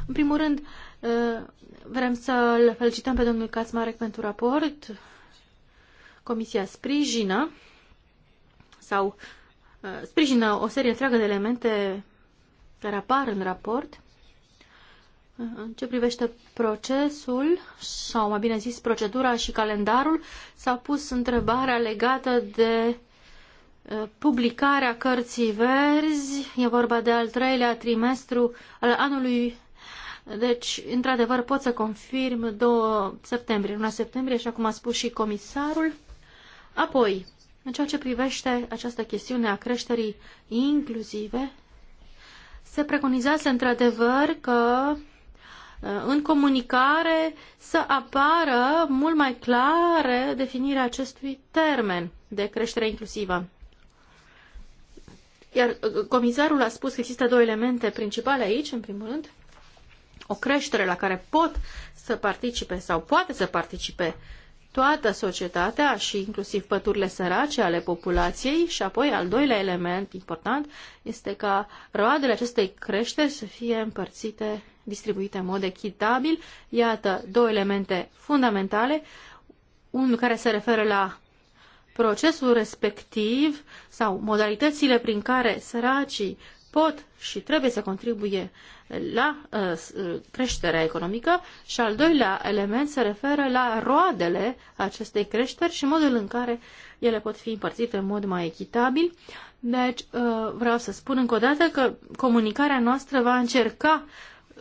[SPEAKER 1] În primul rând, ă, vrem să-l felicităm pe domnul Casmarec pentru raport. Comisia sprijină sau ă, sprijină o serie întreagă de elemente care apar în raport în ce privește procesul, sau mai bine zis procedura și calendarul, s-a pus întrebarea legată de publicarea cărții verzi. E vorba de al treilea trimestru al anului. Deci, într-adevăr, pot să confirm 2 septembrie, 1 septembrie, așa cum a spus și comisarul. Apoi, în ceea ce privește această chestiune a creșterii inclusive, se preconizează într-adevăr că Uh, în comunicare să apară mult mai clară definirea acestui termen de creștere inclusivă. Iar uh, comisarul a spus că există două elemente principale aici, în primul rând, o creștere la care pot să participe sau poate să participe toată societatea și inclusiv păturile sărace ale populației și apoi al doilea element important este ca roadele acestei creșteri să fie împărțite distribuite în mod echitabil. Iată două elemente fundamentale, unul care se referă la procesul respectiv sau modalitățile prin care săracii pot și trebuie să contribuie la uh, uh, creșterea economică și al doilea element se referă la roadele acestei creșteri și modul în care ele pot fi împărțite în mod mai echitabil. Deci uh, vreau să spun încă o dată că comunicarea noastră va încerca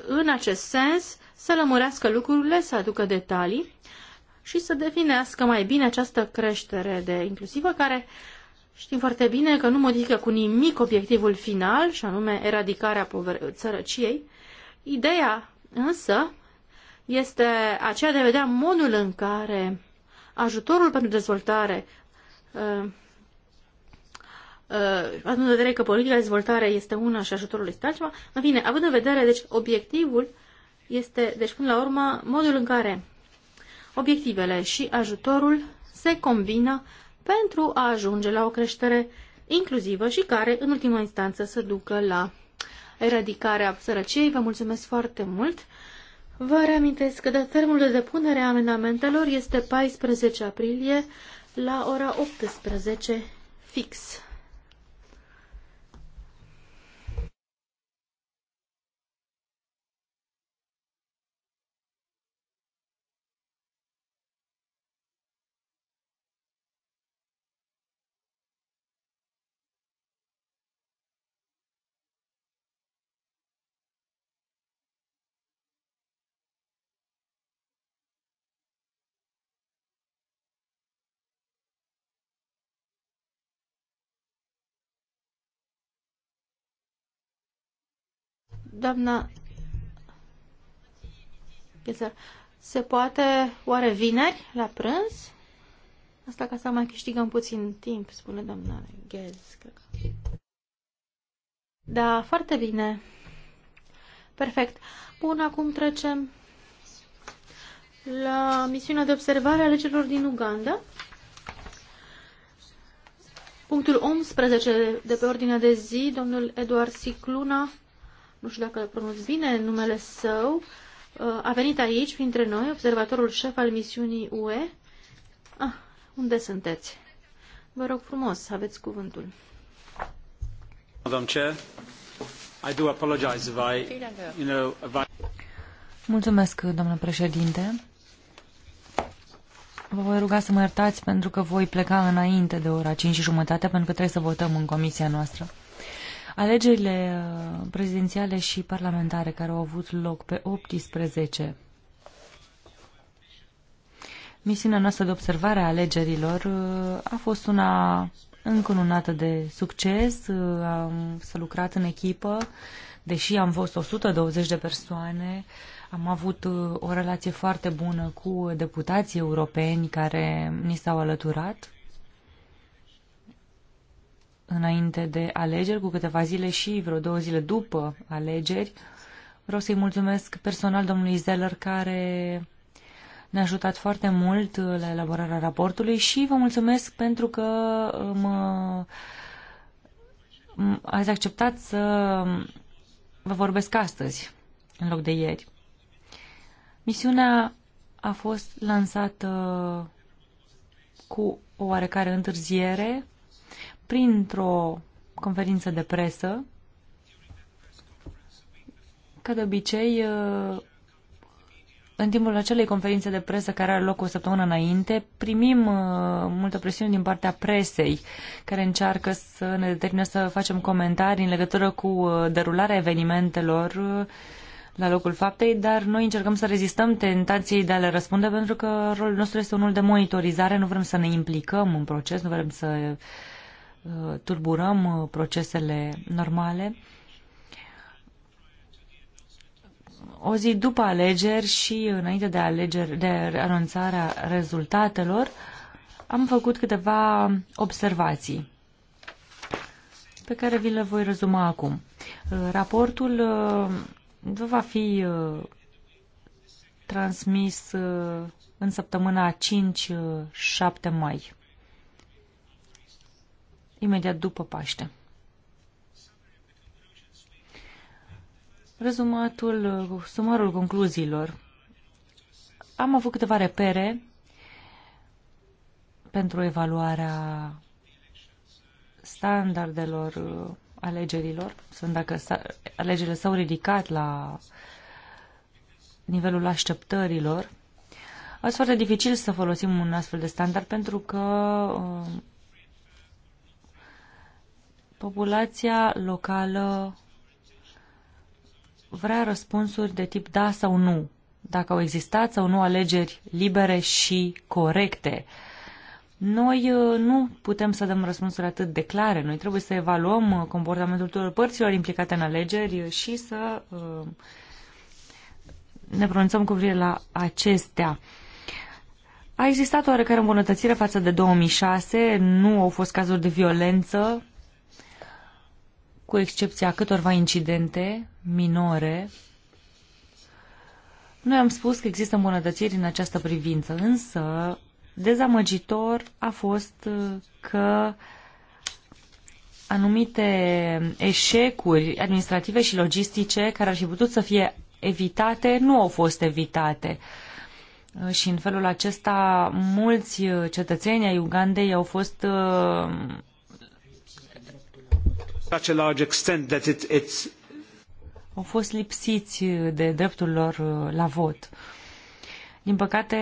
[SPEAKER 1] în acest sens să lămurească lucrurile, să aducă detalii și să definească mai bine această creștere de inclusivă care știm foarte bine că nu modifică cu nimic obiectivul final și anume eradicarea sărăciei. Ideea însă este aceea de a vedea modul în care ajutorul pentru dezvoltare uh, Uh, având în vedere că politica de dezvoltare este una și ajutorul este altceva, în fine, având în vedere, deci, obiectivul este, deci, până la urmă, modul în care obiectivele și ajutorul se combină pentru a ajunge la o creștere inclusivă și care, în ultima instanță, să ducă la eradicarea sărăciei. Vă mulțumesc foarte mult! Vă reamintesc că de termenul de depunere a amendamentelor este 14 aprilie la ora 18 fix. Doamna se poate oare vineri la prânz? Asta ca să mai câștigăm puțin timp, spune doamna Ghez. Da, foarte bine. Perfect. Bun, acum trecem la misiunea de observare a legilor din Uganda. Punctul 11 de pe ordinea de zi, domnul Eduard Sicluna nu știu dacă pronunț bine numele său, uh, a venit aici, printre noi, observatorul șef al misiunii UE. Ah, unde sunteți? Vă rog frumos, aveți cuvântul.
[SPEAKER 3] Chair, I do apologize if I, you know, if I...
[SPEAKER 4] Mulțumesc, domnule președinte. Vă voi ruga să mă iertați pentru că voi pleca înainte de ora 5 și jumătate pentru că trebuie să votăm în comisia noastră. Alegerile uh, prezidențiale și parlamentare care au avut loc pe 18 Misiunea noastră de observare a alegerilor uh, a fost una încununată de succes, uh, am, s-a lucrat în echipă, deși am fost 120 de persoane, am avut o relație foarte bună cu deputații europeni care ni s-au alăturat înainte de alegeri, cu câteva zile și vreo două zile după alegeri. Vreau să-i mulțumesc personal domnului Zeller care ne-a ajutat foarte mult la elaborarea raportului și vă mulțumesc pentru că uh, mă ați acceptat să vă vorbesc astăzi în loc de ieri. Misiunea a fost lansată cu o oarecare întârziere printr-o conferință de presă. Ca de obicei, uh, în timpul acelei conferințe de presă care are loc o săptămână înainte, primim uh, multă presiune din partea presei care încearcă să ne determine să facem comentarii în legătură cu uh, derularea evenimentelor la locul faptei, dar noi încercăm să rezistăm tentației de a le răspunde pentru că rolul nostru este unul de monitorizare, nu vrem să ne implicăm în proces, nu vrem să Uh, tulburăm uh, procesele normale. O zi după alegeri și înainte de alegeri, de anunțarea rezultatelor, am făcut câteva observații pe care vi le voi rezuma acum. Uh, raportul vă va fi transmis în săptămâna 5-7 mai imediat după Paște. Rezumatul, sumarul concluziilor. Am avut câteva repere pentru evaluarea standardelor uh, alegerilor. Sunt dacă alegerile s-au ridicat la nivelul așteptărilor. Este foarte dificil să folosim un astfel de standard pentru că uh, Populația locală vrea răspunsuri de tip da sau nu, dacă au existat sau nu alegeri libere și corecte. Noi uh, nu putem să dăm răspunsuri atât de clare. Noi trebuie să evaluăm uh, comportamentul tuturor părților implicate în alegeri uh, și să ne pronunțăm cu privire la acestea. A existat oarecare îmbunătățire față de 2006, nu au fost cazuri de violență cu excepția câtorva incidente minore, noi am spus că există îmbunătățiri în această privință, însă dezamăgitor a fost uh, că anumite eșecuri administrative și logistice care ar fi putut să fie evitate nu au fost evitate. Uh, și în felul acesta mulți uh, cetățeni ai Ugandei au fost au fost lipsiți de dreptul lor uh, la vot. Din păcate,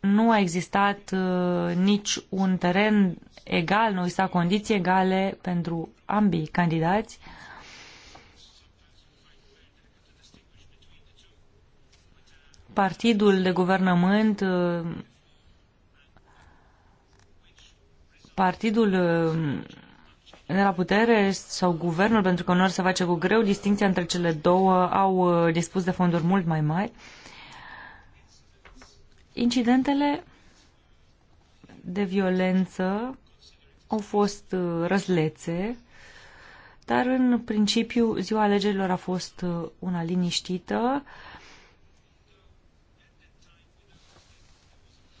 [SPEAKER 4] nu a existat uh, nici un teren egal, nu exista condiții egale pentru ambii candidați. Partidul de guvernământ, uh, partidul de la putere sau guvernul, pentru că uneori se face cu greu distinția între cele două, au uh, dispus de fonduri mult mai mari. Incidentele de violență au fost uh, răzlețe, dar în principiu ziua alegerilor a fost uh, una liniștită.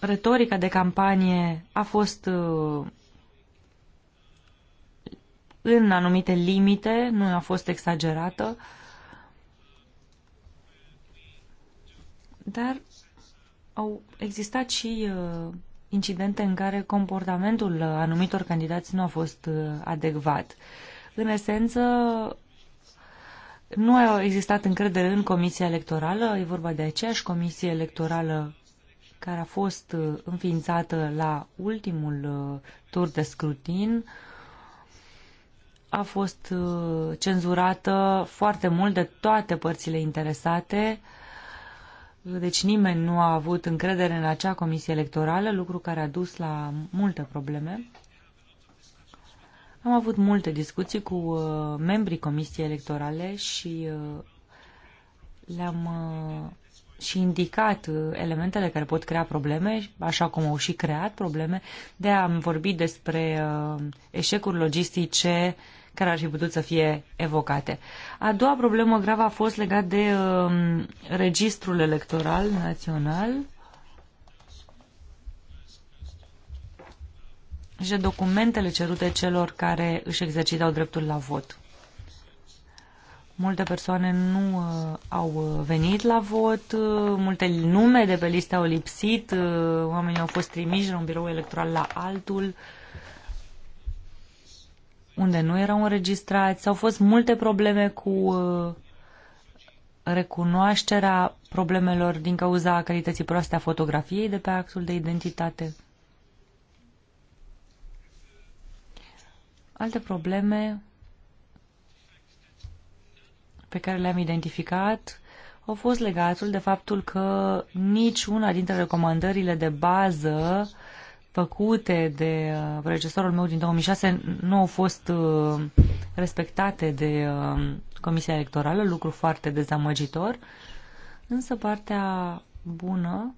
[SPEAKER 4] Retorica de campanie a fost în anumite limite, nu a fost exagerată, dar au existat și uh, incidente în care comportamentul uh, anumitor candidați nu a fost uh, adecvat. În esență, nu a existat încredere în Comisia Electorală, e vorba de aceeași Comisie Electorală care a fost uh, înființată la ultimul uh, tur de scrutin a fost uh, cenzurată foarte mult de toate părțile interesate, deci nimeni nu a avut încredere în acea comisie electorală, lucru care a dus la multe probleme. Am avut multe discuții cu uh, membrii comisiei electorale și uh, le-am și indicat elementele care pot crea probleme, așa cum au și creat probleme, de am vorbit despre uh, eșecuri logistice uh, care ar fi putut să fie evocate. A doua problemă gravă a fost legat de um, registrul electoral național și de documentele cerute celor care își exercitau dreptul la vot. Multe persoane nu uh, au venit la vot, uh, multe nume de pe listă au lipsit, uh, oamenii au fost trimiși la un birou electoral la altul, uh, unde nu erau înregistrați. Au fost multe probleme cu uh, recunoașterea problemelor din cauza calității proaste a fotografiei de pe actul de identitate. Alte probleme pe care le-am identificat au fost legatul de faptul că nici una dintre recomandările de bază uh, făcute de uh, regisorul meu din 2006 nu au fost uh, respectate de uh, Comisia Electorală, lucru foarte dezamăgitor, însă partea bună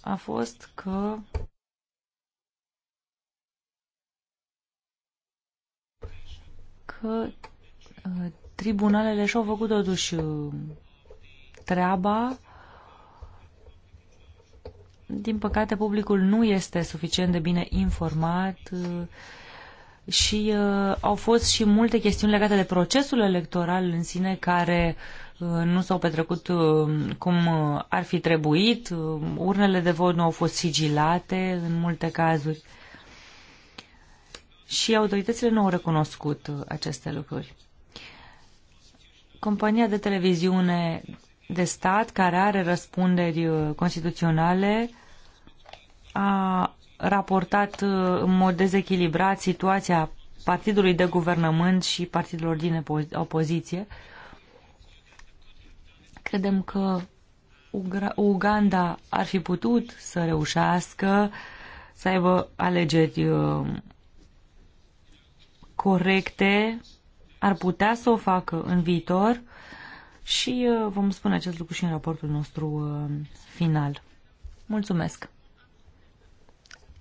[SPEAKER 4] a fost că că tribunalele și-au făcut totuși treaba din păcate, publicul nu este suficient de bine informat uh, și uh, au fost și multe chestiuni legate de procesul electoral în sine care uh, nu s-au petrecut uh, cum uh, ar fi trebuit, uh, urnele de vot nu au fost sigilate în multe cazuri și autoritățile nu au recunoscut uh, aceste lucruri. Compania de televiziune de stat care are răspunderi constituționale a raportat uh, în mod dezechilibrat situația partidului de guvernământ și partidelor din opoziție. Credem că Uganda ar fi putut să reușească să aibă alegeri uh, corecte, ar putea să o facă în viitor și uh, vom spune acest lucru și în raportul nostru final. Mulțumesc!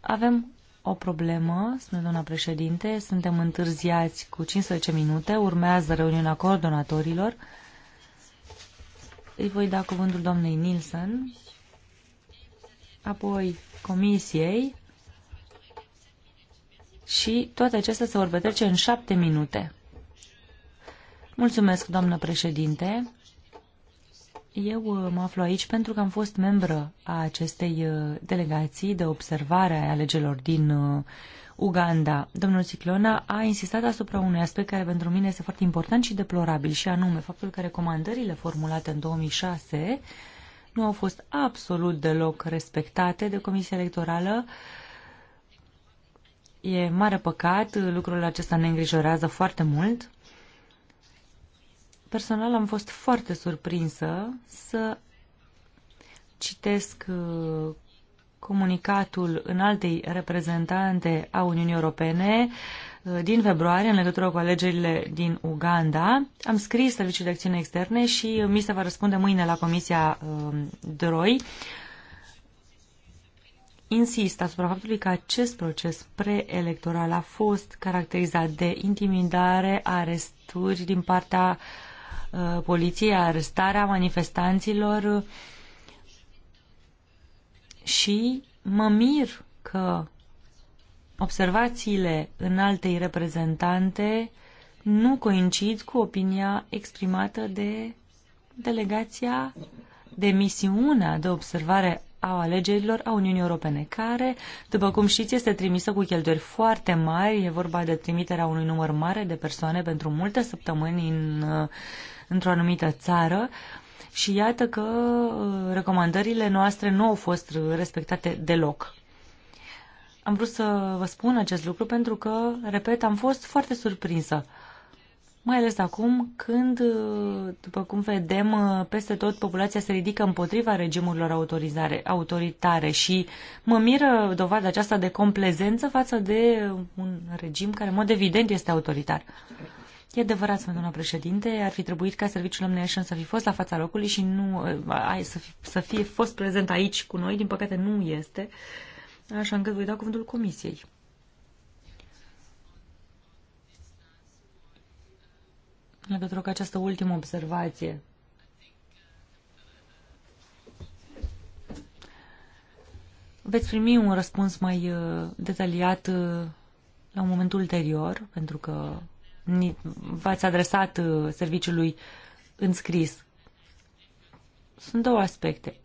[SPEAKER 4] Avem o problemă, spune doamna președinte, suntem întârziați cu 15 minute, urmează reuniunea coordonatorilor. Îi voi da cuvântul doamnei Nilsson, apoi comisiei și toate acestea se vor petrece în 7 minute. Mulțumesc, doamnă președinte. Eu uh, mă aflu aici pentru că am fost membră a acestei uh, delegații de observare a alegerilor din uh, Uganda. Domnul Ciclona a insistat asupra unui aspect care pentru mine este foarte important și deplorabil, și anume faptul că recomandările formulate în 2006 nu au fost absolut deloc respectate de Comisia Electorală. E mare păcat, lucrul acesta ne îngrijorează foarte mult Personal am fost foarte surprinsă să citesc uh, comunicatul altei reprezentante a Uniunii Europene uh, din februarie în legătură cu alegerile din Uganda. Am scris Serviciul de Acțiune Externe și uh, mi se va răspunde mâine la Comisia um, DROI. Insist asupra faptului că acest proces preelectoral a fost caracterizat de intimidare, aresturi din partea uh, Uh, poliției, arestarea manifestanților și mă mir că observațiile înaltei reprezentante nu coincid cu opinia exprimată de delegația de misiunea de observare a alegerilor a Uniunii Europene, care, după cum știți, este trimisă cu cheltuieli foarte mari. E vorba de trimiterea unui număr mare de persoane pentru multe săptămâni în uh, într-o anumită țară și iată că uh, recomandările noastre nu au fost uh, respectate deloc. Am vrut să vă spun acest lucru pentru că, repet, am fost foarte surprinsă. Mai ales acum când, uh, după cum vedem, peste tot populația se ridică împotriva regimurilor autorizare, autoritare și mă miră dovada aceasta de complezență față de un regim care, în mod evident, este autoritar. E adevărat, spune doamna președinte, ar fi trebuit ca serviciul Omniation să fi fost la fața locului și nu ai, să, fi, să fie fost prezent aici cu noi, din păcate nu este, așa încât voi da cuvântul comisiei. În legătură cu această ultimă observație, veți primi un răspuns mai uh, detaliat uh, la un moment ulterior, pentru că v-ați adresat uh, serviciului înscris. Sunt două aspecte.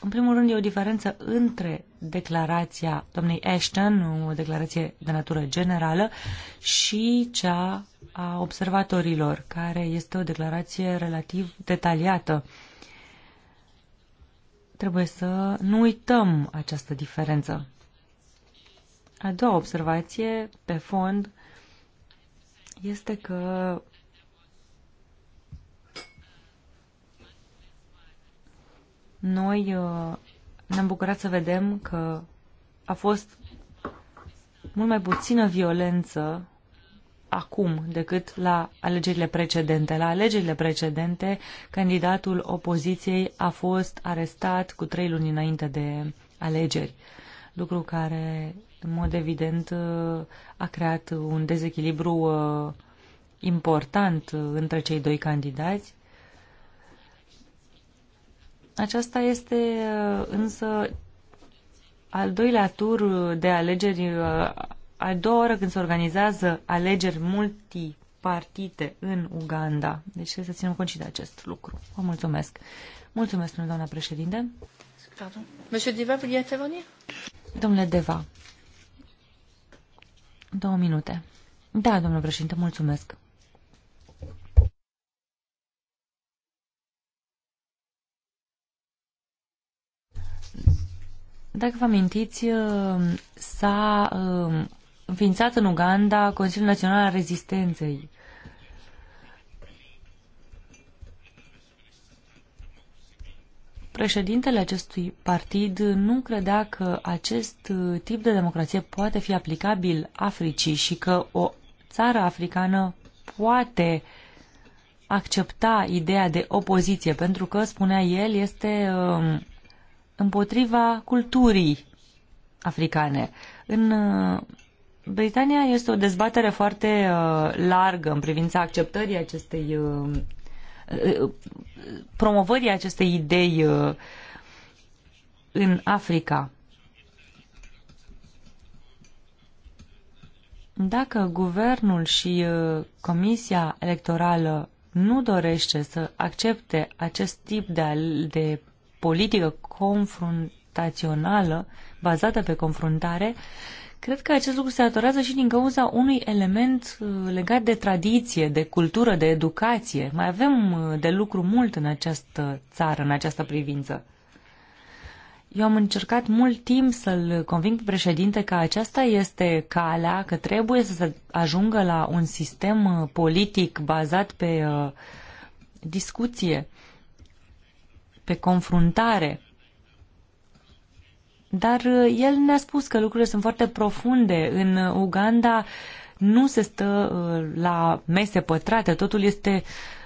[SPEAKER 4] În primul rând, e o diferență între declarația doamnei Ashton, o declarație de natură generală, și cea a observatorilor, care este o declarație relativ detaliată. Trebuie să nu uităm această diferență. A doua observație, pe fond, este că noi uh, ne-am bucurat să vedem că a fost mult mai puțină violență acum decât la alegerile precedente. La alegerile precedente, candidatul opoziției a fost arestat cu trei luni înainte de alegeri, lucru care în mod evident uh, a creat un dezechilibru uh, important uh, între cei doi candidați. Aceasta este însă al doilea tur de alegeri, a doua oră când se organizează alegeri multipartite în Uganda. Deci trebuie să ținem cont și de acest lucru. Vă mulțumesc. Mulțumesc, doamna președinte.
[SPEAKER 1] Pardon. Monsieur Deva, vă intervenir?
[SPEAKER 4] Domnule Deva, Două minute. Da, domnule președinte, mulțumesc. Dacă vă amintiți, s-a uh, înființat în Uganda Consiliul Național al Rezistenței Președintele acestui partid nu credea că acest tip de democrație poate fi aplicabil Africii și că o țară africană poate accepta ideea de opoziție, pentru că, spunea el, este um, împotriva culturii africane. În uh, Britania este o dezbatere foarte uh, largă în privința acceptării acestei uh, promovării acestei idei uh, în Africa. Dacă guvernul și uh, Comisia Electorală nu dorește să accepte acest tip de, de politică confruntațională, bazată pe confruntare, uh, Cred că acest lucru se datorează și din cauza unui element uh, legat de tradiție, de cultură, de educație. Mai avem uh, de lucru mult în această țară, în această privință. Eu am încercat mult timp să-l conving pe președinte că aceasta este calea, că trebuie să se ajungă la un sistem uh, politic bazat pe discuție, pe confruntare. Dar uh, el ne-a spus că lucrurile sunt foarte profunde. În uh, Uganda nu se stă uh, la mese pătrate, totul este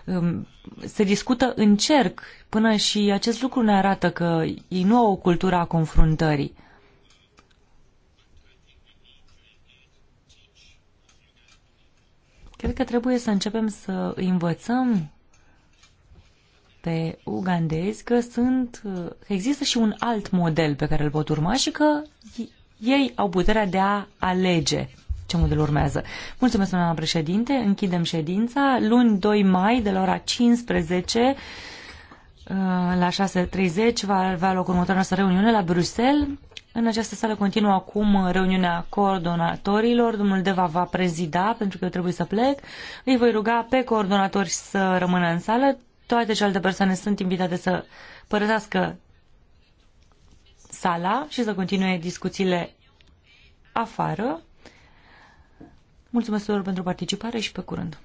[SPEAKER 4] um, se discută în cerc până și acest lucru ne arată că ei nu au o cultură a confruntării. Cred că trebuie să începem să învățăm pe ugandezi că sunt, că există și un alt model pe care îl pot urma și că ei au puterea de a alege ce model urmează. Mulțumesc, doamna președinte. Închidem ședința. Luni 2 mai, de la ora 15 uh, la 6.30 va avea loc următoarea noastră reuniune la Bruxelles. În această sală continuă acum reuniunea coordonatorilor. Domnul Deva va prezida pentru că eu trebuie să plec. Îi voi ruga pe coordonatori să rămână în sală toate celelalte persoane sunt invitate să părăsească sala și să continue discuțiile afară. Mulțumesc tuturor pentru participare și pe curând!